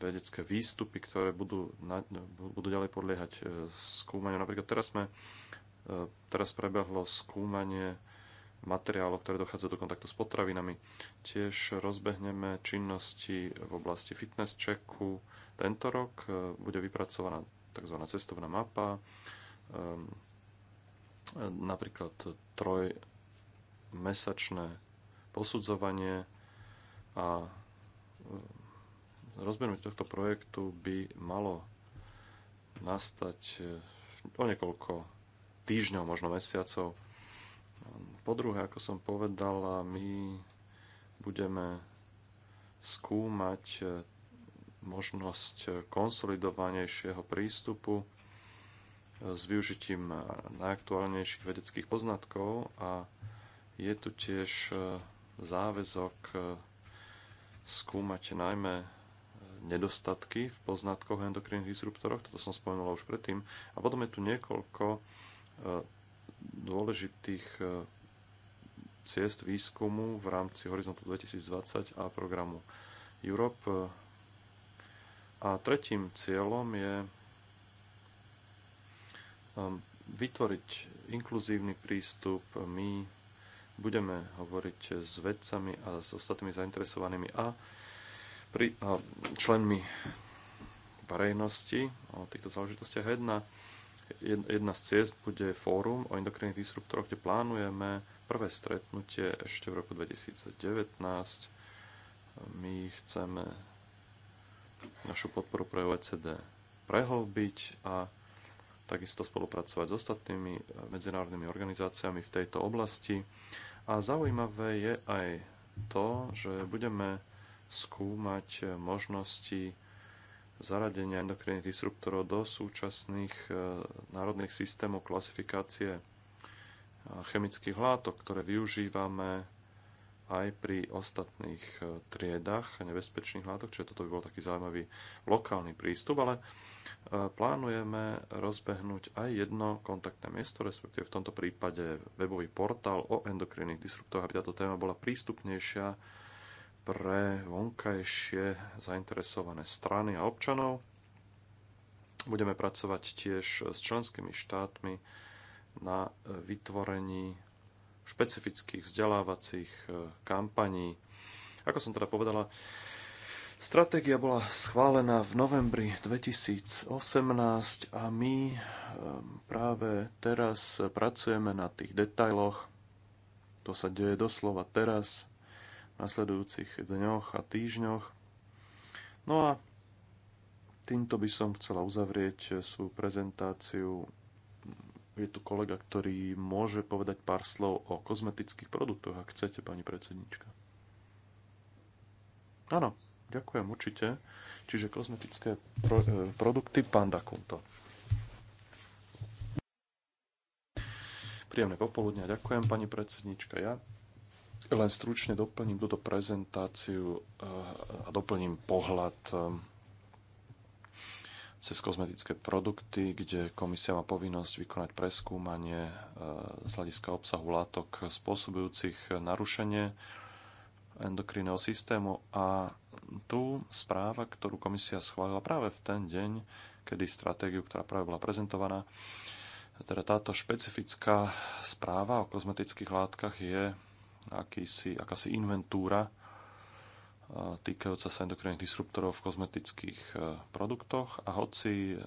vedecké výstupy, ktoré budú, budú ďalej podliehať e, skúmaniu. Napríklad teraz sme Teraz prebehlo skúmanie materiálov, ktoré dochádza do kontaktu s potravinami. Tiež rozbehneme činnosti v oblasti fitness checku. Tento rok e, bude vypracovaná tzv. cestovná mapa, ehm, napríklad trojmesačné posudzovanie a e, rozbehnutie tohto projektu by malo nastať e, o niekoľko týždňov, možno mesiacov. Po druhé, ako som povedal, my budeme skúmať e, možnosť konsolidovanejšieho prístupu e, s využitím e, najaktuálnejších vedeckých poznatkov a je tu tiež záväzok skúmať najmä nedostatky v poznatkoch endokrinných disruptorov, toto som spomenul už predtým, a potom je tu niekoľko E, dôležitých e, ciest výskumu v rámci Horizontu 2020 a programu Europe. E, a tretím cieľom je vytvoriť inkluzívny prístup. My budeme hovoriť s vedcami a s ostatnými zainteresovanými a, pri, a členmi verejnosti o týchto záležitostiach. Jedna jedna z ciest bude fórum o endokrinných disruptoroch, kde plánujeme prvé stretnutie ešte v roku 2019. My chceme našu podporu pre OECD prehlbiť a takisto spolupracovať s ostatnými medzinárodnými organizáciami v tejto oblasti. A zaujímavé je aj to, že budeme skúmať možnosti zaradenia endokrinných disruptorov do súčasných e, národných systémov klasifikácie e, chemických látok, ktoré využívame aj pri ostatných e, triedach nebezpečných látok, čiže toto by bol taký zaujímavý lokálny prístup, ale plánujeme rozbehnúť aj jedno kontaktné miesto, respektíve v tomto prípade webový portál o endokrinných disruptoroch, aby táto téma bola prístupnejšia pre vonkajšie zainteresované strany a občanov. Budeme pracovať tiež s členskými štátmi na vytvorení špecifických vzdelávacích e, kampaní. Ako som teda povedala, stratégia bola schválená v novembri 2018 a my e, práve teraz pracujeme na tých detailoch. To sa deje doslova teraz nasledujúcich dňoch a týždňoch. No a týmto by som chcela uzavrieť eh, svoju prezentáciu. Je tu kolega, ktorý môže povedať pár slov o kozmetických produktoch, ak chcete, pani predsednička. Áno, ďakujem určite. Čiže kozmetické pro, e, produkty Panda Kunto. Príjemné popoludne, ďakujem pani predsednička. Ja len stručne doplním túto prezentáciu eh, a doplním pohľad eh, cez kozmetické produkty, kde komisia má povinnosť vykonať preskúmanie eh, z hľadiska obsahu látok spôsobujúcich narušenie endokrinného systému a tu správa, ktorú komisia schválila práve v ten deň, kedy stratégiu, ktorá práve bola prezentovaná, teda táto špecifická správa o kozmetických látkach je akýsi, akási inventúra e, týkajúca sa endokrinných disruptorov v kozmetických e, produktoch a hoci e,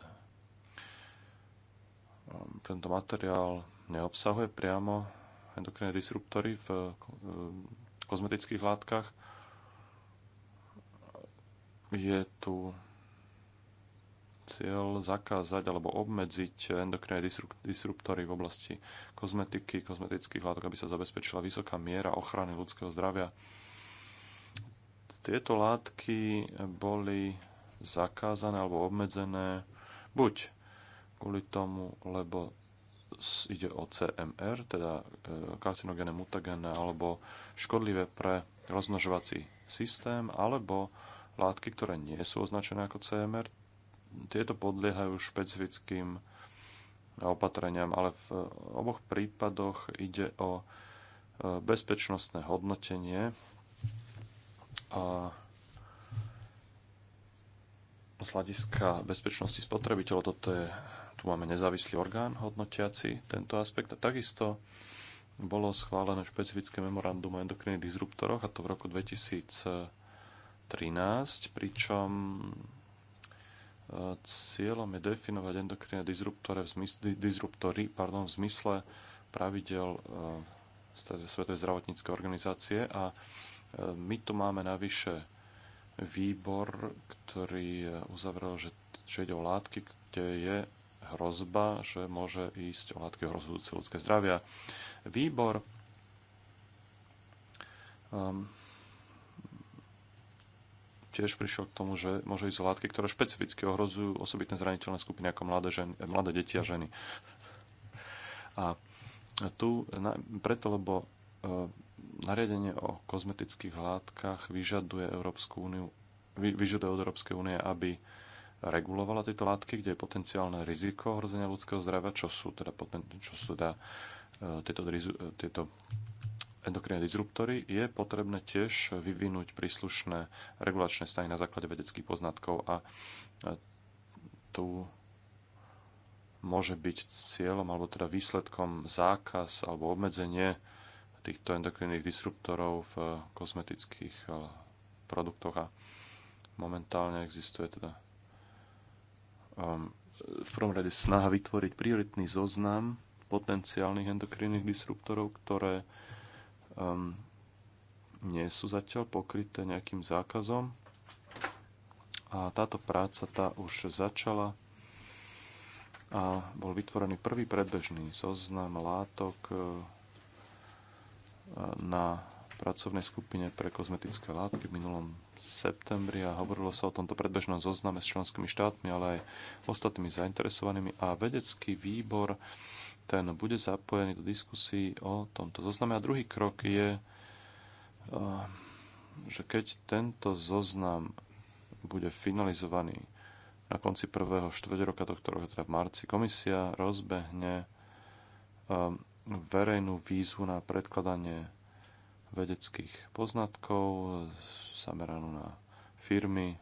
tento materiál neobsahuje priamo endokrinné disruptory v kozmetických látkach, je tu cieľ zakázať alebo obmedziť endokrinné disruptory v oblasti kozmetiky, kozmetických látok, aby sa zabezpečila vysoká miera ochrany ľudského zdravia. Tieto látky boli zakázané alebo obmedzené buď kvôli tomu, lebo ide o CMR, teda e, karcinogéne, mutagéne, alebo škodlivé pre rozmnožovací systém, alebo látky, ktoré nie sú označené ako CMR, tieto podliehajú špecifickým opatreniam, ale v oboch prípadoch ide o e, bezpečnostné hodnotenie a z hľadiska bezpečnosti spotrebiteľov toto je, tu máme nezávislý orgán hodnotiaci tento aspekt a takisto bolo schválené špecifické memorandum o endokrinných disruptoroch a to v roku 2013, pričom Cieľom je definovať endokrinné disruptory v zmysle, disruptory, pardon, v zmysle pravidel e, Svetovej zdravotníckej organizácie a e, my tu máme navyše výbor, ktorý e, uzavrel, že, že ide o látky, kde je hrozba, že môže ísť o látky ohrozujúce ľudské zdravia. Výbor um, tiež prišiel k tomu, že môže ísť o látky, ktoré špecificky ohrozujú osobitné zraniteľné skupiny ako mladé, ženy, mladé deti a ženy. A tu na, preto, lebo e, nariadenie o kozmetických látkach vyžaduje Európsku úniu, vy, vyžaduje od Európskej únie, aby regulovala tieto látky, kde je potenciálne riziko ohrozenia ľudského zdravia, čo sú teda, poten, čo sú teda e, tieto, e, tieto endokrinné disruptory, je potrebné tiež vyvinúť príslušné regulačné stany na základe vedeckých poznatkov a tu môže byť cieľom alebo teda výsledkom zákaz alebo obmedzenie týchto endokrinných disruptorov v kozmetických e, produktoch a momentálne existuje teda um, v prvom rade snaha vytvoriť prioritný zoznam potenciálnych endokrinných disruptorov, ktoré um, nie sú zatiaľ pokryté nejakým zákazom. A táto práca tá už začala a bol vytvorený prvý predbežný zoznam látok e, na pracovnej skupine pre kozmetické látky v minulom septembri a hovorilo sa o tomto predbežnom zozname s členskými štátmi, ale aj ostatnými zainteresovanými a vedecký výbor ten bude zapojený do diskusí o tomto zozname. A druhý krok je, eh, že keď tento zoznam bude finalizovaný na konci prvého štvrť roka tohto roka, teda v marci, komisia rozbehne eh, verejnú výzvu na predkladanie vedeckých poznatkov zameranú na firmy,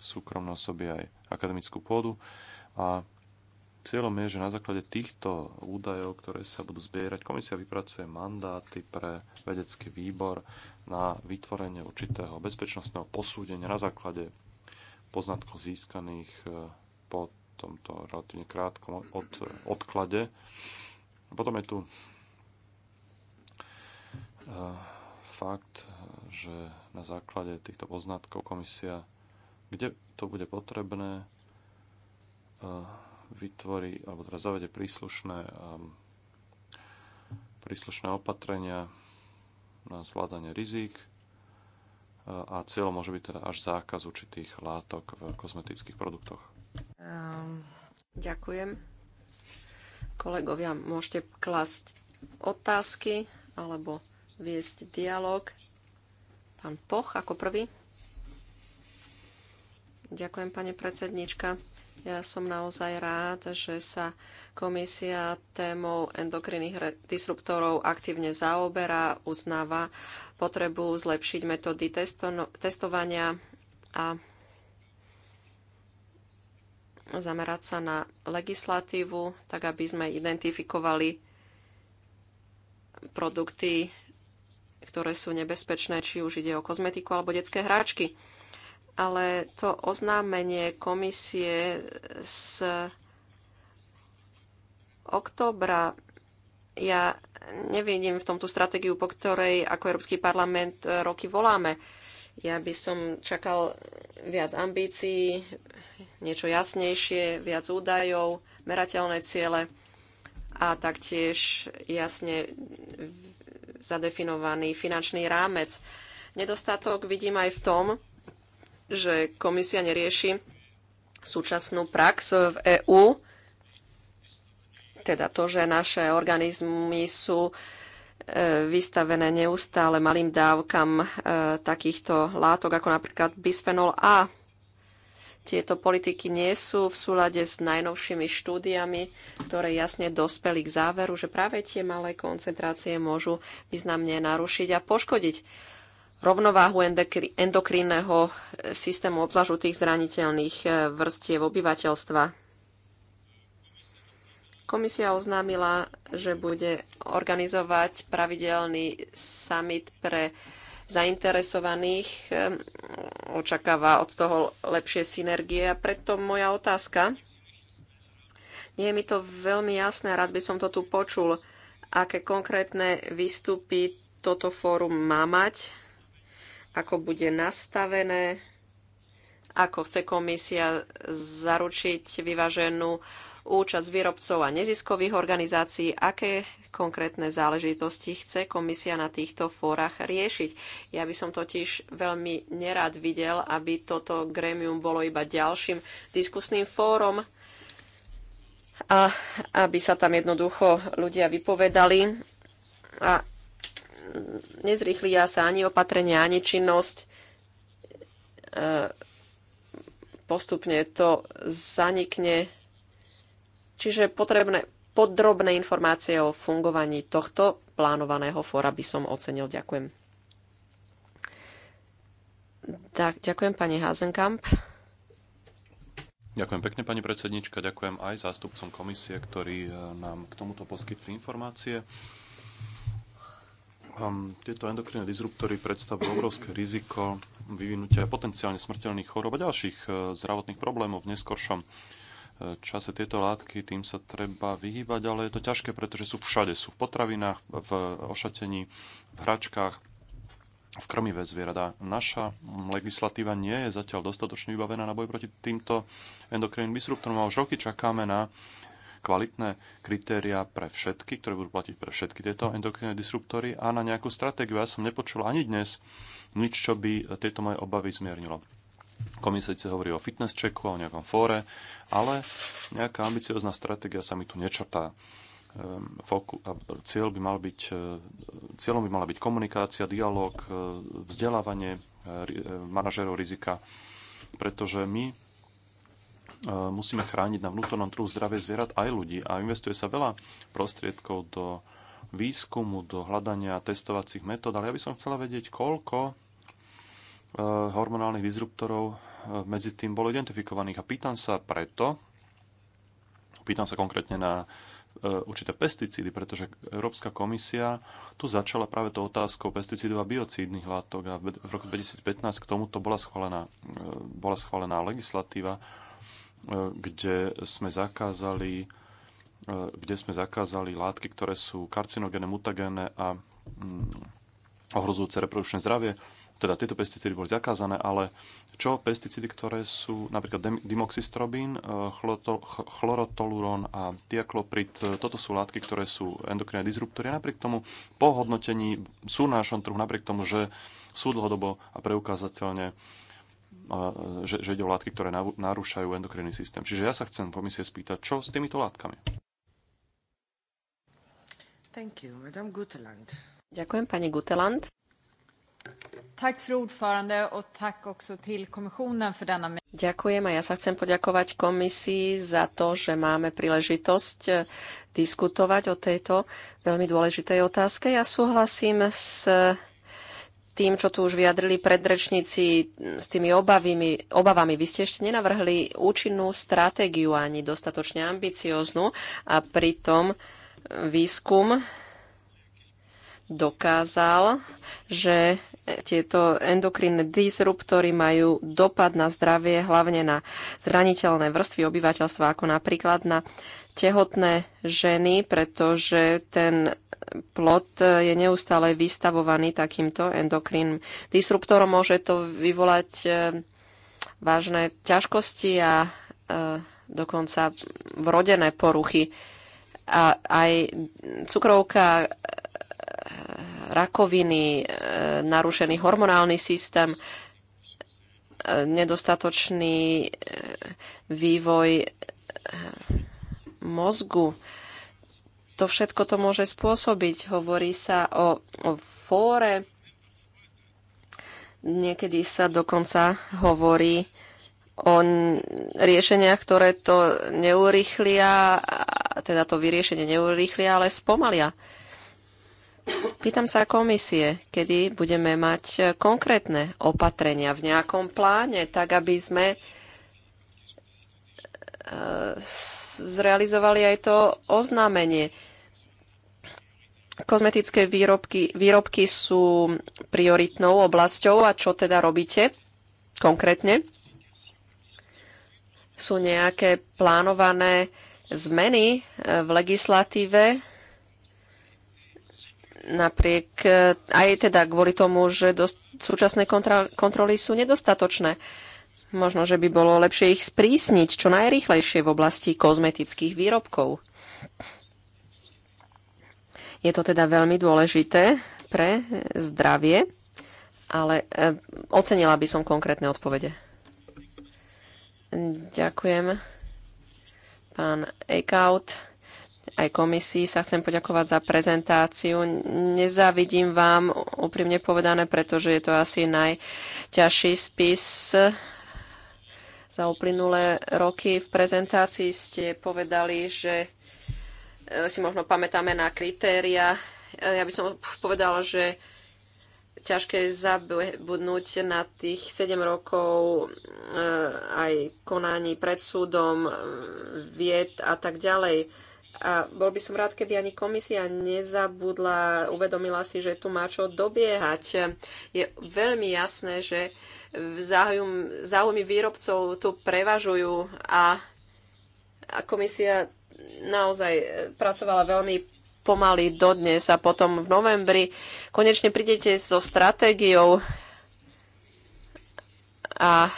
súkromné osoby aj akademickú pôdu a Cieľom je, že na základe týchto údajov, ktoré sa budú zbierať, komisia vypracuje mandáty pre vedecký výbor na vytvorenie určitého bezpečnostného posúdenia na základe poznatkov získaných e, po tomto relatívne krátkom od, odklade. Potom je tu e, fakt, že na základe týchto poznatkov komisia, kde to bude potrebné, e, vytvorí alebo teda zavede príslušné, um, príslušné opatrenia na zvládanie rizík uh, a cieľom môže byť teda až zákaz určitých látok v kozmetických produktoch. Um, ďakujem. Kolegovia, môžete klasť otázky alebo viesť dialog. Pán Poch ako prvý. Ďakujem, pani predsednička. Ja som naozaj rád, že sa komisia témou endokrinných disruptorov aktívne zaoberá, uznáva potrebu zlepšiť metódy testo- testovania a zamerať sa na legislatívu, tak aby sme identifikovali produkty, ktoré sú nebezpečné, či už ide o kozmetiku alebo detské hráčky ale to oznámenie komisie z októbra ja nevidím v tomto stratégiu, po ktorej ako Európsky parlament roky voláme. Ja by som čakal viac ambícií, niečo jasnejšie, viac údajov, merateľné ciele a taktiež jasne zadefinovaný finančný rámec. Nedostatok vidím aj v tom, že komisia nerieši súčasnú prax v EÚ, teda to, že naše organizmy sú e, vystavené neustále malým dávkam e, takýchto látok, ako napríklad bisphenol A. Tieto politiky nie sú v súlade s najnovšími štúdiami, ktoré jasne dospeli k záveru, že práve tie malé koncentrácie môžu významne narušiť a poškodiť rovnováhu endokrinného systému obzvlášť u tých zraniteľných eh, vrstiev obyvateľstva. Komisia oznámila, že bude organizovať pravidelný summit pre zainteresovaných. Eh, očakáva od toho lepšie synergie a preto moja otázka. Nie je mi to veľmi jasné, rád by som to tu počul, aké konkrétne výstupy toto fórum má mať ako bude nastavené, ako chce komisia zaručiť vyváženú účasť výrobcov a neziskových organizácií, aké konkrétne záležitosti chce komisia na týchto fórach riešiť. Ja by som totiž veľmi nerád videl, aby toto grémium bolo iba ďalším diskusným fórom a aby sa tam jednoducho ľudia vypovedali a nezrýchlia sa ani opatrenia, ani činnosť. E, postupne to zanikne. Čiže potrebné podrobné informácie o fungovaní tohto plánovaného fóra by som ocenil. Ďakujem. Tak, ďakujem pani Hazenkamp. Ďakujem pekne, pani predsednička. Ďakujem aj zástupcom komisie, ktorí e, nám k tomuto poskytli informácie. Ehm, tieto endokrinné disruptory predstavujú obrovské riziko vyvinutia potenciálne smrteľných chorób a ďalších e, zdravotných problémov v neskoršom e, čase tieto látky, tým sa treba vyhýbať, ale je to ťažké, pretože sú všade. Sú v potravinách, v ošatení, v hračkách, v krmivé zvieratá. Naša legislatíva nie je zatiaľ dostatočne vybavená na boj proti týmto endokrinným disruptorom a už roky čakáme na kvalitné kritéria pre všetky, ktoré budú platiť pre všetky tieto endokrinné disruptory a na nejakú stratégiu. Ja som nepočul ani dnes nič, čo by tieto moje obavy zmiernilo. Komisia síce hovorí o fitness checku, o nejakom fóre, ale nejaká ambiciozná stratégia sa mi tu nečrtá. Ehm, foku, cieľ by mal byť, e, cieľom by mala byť komunikácia, dialog, e, vzdelávanie e, manažerov rizika, pretože my E, musíme chrániť na vnútornom trhu zdravie zvierat aj ľudí. A investuje sa veľa prostriedkov do výskumu, do hľadania testovacích metód, ale ja by som chcela vedieť, koľko e, hormonálnych disruptorov e, medzi tým bolo identifikovaných. A pýtam sa preto, pýtam sa konkrétne na určité pesticídy, pretože Európska komisia tu začala práve tou otázkou pesticídov a biocídnych látok a v roku 2015 k tomuto bola schválená, bola schválená legislatíva, kde sme zakázali eh, kde sme zakázali látky, ktoré sú karcinogéne, mutagéne a mm, ohrozujúce reprodukčné zdravie. Teda tieto pesticídy boli zakázané, ale čo pesticídy, ktoré sú napríklad dimoxistrobín, eh, chlorotolurón a tiakloprid, eh, toto sú látky, ktoré sú endokrinné disruptory. A napriek tomu po hodnotení sú na našom trhu, napriek tomu, že sú dlhodobo a preukázateľne E, že, že ide o látky, ktoré narúšajú endokrinný systém. Čiže ja sa chcem komisie spýtať, čo s týmito látkami? Thank you, Madame Guteland. Ďakujem, pani Guteland. Tak fru ordförande och tack också till kommissionen för denna Ďakujem a ja sa chcem poďakovať komisii za to, že máme príležitosť e, diskutovať o tejto veľmi dôležitej otázke. Ja súhlasím s tým, čo tu už vyjadrili predrečníci s tými obavými, obavami. Vy ste ešte nenavrhli účinnú stratégiu ani dostatočne ambicióznu a pritom výskum dokázal, že tieto endokrinné disruptory majú dopad na zdravie, hlavne na zraniteľné vrstvy obyvateľstva, ako napríklad na tehotné ženy, pretože ten plod je neustále vystavovaný takýmto endokrín disruptorom. Môže to vyvolať e, vážne ťažkosti a e, dokonca vrodené poruchy. A aj cukrovka, e, rakoviny, narušený hormonálny systém, nedostatočný vývoj mozgu to všetko to môže spôsobiť. Hovorí sa o, o fóre, niekedy sa dokonca hovorí o riešeniach, ktoré to neurýchlia, teda to vyriešenie neurýchlia, ale spomalia. Pýtam sa komisie, kedy budeme mať konkrétne opatrenia v nejakom pláne, tak aby sme e, zrealizovali aj to oznámenie. Kozmetické výrobky, výrobky sú prioritnou oblasťou a čo teda robíte konkrétne? Sú nejaké plánované zmeny e, v legislatíve napriek e, aj teda kvôli tomu, že dosť, súčasné kontra, kontroly sú nedostatočné. Možno, že by bolo lepšie ich sprísniť čo najrychlejšie v oblasti kozmetických výrobkov. Je to teda veľmi dôležité pre zdravie, ale eh, ocenila by som konkrétne odpovede. Ďakujem. Pán Eichhout, aj komisii sa chcem poďakovať za prezentáciu. Nezávidím vám, úprimne povedané, pretože je to asi najťažší spis za uplynulé roky. V prezentácii ste povedali, že E, si možno pamätáme na kritéria. E, ja by som povedala, že ťažké zabudnúť na tých 7 rokov e, aj konaní pred súdom, vied a tak ďalej. A bol by som rád, keby ani komisia nezabudla, uvedomila si, že tu má čo dobiehať. Je veľmi jasné, že záujmy výrobcov tu prevažujú a, a komisia naozaj e, pracovala veľmi pomaly dodnes a potom v novembri konečne prídete so stratégiou a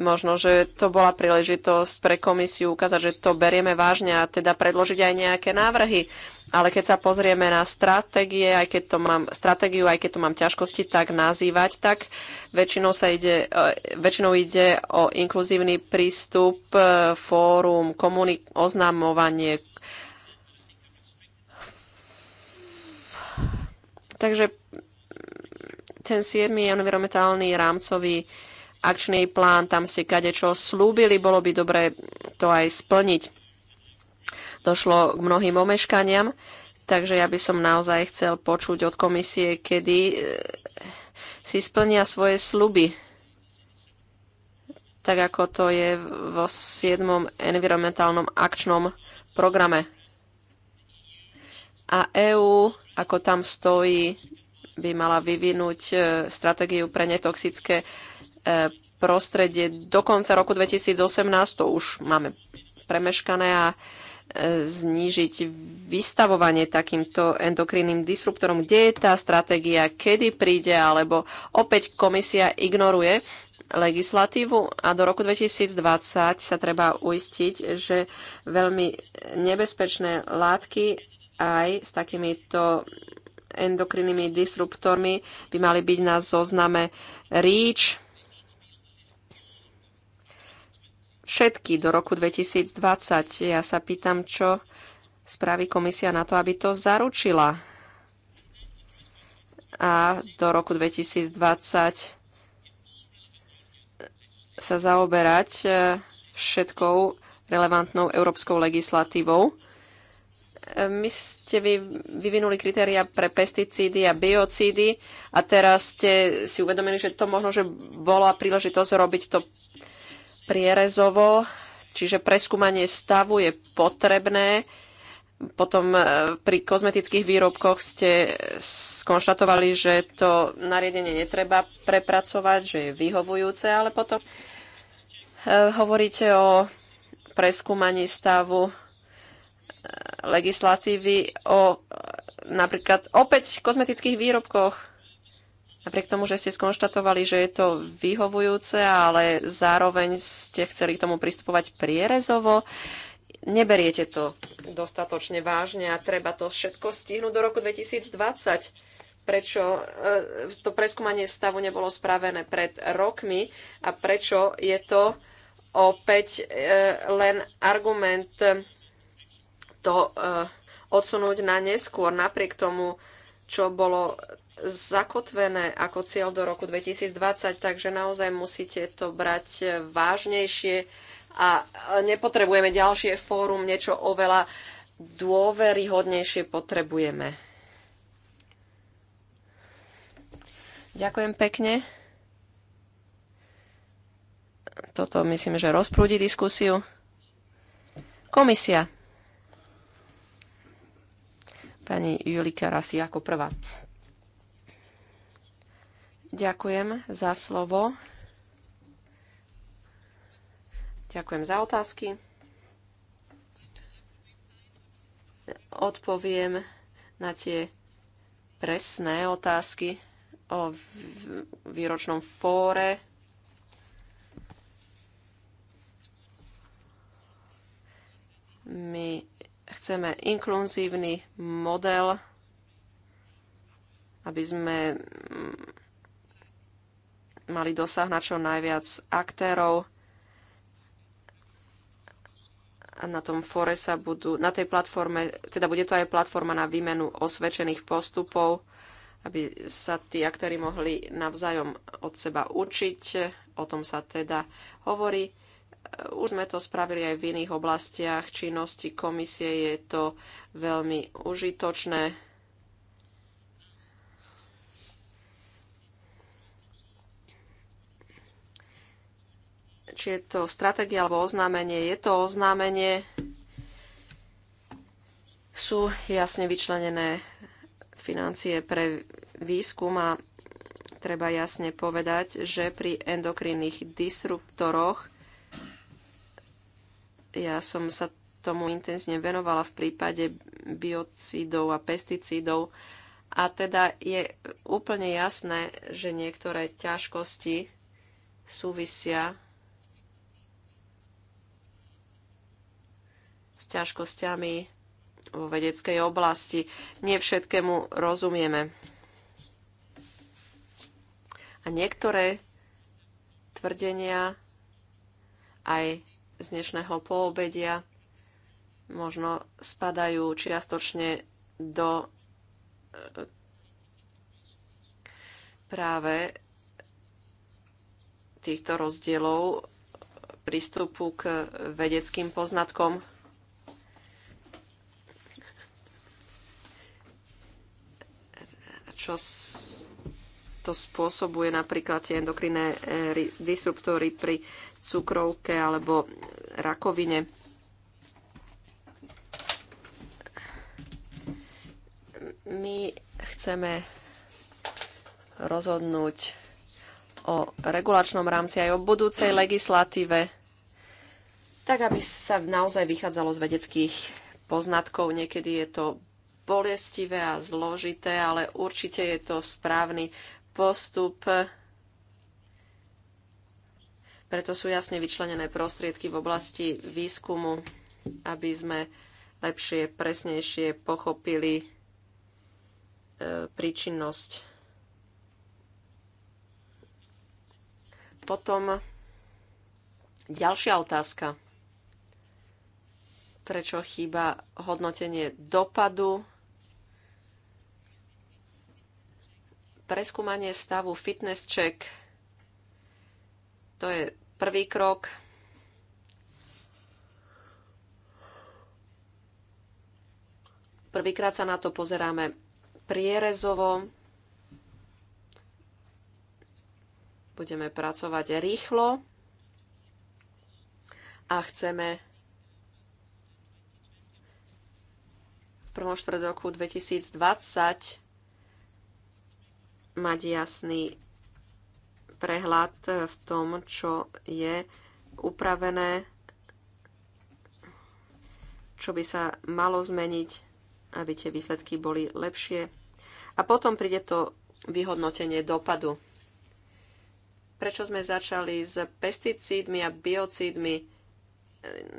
Možno, že to bola príležitosť pre komisiu ukázať, že to berieme vážne a teda predložiť aj nejaké návrhy. Ale keď sa pozrieme na stratégie, aj keď to mám, stratégiu, aj keď to mám ťažkosti tak nazývať, tak väčšinou, sa ide, e, väčšinou ide o inkluzívny prístup, e, fórum, komunik- oznamovanie, Takže ten 7. environmentálny rámcový akčný plán, tam si kadečo slúbili, bolo by dobre to aj splniť. Došlo k mnohým omeškaniam, takže ja by som naozaj chcel počuť od komisie, kedy e, si splnia svoje sluby tak ako to je vo 7. environmentálnom akčnom programe. A EÚ, ako tam stojí, by mala vyvinúť e, stratégiu pre netoxické prostredie do konca roku 2018, to už máme premeškané a e, znížiť vystavovanie takýmto endokrinným disruptorom. Kde je tá stratégia, kedy príde, alebo opäť komisia ignoruje legislatívu a do roku 2020 sa treba uistiť, že veľmi nebezpečné látky aj s takýmito endokrinnými disruptormi by mali byť na zozname REACH všetky do roku 2020. Ja sa pýtam, čo spraví komisia na to, aby to zaručila. A do roku 2020 sa zaoberať e, všetkou relevantnou európskou legislatívou. E, my ste vy, vyvinuli kritéria pre pesticídy a biocídy a teraz ste si uvedomili, že to možno, že bola príležitosť robiť to prierezovo, čiže preskúmanie stavu je potrebné. Potom e, pri kozmetických výrobkoch ste skonštatovali, že to nariadenie netreba prepracovať, že je vyhovujúce, ale potom e, hovoríte o preskúmaní stavu e, legislatívy o napríklad opäť kozmetických výrobkoch Napriek tomu, že ste skonštatovali, že je to vyhovujúce, ale zároveň ste chceli k tomu pristupovať prierezovo, neberiete to dostatočne vážne a treba to všetko stihnúť do roku 2020. Prečo e, to preskúmanie stavu nebolo spravené pred rokmi a prečo je to opäť e, len argument to e, odsunúť na neskôr, napriek tomu, čo bolo zakotvené ako cieľ do roku 2020, takže naozaj musíte to brať vážnejšie a nepotrebujeme ďalšie fórum, niečo oveľa dôveryhodnejšie potrebujeme. Ďakujem pekne. Toto myslím, že rozprúdi diskusiu. Komisia. Pani Julika Rasi ako prvá. Ďakujem za slovo. Ďakujem za otázky. Odpoviem na tie presné otázky o výročnom fóre. My chceme inkluzívny model, aby sme mali dosah na čo najviac aktérov. A na tom fore sa budú, na tej platforme, teda bude to aj platforma na výmenu osvedčených postupov, aby sa tí aktéry mohli navzájom od seba učiť. O tom sa teda hovorí. Už sme to spravili aj v iných oblastiach činnosti komisie. Je to veľmi užitočné či je to stratégia alebo oznámenie. Je to oznámenie, sú jasne vyčlenené financie pre výskum a treba jasne povedať, že pri endokrinných disruptoroch ja som sa tomu intenzívne venovala v prípade biocidov a pesticídov a teda je úplne jasné, že niektoré ťažkosti súvisia s ťažkosťami vo vedeckej oblasti. Nie všetkému rozumieme. A niektoré tvrdenia aj z dnešného poobedia možno spadajú čiastočne do e, práve týchto rozdielov prístupu k vedeckým poznatkom. čo to spôsobuje napríklad tie endokrinné e, disruptory pri cukrovke alebo rakovine. My chceme rozhodnúť o regulačnom rámci aj o budúcej legislatíve, tak aby sa naozaj vychádzalo z vedeckých poznatkov. Niekedy je to bolestivé a zložité, ale určite je to správny postup. Preto sú jasne vyčlenené prostriedky v oblasti výskumu, aby sme lepšie, presnejšie pochopili e, príčinnosť. Potom ďalšia otázka. Prečo chýba hodnotenie dopadu preskúmanie stavu fitness check. To je prvý krok. Prvýkrát sa na to pozeráme prierezovo. Budeme pracovať rýchlo a chceme v prvom štvrtoku roku 2020 mať jasný prehľad v tom, čo je upravené, čo by sa malo zmeniť, aby tie výsledky boli lepšie. A potom príde to vyhodnotenie dopadu. Prečo sme začali s pesticídmi a biocídmi?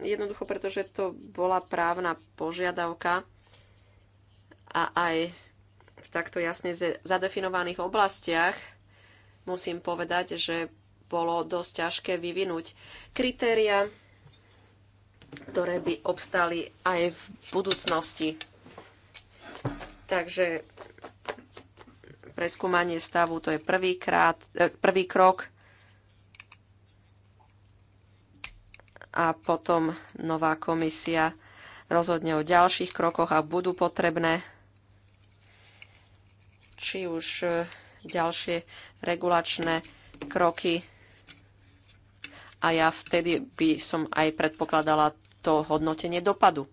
Jednoducho, pretože to bola právna požiadavka a aj v takto jasne zadefinovaných oblastiach musím povedať, že bolo dosť ťažké vyvinúť kritéria, ktoré by obstali aj v budúcnosti. Takže preskúmanie stavu to je prvý, krát, eh, prvý krok a potom nová komisia rozhodne o ďalších krokoch a budú potrebné či už e, ďalšie regulačné kroky. A ja vtedy by som aj predpokladala to hodnotenie dopadu.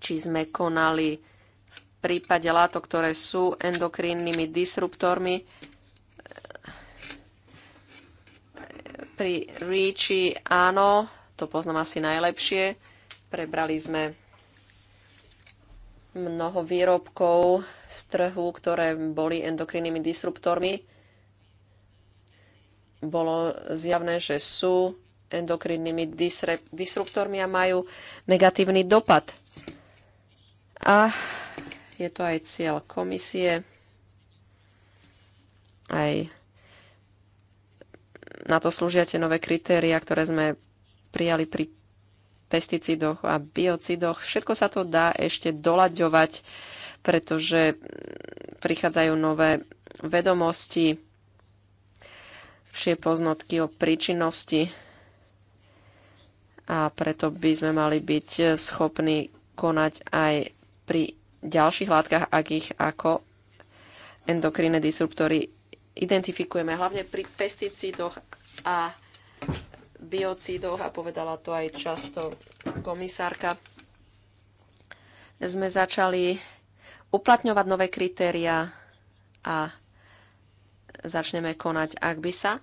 Či sme konali v prípade látok, ktoré sú endokrínnymi disruptormi, e, pri Ríči áno, to poznám asi najlepšie. Prebrali sme mnoho výrobkov z trhu, ktoré boli endokrinnými disruptormi. Bolo zjavné, že sú endokrinnými disruptormi a majú negatívny dopad. A je to aj cieľ komisie, aj na to slúžia tie nové kritéria, ktoré sme prijali pri pesticidoch a biocidoch. Všetko sa to dá ešte dolaďovať, pretože prichádzajú nové vedomosti, všie poznotky o príčinnosti a preto by sme mali byť schopní konať aj pri ďalších látkach, ak ich ako endokrinné disruptory identifikujeme, hlavne pri pesticídoch a biocídoch a povedala to aj často komisárka. Sme začali uplatňovať nové kritéria a začneme konať, ak by sa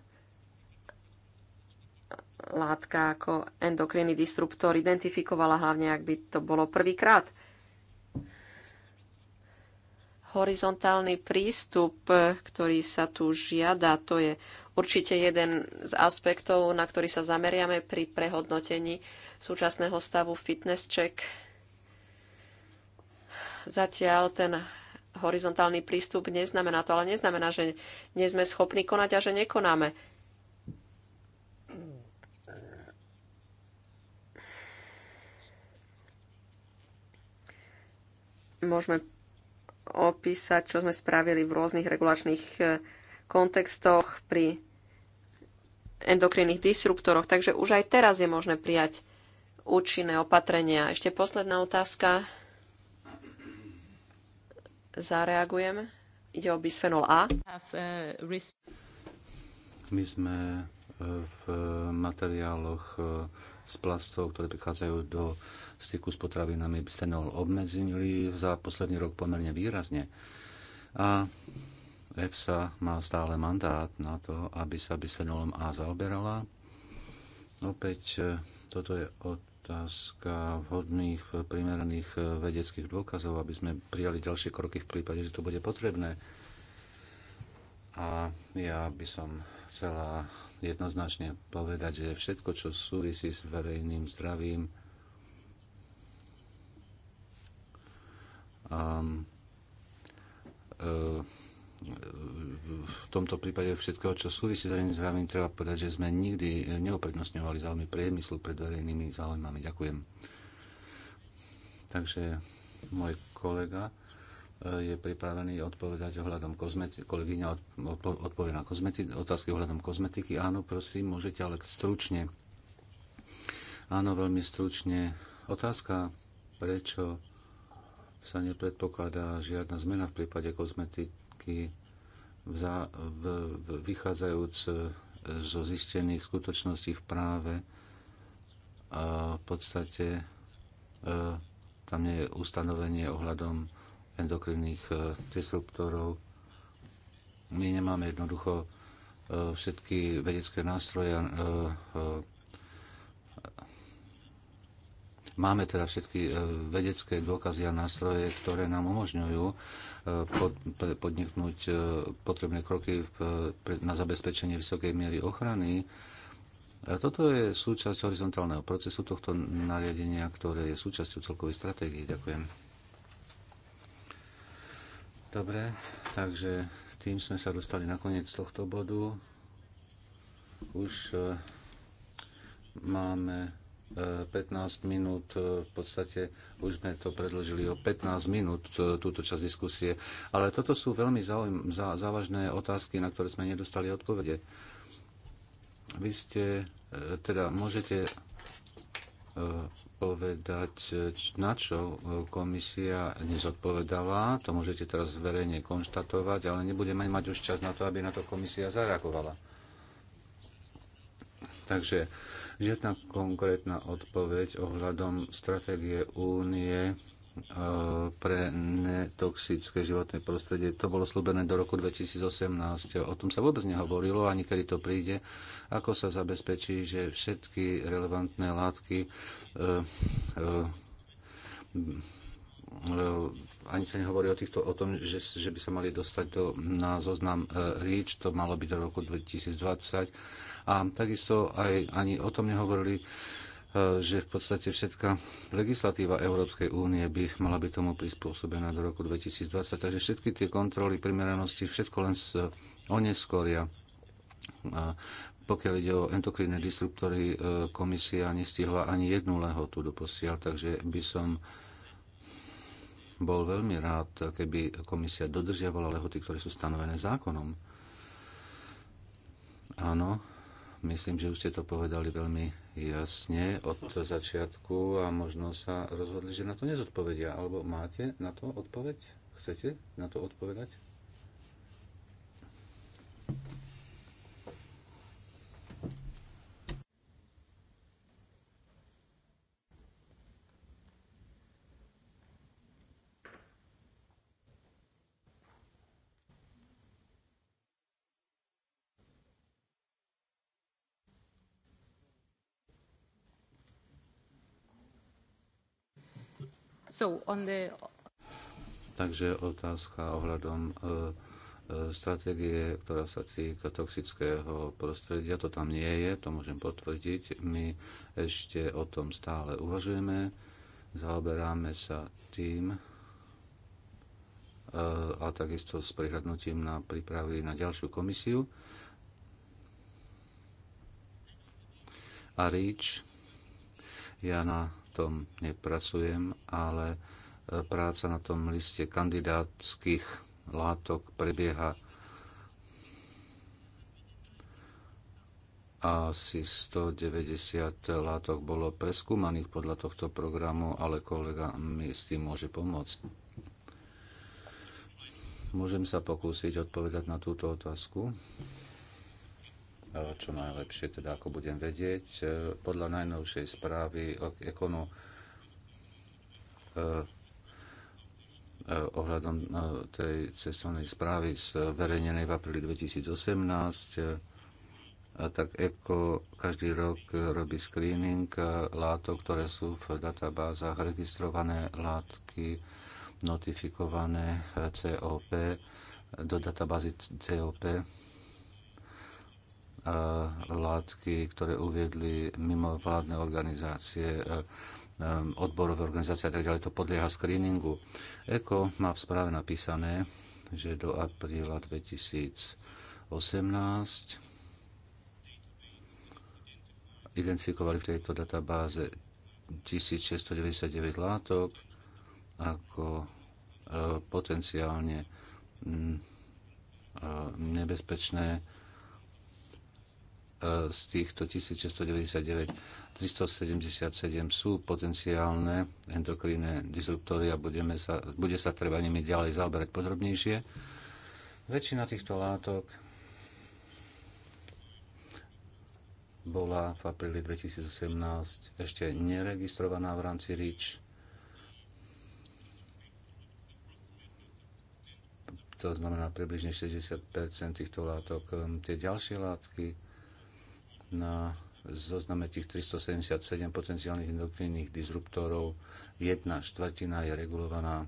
látka ako endokrinný disruptor identifikovala, hlavne ak by to bolo prvýkrát. Horizontálny prístup, ktorý sa tu žiada, to je určite jeden z aspektov, na ktorý sa zameriame pri prehodnotení súčasného stavu fitness check. Zatiaľ ten horizontálny prístup neznamená to, ale neznamená, že nie sme schopní konať a že nekonáme. Môžeme opísať, čo sme spravili v rôznych regulačných eh, kontextoch pri endokrinných disruptoroch. Takže už aj teraz je možné prijať účinné opatrenia. Ešte posledná otázka. Zareagujem. Ide o bisfenol A. My sme e, v materiáloch e, z plastov, ktoré prichádzajú do styku s potravinami, bisfenol obmedzili za posledný rok pomerne výrazne. A EFSA má stále mandát na to, aby sa bisfenolom A zaoberala. Opäť e, toto je otázka vhodných, e, primeraných e, vedeckých dôkazov, aby sme prijali ďalšie kroky v prípade, že to bude potrebné. A ja by som chcela jednoznačne povedať, že všetko, čo súvisí s verejným zdravím, um, uh, v tomto prípade všetkého, čo súvisí s verejným záujmom, treba povedať, že sme nikdy neoprednostňovali záujmy priemyslu pred verejnými záujmami. Ďakujem. Takže môj kolega eh, je pripravený odpovedať ohľadom kozmetiky. Kolegyňa odpovie na kozmetiky, otázky ohľadom kozmetiky. Áno, prosím, môžete, ale stručne. Áno, veľmi stručne. Otázka, prečo sa nepredpokladá žiadna zmena v prípade kozmetiky výsledky vza, v, v, vychádzajúc e, zo zistených skutočností v práve a v podstate e, tam je ustanovenie ohľadom endokrinných e, disruptorov. My nemáme jednoducho všetky vedecké nástroje a Máme teda všetky e, vedecké dôkazy a nástroje, ktoré nám umožňujú e, podniknúť e, potrebné kroky na zabezpečenie vysokej miery ochrany. Toto je súčasť horizontálneho procesu tohto nariadenia, ktoré je súčasťou celkovej stratégie. Ďakujem. Dobre, takže tým sme sa dostali na koniec tohto bodu. Už máme 15 minút, e, v podstate už sme to predložili o 15 minút, e, túto časť diskusie. Ale toto sú veľmi zaujím, zá, závažné otázky, na ktoré sme nedostali odpovede. Vy ste, e, teda môžete povedať, na čo komisia nezodpovedala, to môžete teraz verejne konštatovať, ale nebudeme mať už čas na to, aby na to komisia zareagovala. Takže Žiadna konkrétna odpoveď ohľadom stratégie únie e, pre netoxické životné prostredie. To bolo slúbené do roku 2018. O tom sa vôbec nehovorilo, ani kedy to príde. Ako sa zabezpečí, že všetky relevantné látky e, e, ani sa nehovorí o, týchto, o tom, že, že by sa mali dostať do, na zoznam REACH, to malo byť do roku 2020 a takisto aj ani o tom nehovorili, e, že v podstate všetká legislatíva Európskej únie by mala byť tomu prispôsobená do roku 2020. Takže všetky tie kontroly primeranosti, všetko len z e, oneskoria. A pokiaľ ide o endokrinné disruptory, e, komisia nestihla ani jednu lehotu do posiaľ, takže by som bol veľmi rád, keby komisia dodržiavala lehoty, ktoré sú stanovené zákonom. Áno, Myslím, že už ste to povedali veľmi jasne od začiatku a možno sa rozhodli, že na to nezodpovedia. Alebo máte na to odpoveď? Chcete na to odpovedať? Takže otázka ohľadom e, e, stratégie, ktorá sa týka toxického prostredia, to tam nie je, to môžem potvrdiť. My ešte o tom stále uvažujeme, zaoberáme sa tým e, a takisto s prihľadnutím na prípravy na ďalšiu komisiu. A REACH, ja na tom nepracujem, ale e, práca na tom liste kandidátskych látok prebieha asi 190 látok bolo preskúmaných podľa tohto programu, ale kolega mi s tým môže pomôcť. Môžem sa pokúsiť odpovedať na túto otázku. E, čo najlepšie, teda ako budem vedieť. E, podľa najnovšej správy Ekonu e, ohľadom tej cestovnej správy zverejnenej v apríli 2018, tak ECO každý rok robí screening látok, ktoré sú v databázach registrované látky, notifikované COP do databázy COP látky, ktoré uviedli mimovládne organizácie, e, odborové organizácie a tak ďalej, to podlieha screeningu. ECO má v správe napísané, že do apríla 2018 identifikovali v tejto databáze 1699 látok ako e, potenciálne e, nebezpečné z týchto 1699 377 sú potenciálne endokrinné disruptory a budeme sa, bude sa treba nimi ďalej zaoberať podrobnejšie. Väčšina týchto látok bola v apríli 2018 ešte neregistrovaná v rámci RIČ. To znamená približne 60 týchto látok. Tie ďalšie látky na zozname tých 377 potenciálnych endokrinných disruptorov jedna štvrtina je regulovaná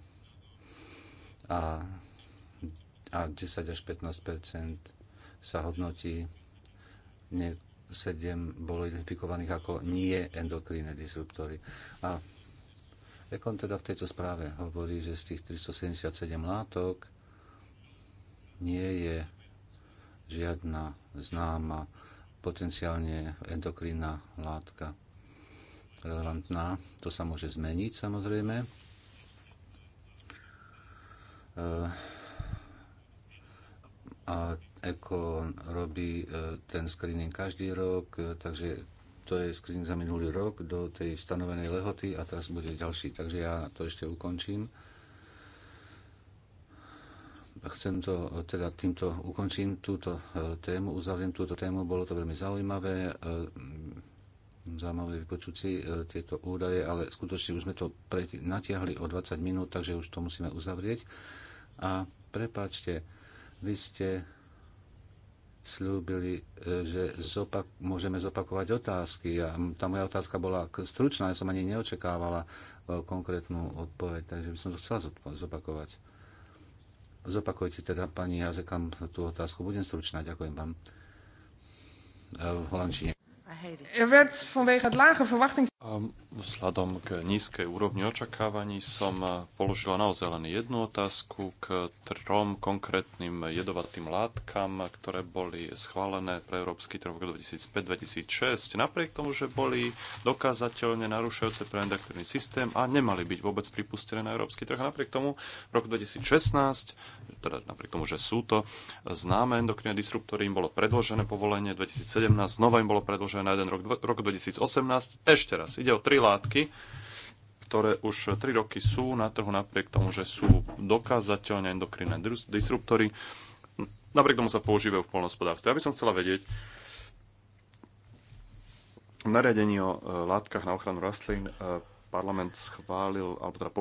a, a 10 až 15 sa hodnotí. ne, 7 bolo identifikovaných ako nie endokrinné disruptory. A Ekon teda v tejto správe hovorí, že z tých 377 látok nie je žiadna známa potenciálne endokrínna látka relevantná. To sa môže zmeniť samozrejme. Eh, a ECO robí eh, ten screening každý rok, eh, takže to je screening za minulý rok do tej stanovenej lehoty a teraz bude ďalší. Takže ja to ešte ukončím chcem to, teda týmto ukončím túto e, tému, uzavriem túto tému, bolo to veľmi zaujímavé, e, zaujímavé vypočuť si e, tieto údaje, ale skutočne už sme to natiahli o 20 minút, takže už to musíme uzavrieť. A prepáčte, vy ste slúbili, že zopak, môžeme zopakovať otázky. A tá moja otázka bola stručná, ja som ani neočakávala konkrétnu odpoveď, takže by som to chcela zopakovať. Zopakujte teda, pani Jazekam, tú otázku. Budem stručná, ďakujem vám. E, v holandčine. Er werd vanwege het lage verwachtings... Ehm, vzhľadom k nízkej úrovni očakávaní som eh, položila naozaj len jednu otázku k trom konkrétnym jedovatým látkam, ktoré boli schválené pre európsky trh v roku 2005-2006, napriek tomu, že boli dokázateľne narušujúce pre endokrinný systém a nemali byť vôbec pripustené na európsky trh. Napriek tomu v roku 2016, teda napriek tomu, že sú to známe endokrinné disruptory, im bolo predložené povolenie 2017, znova im bolo predložené na jeden rok, roku 2018, ešte raz Ide o tri látky, ktoré už 3 roky sú na trhu napriek tomu, že sú dokázateľne endokrinné disruptory. Napriek tomu sa používajú v polnospodárstve. Ja by som chcela vedieť, nariadenie nariadení o e, látkach na ochranu rastlín e, parlament schválil, alebo teda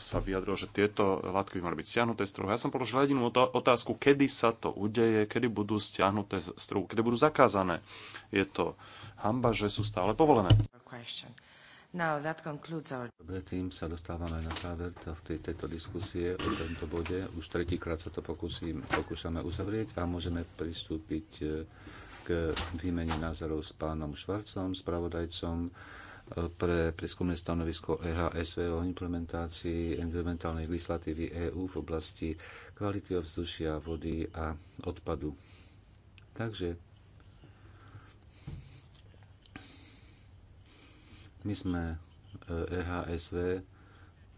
sa vyjadril, že tieto látky by mali byť stiahnuté z trhu. Ja som položil jedinú otázku, kedy sa to udeje, kedy budú stiahnuté z trhu, kedy budú zakázané. Je to hamba, že sú stále povolené. Now that our... Dobre, tým sa dostávame na záver v tej, tejto diskusie o tomto bode. Už tretíkrát sa to pokúsim, pokúšame uzavrieť a môžeme pristúpiť eh, k výmene názorov s pánom Švarcom, spravodajcom pre prieskumné stanovisko EHSV o implementácii environmentálnej legislatívy EÚ v oblasti kvality ovzdušia, vody a odpadu. Takže my sme EHSV e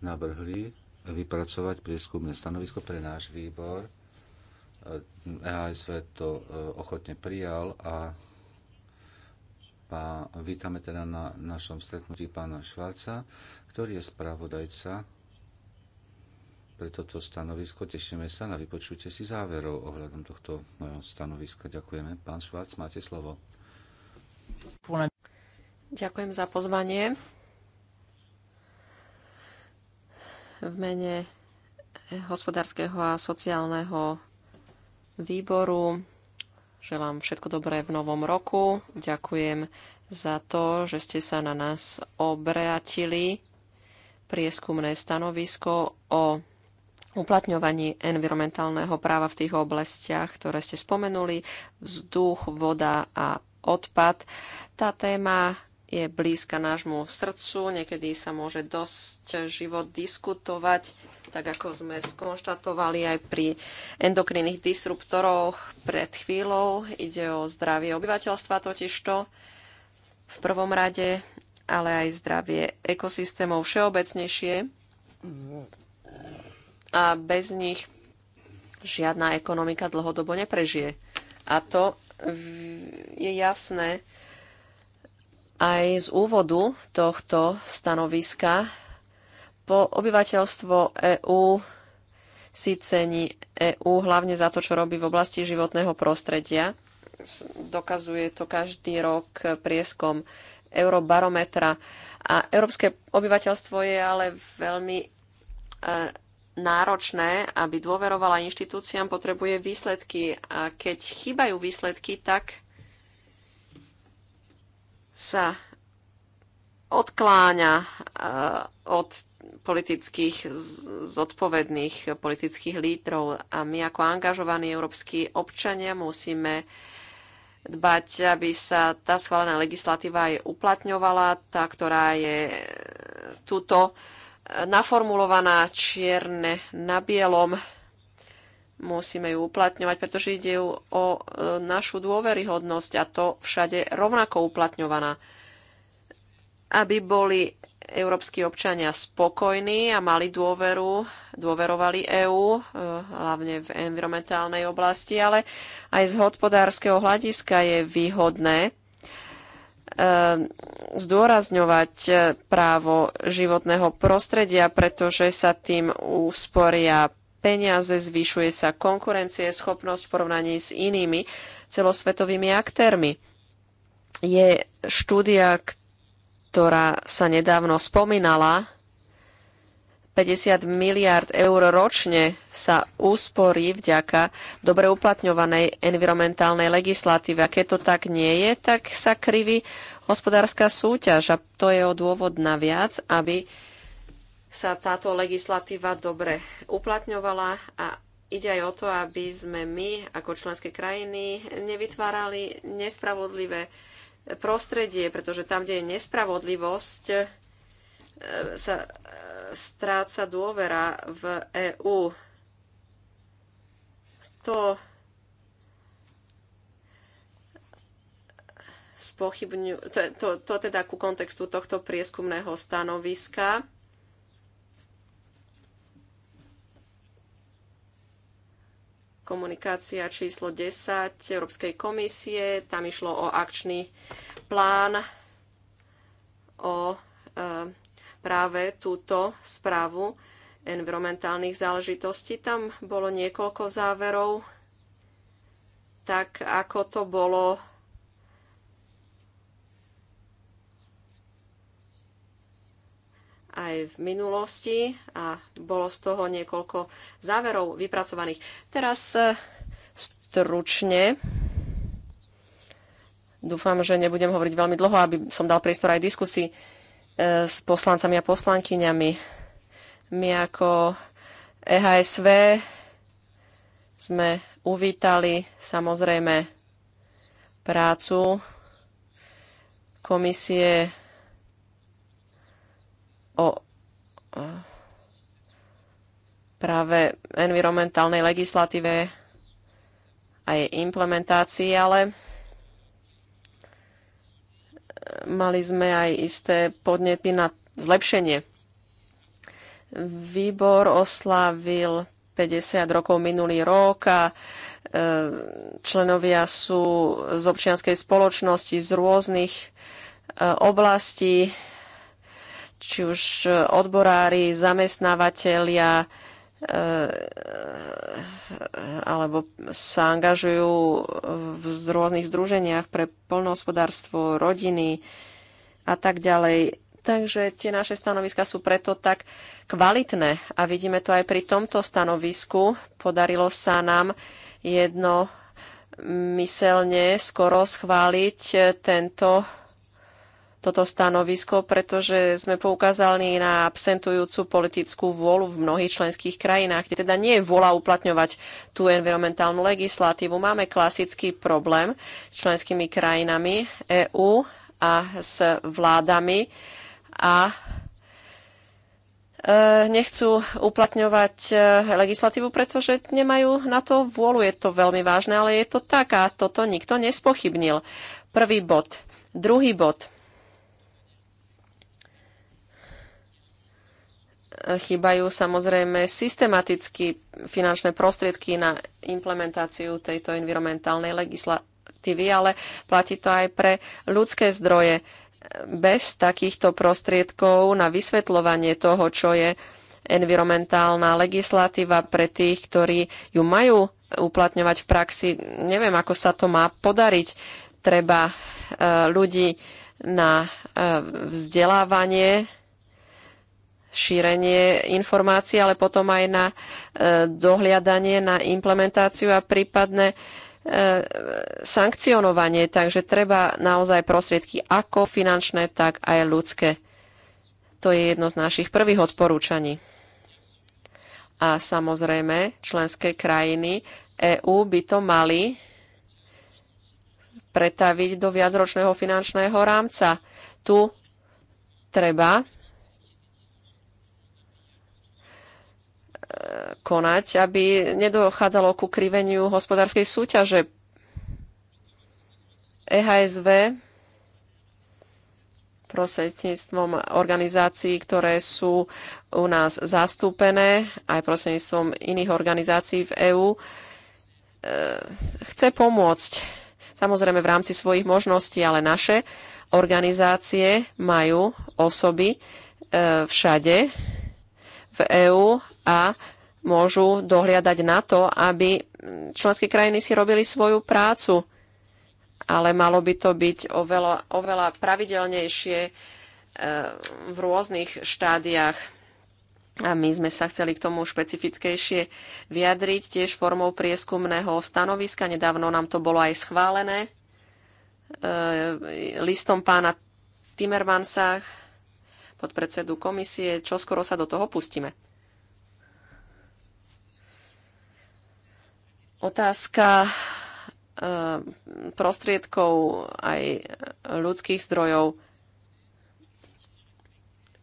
navrhli vypracovať prieskumné stanovisko pre náš výbor. EHSV e to e, ochotne prijal a a vítame teda na našom stretnutí pána Švarca, ktorý je spravodajca pre toto stanovisko. Tešíme sa na vypočutie si záverov ohľadom tohto mojho stanoviska. Ďakujeme. Pán Švarc, máte slovo. Ďakujem za pozvanie. V mene hospodárskeho a sociálneho výboru Želám všetko dobré v novom roku. Ďakujem za to, že ste sa na nás obrátili, prieskumné stanovisko o uplatňovaní environmentálneho práva v tých oblastiach, ktoré ste spomenuli, vzduch, voda a odpad. Tá téma je blízka nášmu srdcu. Niekedy sa môže dosť život diskutovať, tak ako sme skonštatovali aj pri endokrinných disruptoroch pred chvíľou. Ide o zdravie obyvateľstva totižto v prvom rade, ale aj zdravie ekosystémov všeobecnejšie. A bez nich žiadna ekonomika dlhodobo neprežije. A to je jasné, aj z úvodu tohto stanoviska. Po obyvateľstvo EÚ si cení EÚ hlavne za to, čo robí v oblasti životného prostredia. Dokazuje to každý rok prieskom Eurobarometra. A európske obyvateľstvo je ale veľmi e, náročné, aby dôverovala inštitúciám, potrebuje výsledky. A keď chýbajú výsledky, tak sa odkláňa e, od politických zodpovedných politických lídrov a my ako angažovaní európsky občania musíme dbať, aby sa tá schválená legislatíva aj uplatňovala, tá, ktorá je e, tuto e, naformulovaná čierne na bielom Musíme ju uplatňovať, pretože ide ju o e, našu dôveryhodnosť a to všade rovnako uplatňovaná. Aby boli európsky občania spokojní a mali dôveru, dôverovali EÚ, e, hlavne v environmentálnej oblasti, ale aj z hospodárskeho hľadiska je výhodné e, zdôrazňovať právo životného prostredia, pretože sa tým usporia peniaze, zvyšuje sa konkurencie, schopnosť v porovnaní s inými celosvetovými aktérmi. Je štúdia, ktorá sa nedávno spomínala, 50 miliard eur ročne sa úsporí vďaka dobre uplatňovanej environmentálnej legislatíve. A keď to tak nie je, tak sa kriví hospodárska súťaž a to je o dôvod na viac, aby sa táto legislatíva dobre uplatňovala a ide aj o to, aby sme my ako členské krajiny nevytvárali nespravodlivé prostredie, pretože tam, kde je nespravodlivosť, e, sa e, stráca dôvera v EÚ. To spochybňu, to, to, to teda ku kontextu tohto prieskumného stanoviska. komunikácia číslo 10 Európskej komisie. Tam išlo o akčný plán o e, práve túto správu environmentálnych záležitostí. Tam bolo niekoľko záverov, tak ako to bolo aj v minulosti a bolo z toho niekoľko záverov vypracovaných. Teraz e, stručne. Dúfam, že nebudem hovoriť veľmi dlho, aby som dal priestor aj diskusii e, s poslancami a poslankyňami. My ako EHSV sme uvítali samozrejme prácu komisie o práve environmentálnej legislatíve a jej implementácii, ale mali sme aj isté podnety na zlepšenie. Výbor oslavil 50 rokov minulý rok a e, členovia sú z občianskej spoločnosti z rôznych e, oblastí či už e, odborári, zamestnávateľia, e, alebo sa angažujú v rôznych združeniach pre polnohospodárstvo, rodiny a tak ďalej. Takže tie naše stanoviska sú preto tak kvalitné a vidíme to aj pri tomto stanovisku. Podarilo sa nám jedno myselne skoro schváliť e, tento toto stanovisko, pretože sme poukázali na absentujúcu politickú vôľu v mnohých členských krajinách, kde teda nie je vôľa uplatňovať tú environmentálnu legislatívu. Máme klasický problém s členskými krajinami EÚ a s vládami a e, nechcú uplatňovať e, legislatívu, pretože nemajú na to vôľu. Je to veľmi vážne, ale je to tak a toto nikto nespochybnil. Prvý bod. Druhý bod chýbajú samozrejme systematicky finančné prostriedky na implementáciu tejto environmentálnej legislatívy, ale platí to aj pre ľudské zdroje. Bez takýchto prostriedkov na vysvetľovanie toho, čo je environmentálna legislatíva pre tých, ktorí ju majú uplatňovať v praxi, neviem, ako sa to má podariť. Treba e, ľudí na e, vzdelávanie šírenie informácií, ale potom aj na e, dohliadanie, na implementáciu a prípadne sankcionovanie. Takže treba naozaj prostriedky ako finančné, tak aj ľudské. To je jedno z našich prvých odporúčaní. A samozrejme, členské krajiny EÚ by to mali pretaviť do viacročného finančného rámca. Tu treba konať, aby nedochádzalo ku kriveniu hospodárskej súťaže. EHSV prostredníctvom organizácií, ktoré sú u nás zastúpené, aj prostredníctvom iných organizácií v EÚ, e, chce pomôcť. Samozrejme v rámci svojich možností, ale naše organizácie majú osoby e, všade v EÚ a môžu dohliadať na to, aby členské krajiny si robili svoju prácu. Ale malo by to byť oveľa, oveľa pravidelnejšie eh, v rôznych štádiách. A my sme sa chceli k tomu špecifickejšie vyjadriť tiež formou prieskumného stanoviska. Nedávno nám to bolo aj schválené eh, listom pána Timmermansa, podpredsedu komisie. Čoskoro sa do toho pustíme. Otázka eh, prostriedkov aj ľudských zdrojov.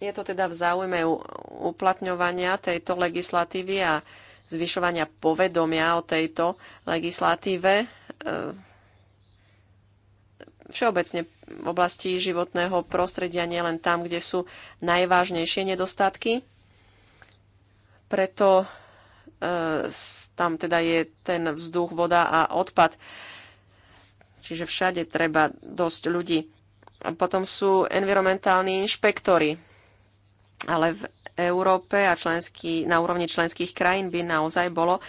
Je to teda v záujme uplatňovania tejto legislatívy a zvyšovania povedomia o tejto legislatíve eh, všeobecne v oblasti životného prostredia, nielen tam, kde sú najvážnejšie nedostatky. Preto E, tam teda je ten vzduch, voda a odpad. Čiže všade treba dosť ľudí. A potom sú environmentálni inšpektory. Ale v Európe a členský, na úrovni členských krajín by naozaj bolo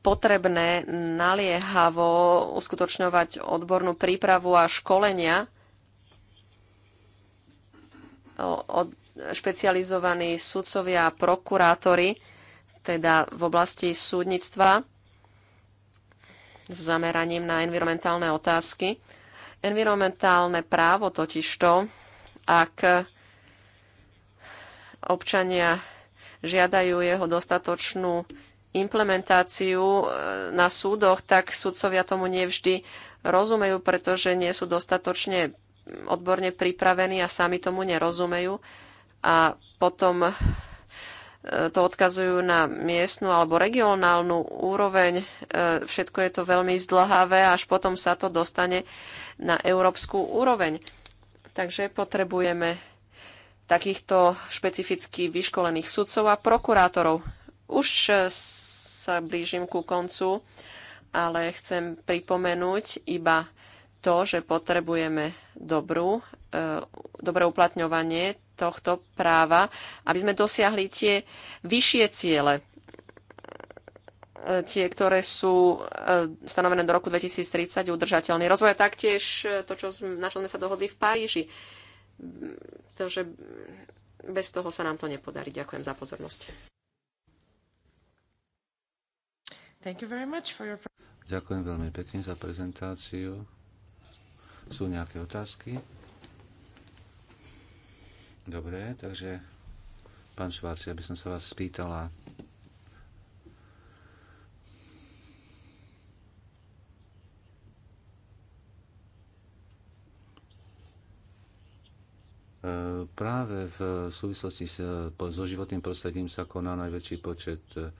potrebné naliehavo uskutočňovať odbornú prípravu a školenia od špecializovaní sudcovia a prokurátori teda v oblasti súdnictva s zameraním na environmentálne otázky. Environmentálne právo totižto, ak občania žiadajú jeho dostatočnú implementáciu e, na súdoch, tak súdcovia tomu nevždy rozumejú, pretože nie sú dostatočne odborne pripravení a sami tomu nerozumejú. A potom E, to odkazujú na miestnu alebo regionálnu úroveň. E, všetko je to veľmi zdlhavé, až potom sa to dostane na európsku úroveň. Takže potrebujeme takýchto špecificky vyškolených sudcov a prokurátorov. Už e, sa blížim ku koncu, ale chcem pripomenúť iba to, že potrebujeme dobrú, dobré uplatňovanie tohto práva, aby sme dosiahli tie vyššie ciele, e, tie, ktoré sú e, stanovené do roku 2030, udržateľný rozvoj a taktiež e, to, čo, na čo sme sa dohodli v Paríži. To, že bez toho sa nám to nepodarí. Ďakujem za pozornosť. Thank you very much for your... Ďakujem veľmi pekne za prezentáciu. Sú nejaké otázky? Dobre, takže pán ja by som sa vás spýtala. E, práve v súvislosti so životným prostredím sa koná najväčší počet e,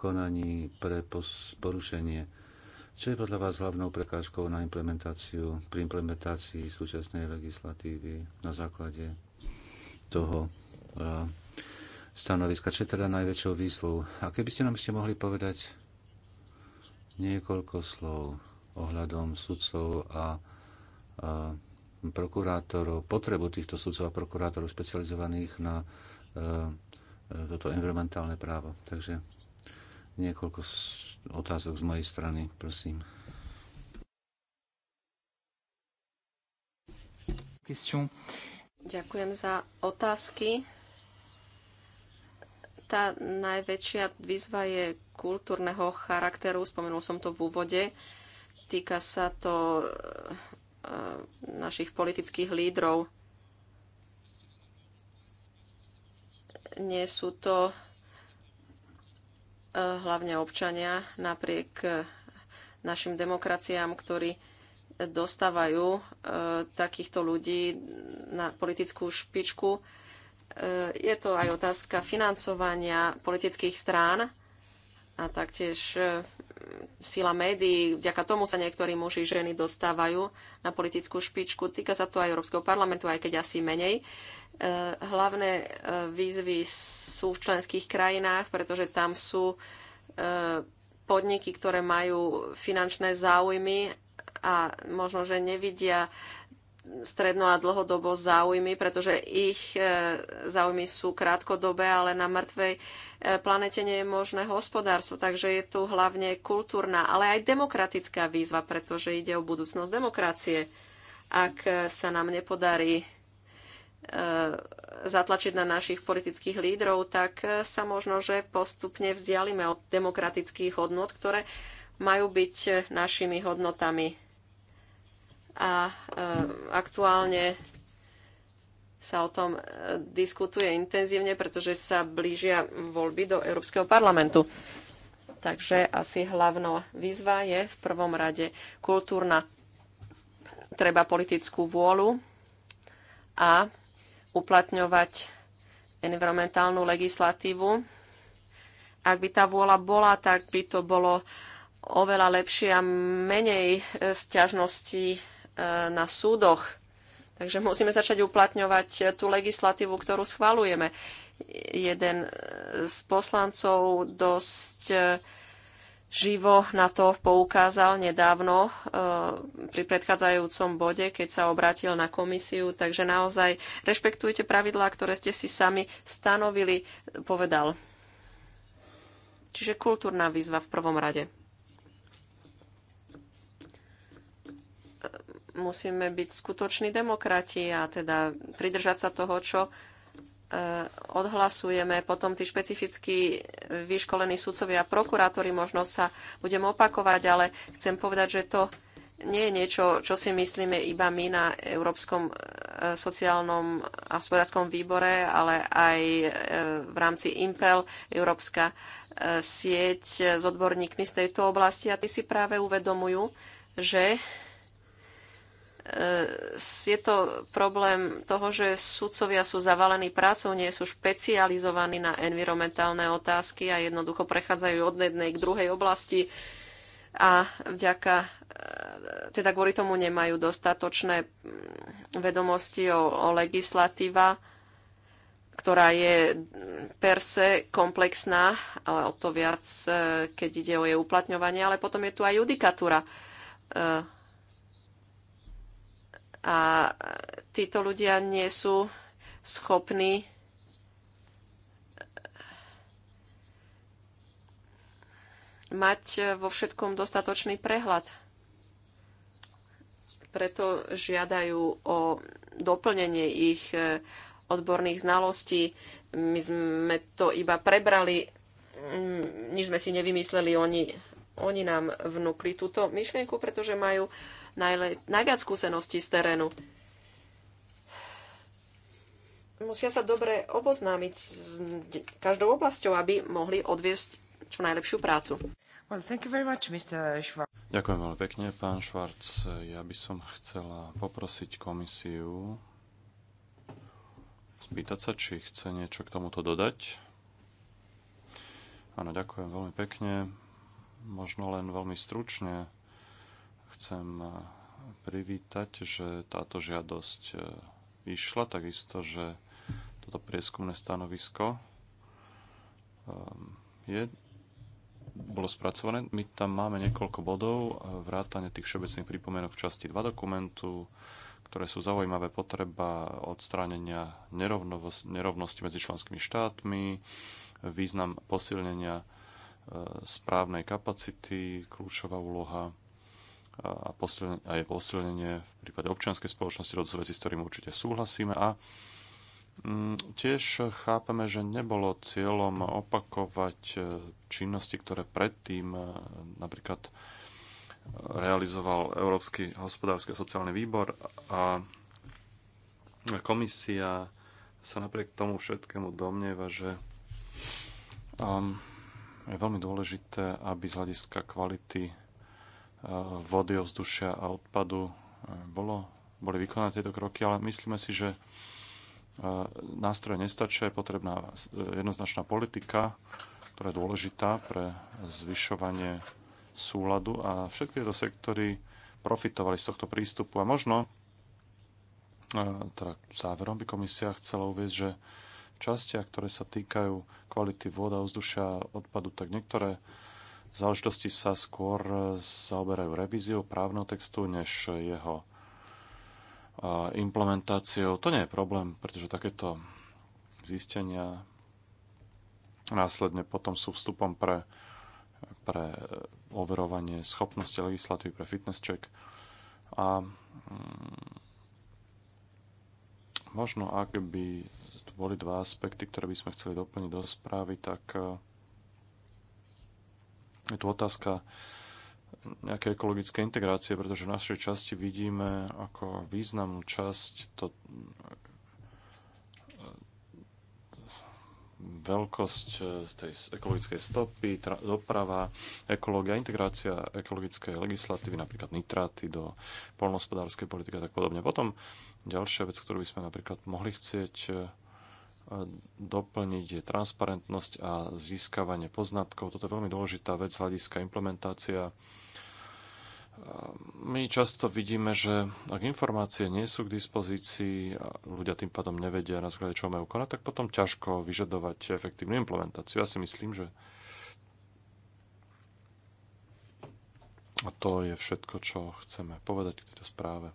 konaní pre porušenie. Čo je podľa vás hlavnou prekážkou na implementáciu, pri implementácii súčasnej legislatívy na základe toho eh, stanoviska, čo je teda najväčšou výzvou. A keby ste nám ešte mohli povedať niekoľko slov ohľadom sudcov a, a eh, prokurátorov, potrebu týchto sudcov a prokurátorov špecializovaných na e, toto environmentálne právo. Takže niekoľko otázok z mojej strany, prosím. Question. Ďakujem za otázky. Tá najväčšia výzva je kultúrneho charakteru, spomenul som to v úvode. Týka sa to e, našich politických lídrov. Nie sú to e, hlavne občania, napriek e, našim demokraciám, ktorí dostávajú e, takýchto ľudí na politickú špičku. E, je to aj otázka financovania politických strán a taktiež e, sila médií. Vďaka tomu sa niektorí muži, ženy dostávajú na politickú špičku. Týka sa to aj Európskeho parlamentu, aj keď asi menej. Hlavné výzvy sú v členských krajinách, pretože tam sú podniky, ktoré majú finančné záujmy a možno, že nevidia stredno a dlhodobo záujmy, pretože ich e, záujmy sú krátkodobé, ale na mŕtvej e, planete nie je možné hospodárstvo. Takže je tu hlavne kultúrna, ale aj demokratická výzva, pretože ide o budúcnosť demokracie. Ak e, sa nám nepodarí zatlačiť na našich politických lídrov, tak sa možno, že postupne vzdialíme od demokratických hodnot, ktoré majú byť našimi hodnotami a e, aktuálne sa o tom e, diskutuje intenzívne, pretože sa blížia voľby do Európskeho parlamentu. Takže asi hlavná výzva je v prvom rade kultúrna. Treba politickú vôľu a uplatňovať environmentálnu legislatívu. Ak by tá vôľa bola, tak by to bolo oveľa lepšie a menej e, sťažností E, na súdoch. Takže musíme začať uplatňovať tú legislatívu, ktorú schvalujeme. Jeden z poslancov dosť e, živo na to poukázal nedávno e, pri predchádzajúcom bode, keď sa obrátil na komisiu. Takže naozaj rešpektujte pravidlá, ktoré ste si sami stanovili, povedal. Čiže kultúrna výzva v prvom rade. musíme byť skutoční demokrati a teda pridržať sa toho, čo e, odhlasujeme. Potom tí špecificky vyškolení sudcovia a prokurátori, možno sa budem opakovať, ale chcem povedať, že to nie je niečo, čo si myslíme iba my na Európskom e, sociálnom a hospodárskom výbore, ale aj e, v rámci IMPEL, Európska sieť s odborníkmi z tejto oblasti. A tí si práve uvedomujú, že E, je to problém toho, že sudcovia sú zavalení prácou, nie sú špecializovaní na environmentálne otázky a jednoducho prechádzajú od jednej k druhej oblasti a vďaka, e, teda kvôli tomu nemajú dostatočné mm, vedomosti o, o legislatíva, ktorá je per se komplexná, o to viac, e, keď ide o jej uplatňovanie, ale potom je tu aj judikatúra a títo ľudia nie sú schopní eh, mať vo všetkom dostatočný prehľad. Preto žiadajú o doplnenie ich eh, odborných znalostí. My sme to iba prebrali, mm, nič sme si nevymysleli, oni, oni nám vnúkli túto myšlienku, pretože majú uh, najviac skúseností z terénu. Musia sa dobre oboznámiť s každou oblasťou, aby mohli odviesť čo najlepšiu prácu. Well, much, Ďakujem veľmi pekne, pán Švarc. Ja by som chcela poprosiť komisiu spýtať sa, či chce niečo k tomuto dodať. Áno, ďakujem veľmi pekne. Možno len veľmi stručne chcem eh, privítať, že táto žiadosť išla, eh, takisto, že toto prieskumné stanovisko ehm, je, bolo spracované. My tam máme niekoľko bodov, eh, vrátane tých všeobecných pripomienok v časti 2 dokumentu, ktoré sú zaujímavé potreba odstránenia nerovnosti medzi členskými štátmi, význam posilnenia správnej kapacity, kľúčová úloha a posilnenie, aj posilnenie v prípade občianskej spoločnosti. To sú veci, s ktorými určite súhlasíme a mm, Tiež chápeme, že nebolo cieľom opakovať e, činnosti, ktoré predtým e, napríklad e, realizoval Európsky hospodársky a sociálny výbor a komisia sa napriek tomu všetkému domnieva, že um, je veľmi dôležité, aby z hľadiska kvality Eh, vody, ovzdušia a odpadu eh, bolo, boli vykonané tieto kroky, ale myslíme si, že eh, nástroje nestačia, je potrebná jednoznačná politika, ktorá je dôležitá pre zvyšovanie súladu a všetky tieto sektory profitovali z tohto prístupu a možno teda záverom by komisia chcela uvieť, že v častiach, ktoré sa týkajú kvality voda ovzdušia a odpadu, tak niektoré záležitosti sa skôr e, zaoberajú revíziou právneho textu, než jeho e, implementáciou. To nie je problém, pretože takéto zistenia následne potom sú vstupom pre, pre e, overovanie schopnosti legislatívy pre fitness check. A mm, možno ak by tu boli dva aspekty, ktoré by sme chceli doplniť do správy, tak je tu otázka nejaké ekologické integrácie, pretože v našej časti vidíme ako významnú časť to, veľkosť eh, tej ekologickej stopy, doprava, ekológia, integrácia ekologickej legislatívy, napríklad nitráty do poľnohospodárskej politiky a tak podobne. Potom ďalšia vec, ktorú by sme napríklad mohli chcieť eh, doplniť je transparentnosť a získavanie poznatkov. Toto je veľmi dôležitá vec z hľadiska implementácia. My často vidíme, že ak informácie nie sú k dispozícii a ľudia tým pádom nevedia na základe čo majú konať, tak potom ťažko vyžadovať efektívnu implementáciu. Ja si myslím, že a to je všetko, čo chceme povedať k tejto správe.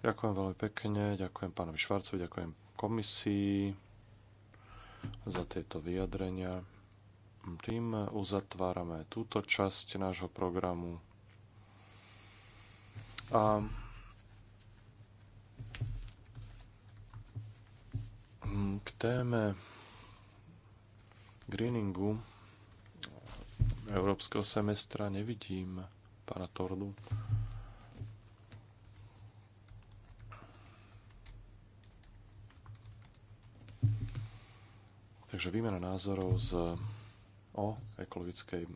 Ďakujem veľmi pekne, ďakujem pánovi Švarcovi, ďakujem komisii za tieto vyjadrenia. Tým uzatvárame túto časť nášho programu. A k téme greeningu európskeho semestra nevidím pána Tordu. Takže výmena názorov z, o ekologickej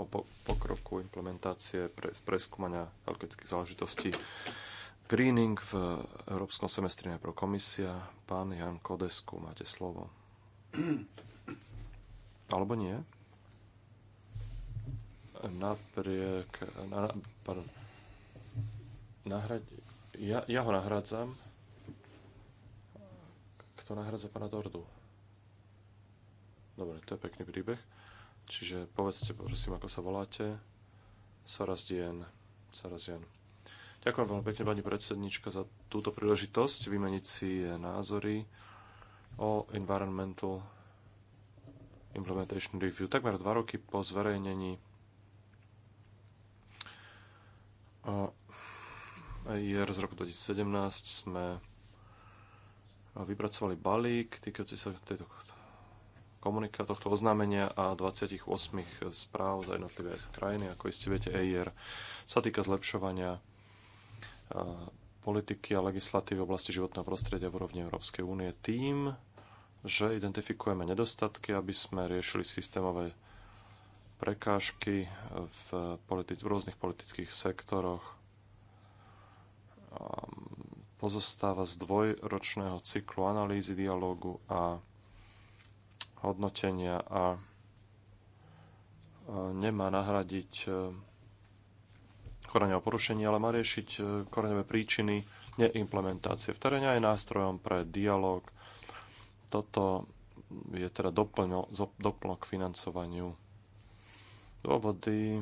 o pokroku implementácie pre, preskúmania ekologických záležitostí. Greening v Európskom semestri najprv komisia. Pán Jan Kodesku, máte slovo. Alebo nie? Napriek... Na, pardon. Nahrad, ja, ja ho nahradzam. Kto nahradza pána Dordu? Dobre, to je pekný príbeh. Čiže povedzte prosím, ako sa voláte. Sarazdien. Sarazdien. Ďakujem veľmi pekne, pani predsednička, za túto príležitosť vymeniť si názory o Environmental Implementation Review. Takmer dva roky po zverejnení IR z roku 2017 sme vypracovali balík týkajúci sa tejto komunika tohto oznámenia a 28 správ za jednotlivé krajiny, ako iste viete, EIR sa týka zlepšovania e, politiky a legislatívy v oblasti životného prostredia v úrovni Európskej únie tým, že identifikujeme nedostatky, aby sme riešili systémové prekážky v, politi- v rôznych politických sektoroch. Ehm, pozostáva z dvojročného cyklu analýzy dialógu a hodnotenia a nemá nahradiť e, koreňové porušenie, ale má riešiť e, koreňové príčiny neimplementácie. V teréne aj nástrojom pre dialog. Toto je teda doplno, doplnok k financovaniu. Dôvody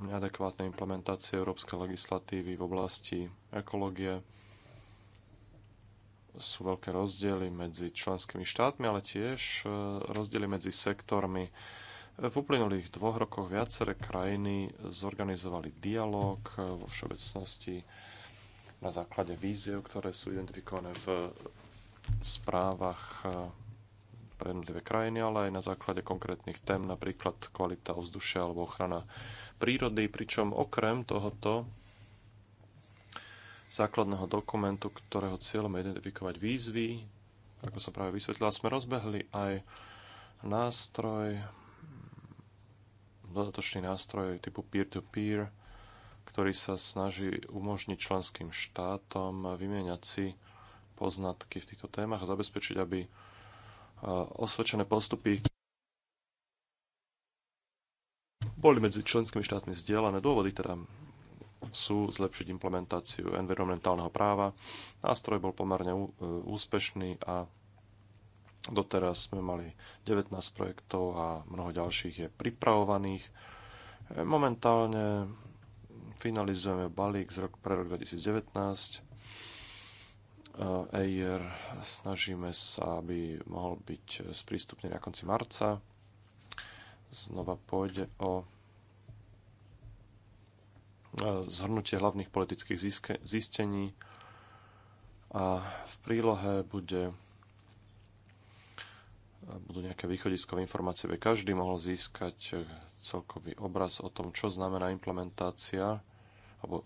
neadekvátnej implementácie európskej legislatívy v oblasti ekológie sú veľké rozdiely medzi členskými štátmi, ale tiež e, rozdiely medzi sektormi. V uplynulých dvoch rokoch viaceré krajiny zorganizovali dialog e, vo všeobecnosti na základe víziev, ktoré sú identifikované v správach e, pre jednotlivé krajiny, ale aj na základe konkrétnych tém, napríklad kvalita ovzdušia alebo ochrana prírody, pričom okrem tohoto základného dokumentu, ktorého cieľom je identifikovať výzvy, ako som práve vysvetlila, sme rozbehli aj nástroj, dodatočný nástroj typu peer-to-peer, -peer, ktorý sa snaží umožniť členským štátom vymieňať si poznatky v týchto témach a zabezpečiť, aby e, osvedčené postupy boli medzi členskými štátmi zdieľané. Dôvody teda sú zlepšiť implementáciu environmentálneho práva. Nástroj bol pomerne úspešný a doteraz sme mali 19 projektov a mnoho ďalších je pripravovaných. Momentálne finalizujeme balík z roku, pre rok 2019. EIR snažíme sa, aby mohol byť sprístupnený na konci marca. Znova pôjde o E, zhrnutie hlavných politických zistení a v prílohe bude e, budú nejaké východiskové informácie, aby každý mohol získať e, celkový obraz o tom, čo znamená implementácia, alebo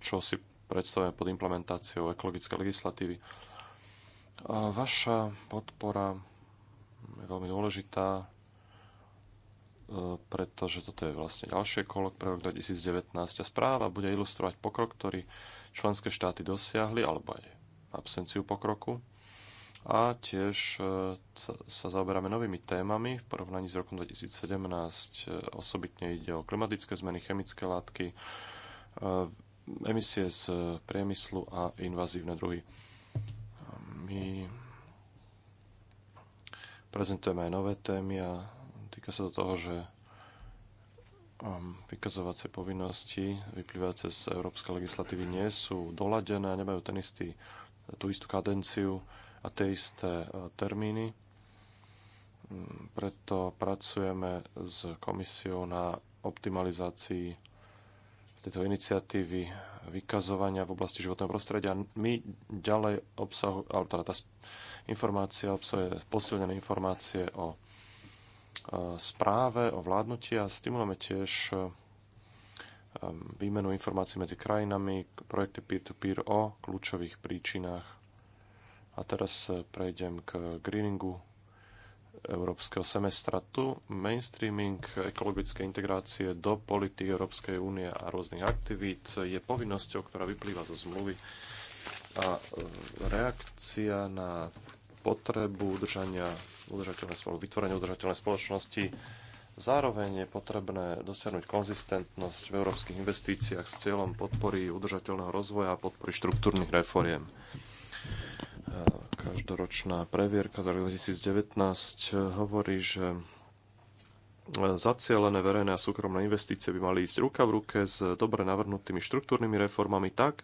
čo si predstavujeme pod implementáciou ekologické legislatívy. vaša podpora je veľmi dôležitá pretože toto je vlastne ďalšie kolo pre rok 2019 a správa bude ilustrovať pokrok, ktorý členské štáty dosiahli, alebo aj absenciu pokroku. A tiež e, sa zaoberáme novými témami v porovnaní s rokom 2017. E, osobitne ide o klimatické zmeny, chemické látky, e, emisie z priemyslu a invazívne druhy. My prezentujeme aj nové témy a Týka sa to toho, že um, vykazovacie povinnosti vyplývajúce z európskej legislatívy nie sú doladené, nemajú ten istý, tú istú kadenciu a tie isté uh, termíny. Mm, preto pracujeme s komisiou na optimalizácii tejto iniciatívy vykazovania v oblasti životného prostredia. My ďalej obsahu, alebo teda tá informácia obsahuje posilnené informácie o správe o vládnutí a stimulujeme tiež eh, výmenu informácií medzi krajinami, projekty peer-to-peer -peer o kľúčových príčinách. A teraz eh, prejdem k greeningu európskeho semestra. Tu mainstreaming ekologickej integrácie do politik Európskej únie a rôznych aktivít je povinnosťou, ktorá vyplýva zo zmluvy. A eh, reakcia na potrebu udržania udržateľné, vytvorenie udržateľnej spoločnosti. Zároveň je potrebné dosiahnuť konzistentnosť v európskych investíciách s cieľom podpory udržateľného rozvoja a podpory štruktúrnych reforiem. E, každoročná previerka za rok 2019 hovorí, že zacielené verejné a súkromné investície by mali ísť ruka v ruke s dobre navrhnutými štruktúrnymi reformami tak,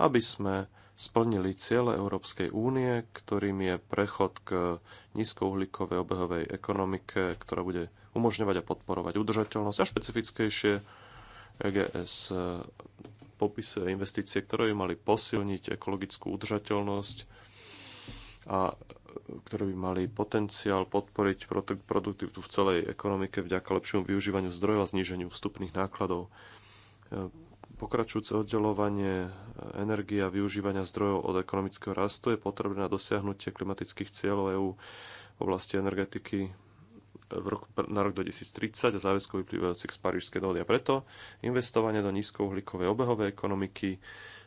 aby sme splnili ciele Európskej únie, ktorým je prechod k nízkouhlíkovej obehovej ekonomike, ktorá bude umožňovať a podporovať udržateľnosť a špecifickejšie EGS e, popisuje investície, ktoré by mali posilniť ekologickú udržateľnosť a e, ktoré by mali potenciál podporiť produktivitu v celej ekonomike vďaka lepšiemu využívaniu zdrojov a zníženiu vstupných nákladov e, Pokračujúce oddelovanie e, energie a využívania zdrojov od ekonomického rastu je potrebné na dosiahnutie klimatických cieľov EÚ v oblasti energetiky e, v roku, na rok 2030 a záväzkov vyplývajúcich z Parížskej dohody. A preto investovanie do nízkouhlíkovej obehovej ekonomiky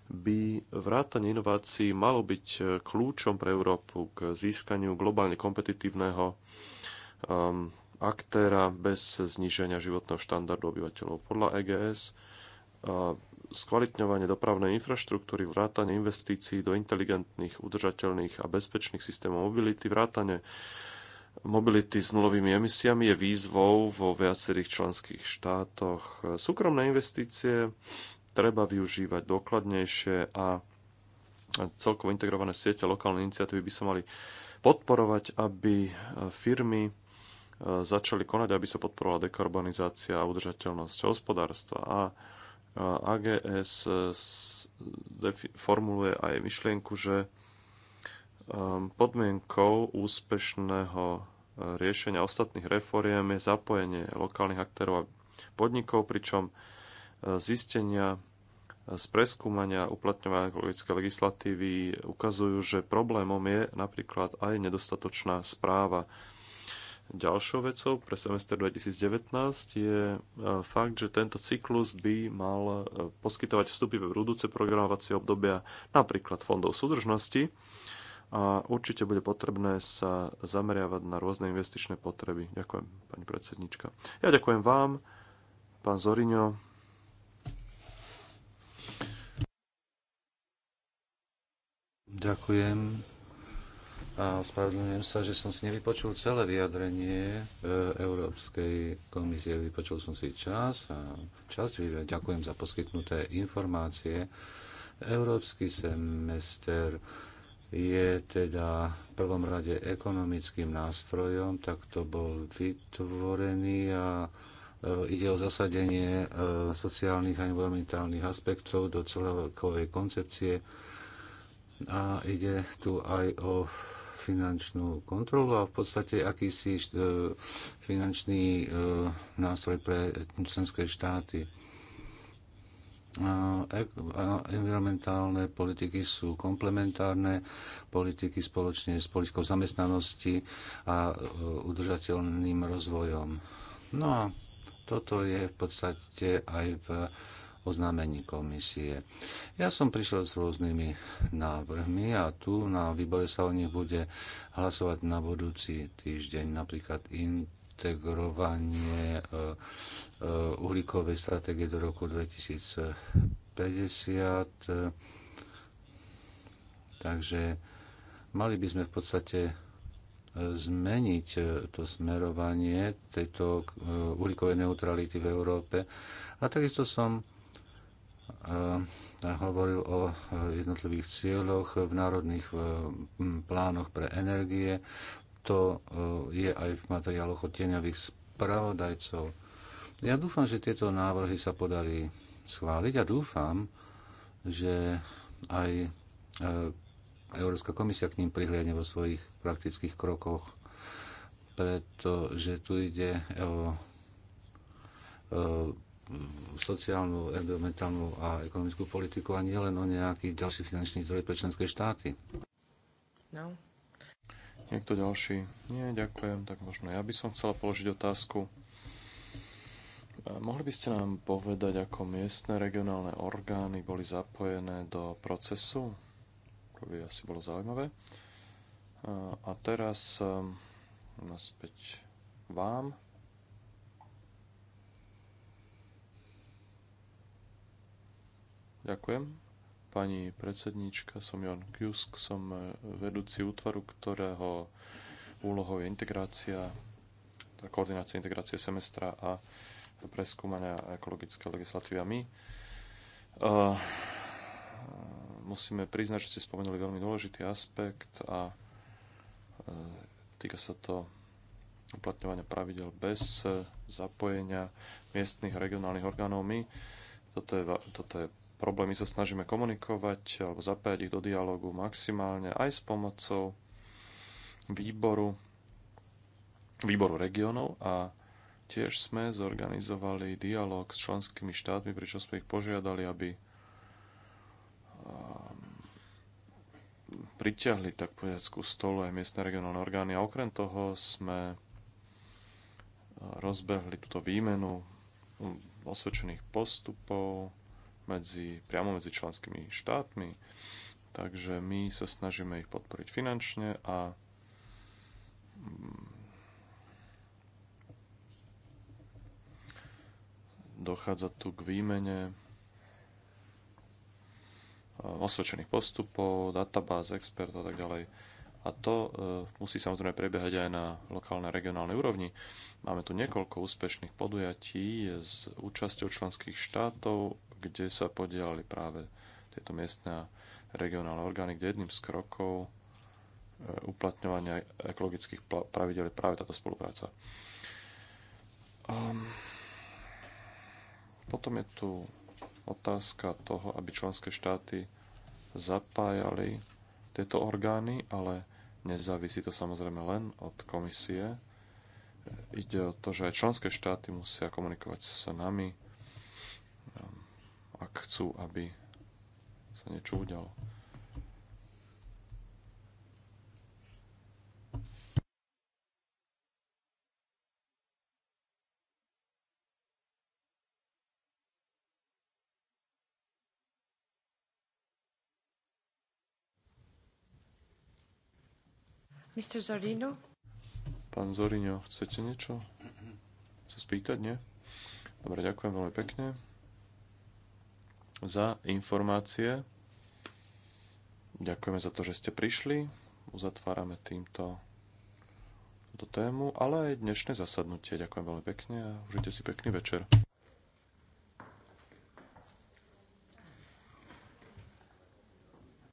by vrátanie inovácií malo byť e, kľúčom pre Európu k získaniu globálne kompetitívneho um, aktéra bez zníženia životného štandardu obyvateľov. Podľa EGS a skvalitňovanie dopravnej infraštruktúry, vrátanie investícií do inteligentných, udržateľných a bezpečných systémov mobility, vrátanie mobility s nulovými emisiami je výzvou vo viacerých členských štátoch. Súkromné investície treba využívať dokladnejšie a celkovo integrované siete lokálnej iniciatívy by sa mali podporovať, aby firmy e, začali konať, aby sa podporovala dekarbonizácia a udržateľnosť hospodárstva. A AGS formuluje aj myšlienku, že um, podmienkou úspešného uh, riešenia ostatných reforiem je zapojenie lokálnych aktérov a podnikov, pričom uh, zistenia uh, z preskúmania uplatňovania ekologické legislatívy ukazujú, že problémom je napríklad aj nedostatočná správa Ďalšou vecou pre semester 2019 je e, fakt, že tento cyklus by mal e, poskytovať vstupy pre budúce programovacie obdobia napríklad fondov súdržnosti a určite bude potrebné sa zameriavať na rôzne investičné potreby. Ďakujem, pani predsednička. Ja ďakujem vám, pán Zoriňo. Ďakujem a ospravedlňujem sa, že som si nevypočul celé vyjadrenie e, Európskej komisie. Vypočul som si čas a časť ďakujem za poskytnuté informácie. Európsky semester je teda v prvom rade ekonomickým nástrojom, tak to bol vytvorený a e, ide o zasadenie e, sociálnych a environmentálnych aspektov do celkovej koncepcie a ide tu aj o finančnú kontrolu a v podstate akýsi e, finančný e, nástroj pre členské štáty. E, environmentálne politiky sú komplementárne, politiky spoločne s politikou zamestnanosti a udržateľným rozvojom. No a toto je v podstate aj v oznámení komisie. Ja som prišiel s rôznymi návrhmi a tu na výbore sa o nich bude hlasovať na budúci týždeň, napríklad integrovanie e, e, uhlíkovej stratégie do roku 2050. Takže mali by sme v podstate e, zmeniť to smerovanie tejto uhlíkovej neutrality v Európe. A takisto som hovoril o jednotlivých cieľoch v národných plánoch pre energie. To e, je aj v materiáloch o tieňových spravodajcov. Ja dúfam, že tieto návrhy sa podarí schváliť a dúfam, že aj e, Európska komisia k ním prihliadne vo svojich praktických krokoch, pretože tu ide o e, Mm, sociálnu, environmentálnu a ekonomickú politiku a nielen o nejaký ďalší finančný zdroj pre členské štáty. No. Niekto ďalší? Nie, ďakujem. Tak možno ja by som chcela položiť otázku. Mohli by ste nám povedať, ako miestne regionálne orgány boli zapojené do procesu? To by asi bolo zaujímavé. A teraz ehm, naspäť vám. Ďakujem. Pani predsedníčka, som Jon Kjusk, som vedúci útvaru, ktorého úlohou je integrácia, koordinácia integrácie semestra a preskúmania ekologické legislatívy. A my eh, musíme priznať, že ste spomenuli veľmi dôležitý aspekt a eh, týka sa to uplatňovania pravidel bez eh, zapojenia miestnych a regionálnych orgánov. My, toto je, toto je problémy sa snažíme komunikovať alebo zapájať ich do dialogu maximálne aj s pomocou výboru, výboru regionov a tiež sme zorganizovali dialog s členskými štátmi, pričom sme ich požiadali, aby ehm, priťahli tak povedať ku stolu aj miestne regionálne orgány a okrem toho sme ehm, rozbehli túto výmenu mm, osvedčených postupov, medzi, priamo medzi členskými štátmi, takže my sa snažíme ich podporiť finančne a mm, dochádza tu k výmene eh, osvedčených postupov, databáz, expert a tak ďalej. A to eh, musí samozrejme prebiehať aj na lokálnej a regionálnej úrovni. Máme tu niekoľko úspešných podujatí s účasťou členských štátov kde sa podielali práve tieto miestne a regionálne orgány, kde jedným z krokov e, uplatňovania ekologických pravidel je práve táto spolupráca. Um, potom je tu otázka toho, aby členské štáty zapájali tieto orgány, ale nezávisí to samozrejme len od komisie. E, ide o to, že aj členské štáty musia komunikovať s nami ak chcú, aby sa niečo udialo. Mr. Zorino? Pán Zorino, chcete niečo sa spýtať, nie? Dobre, ďakujem veľmi pekne za informácie. Ďakujeme za to, že ste prišli. Uzatvárame týmto túto tému, ale aj dnešné zasadnutie. Ďakujem veľmi pekne a užite si pekný večer.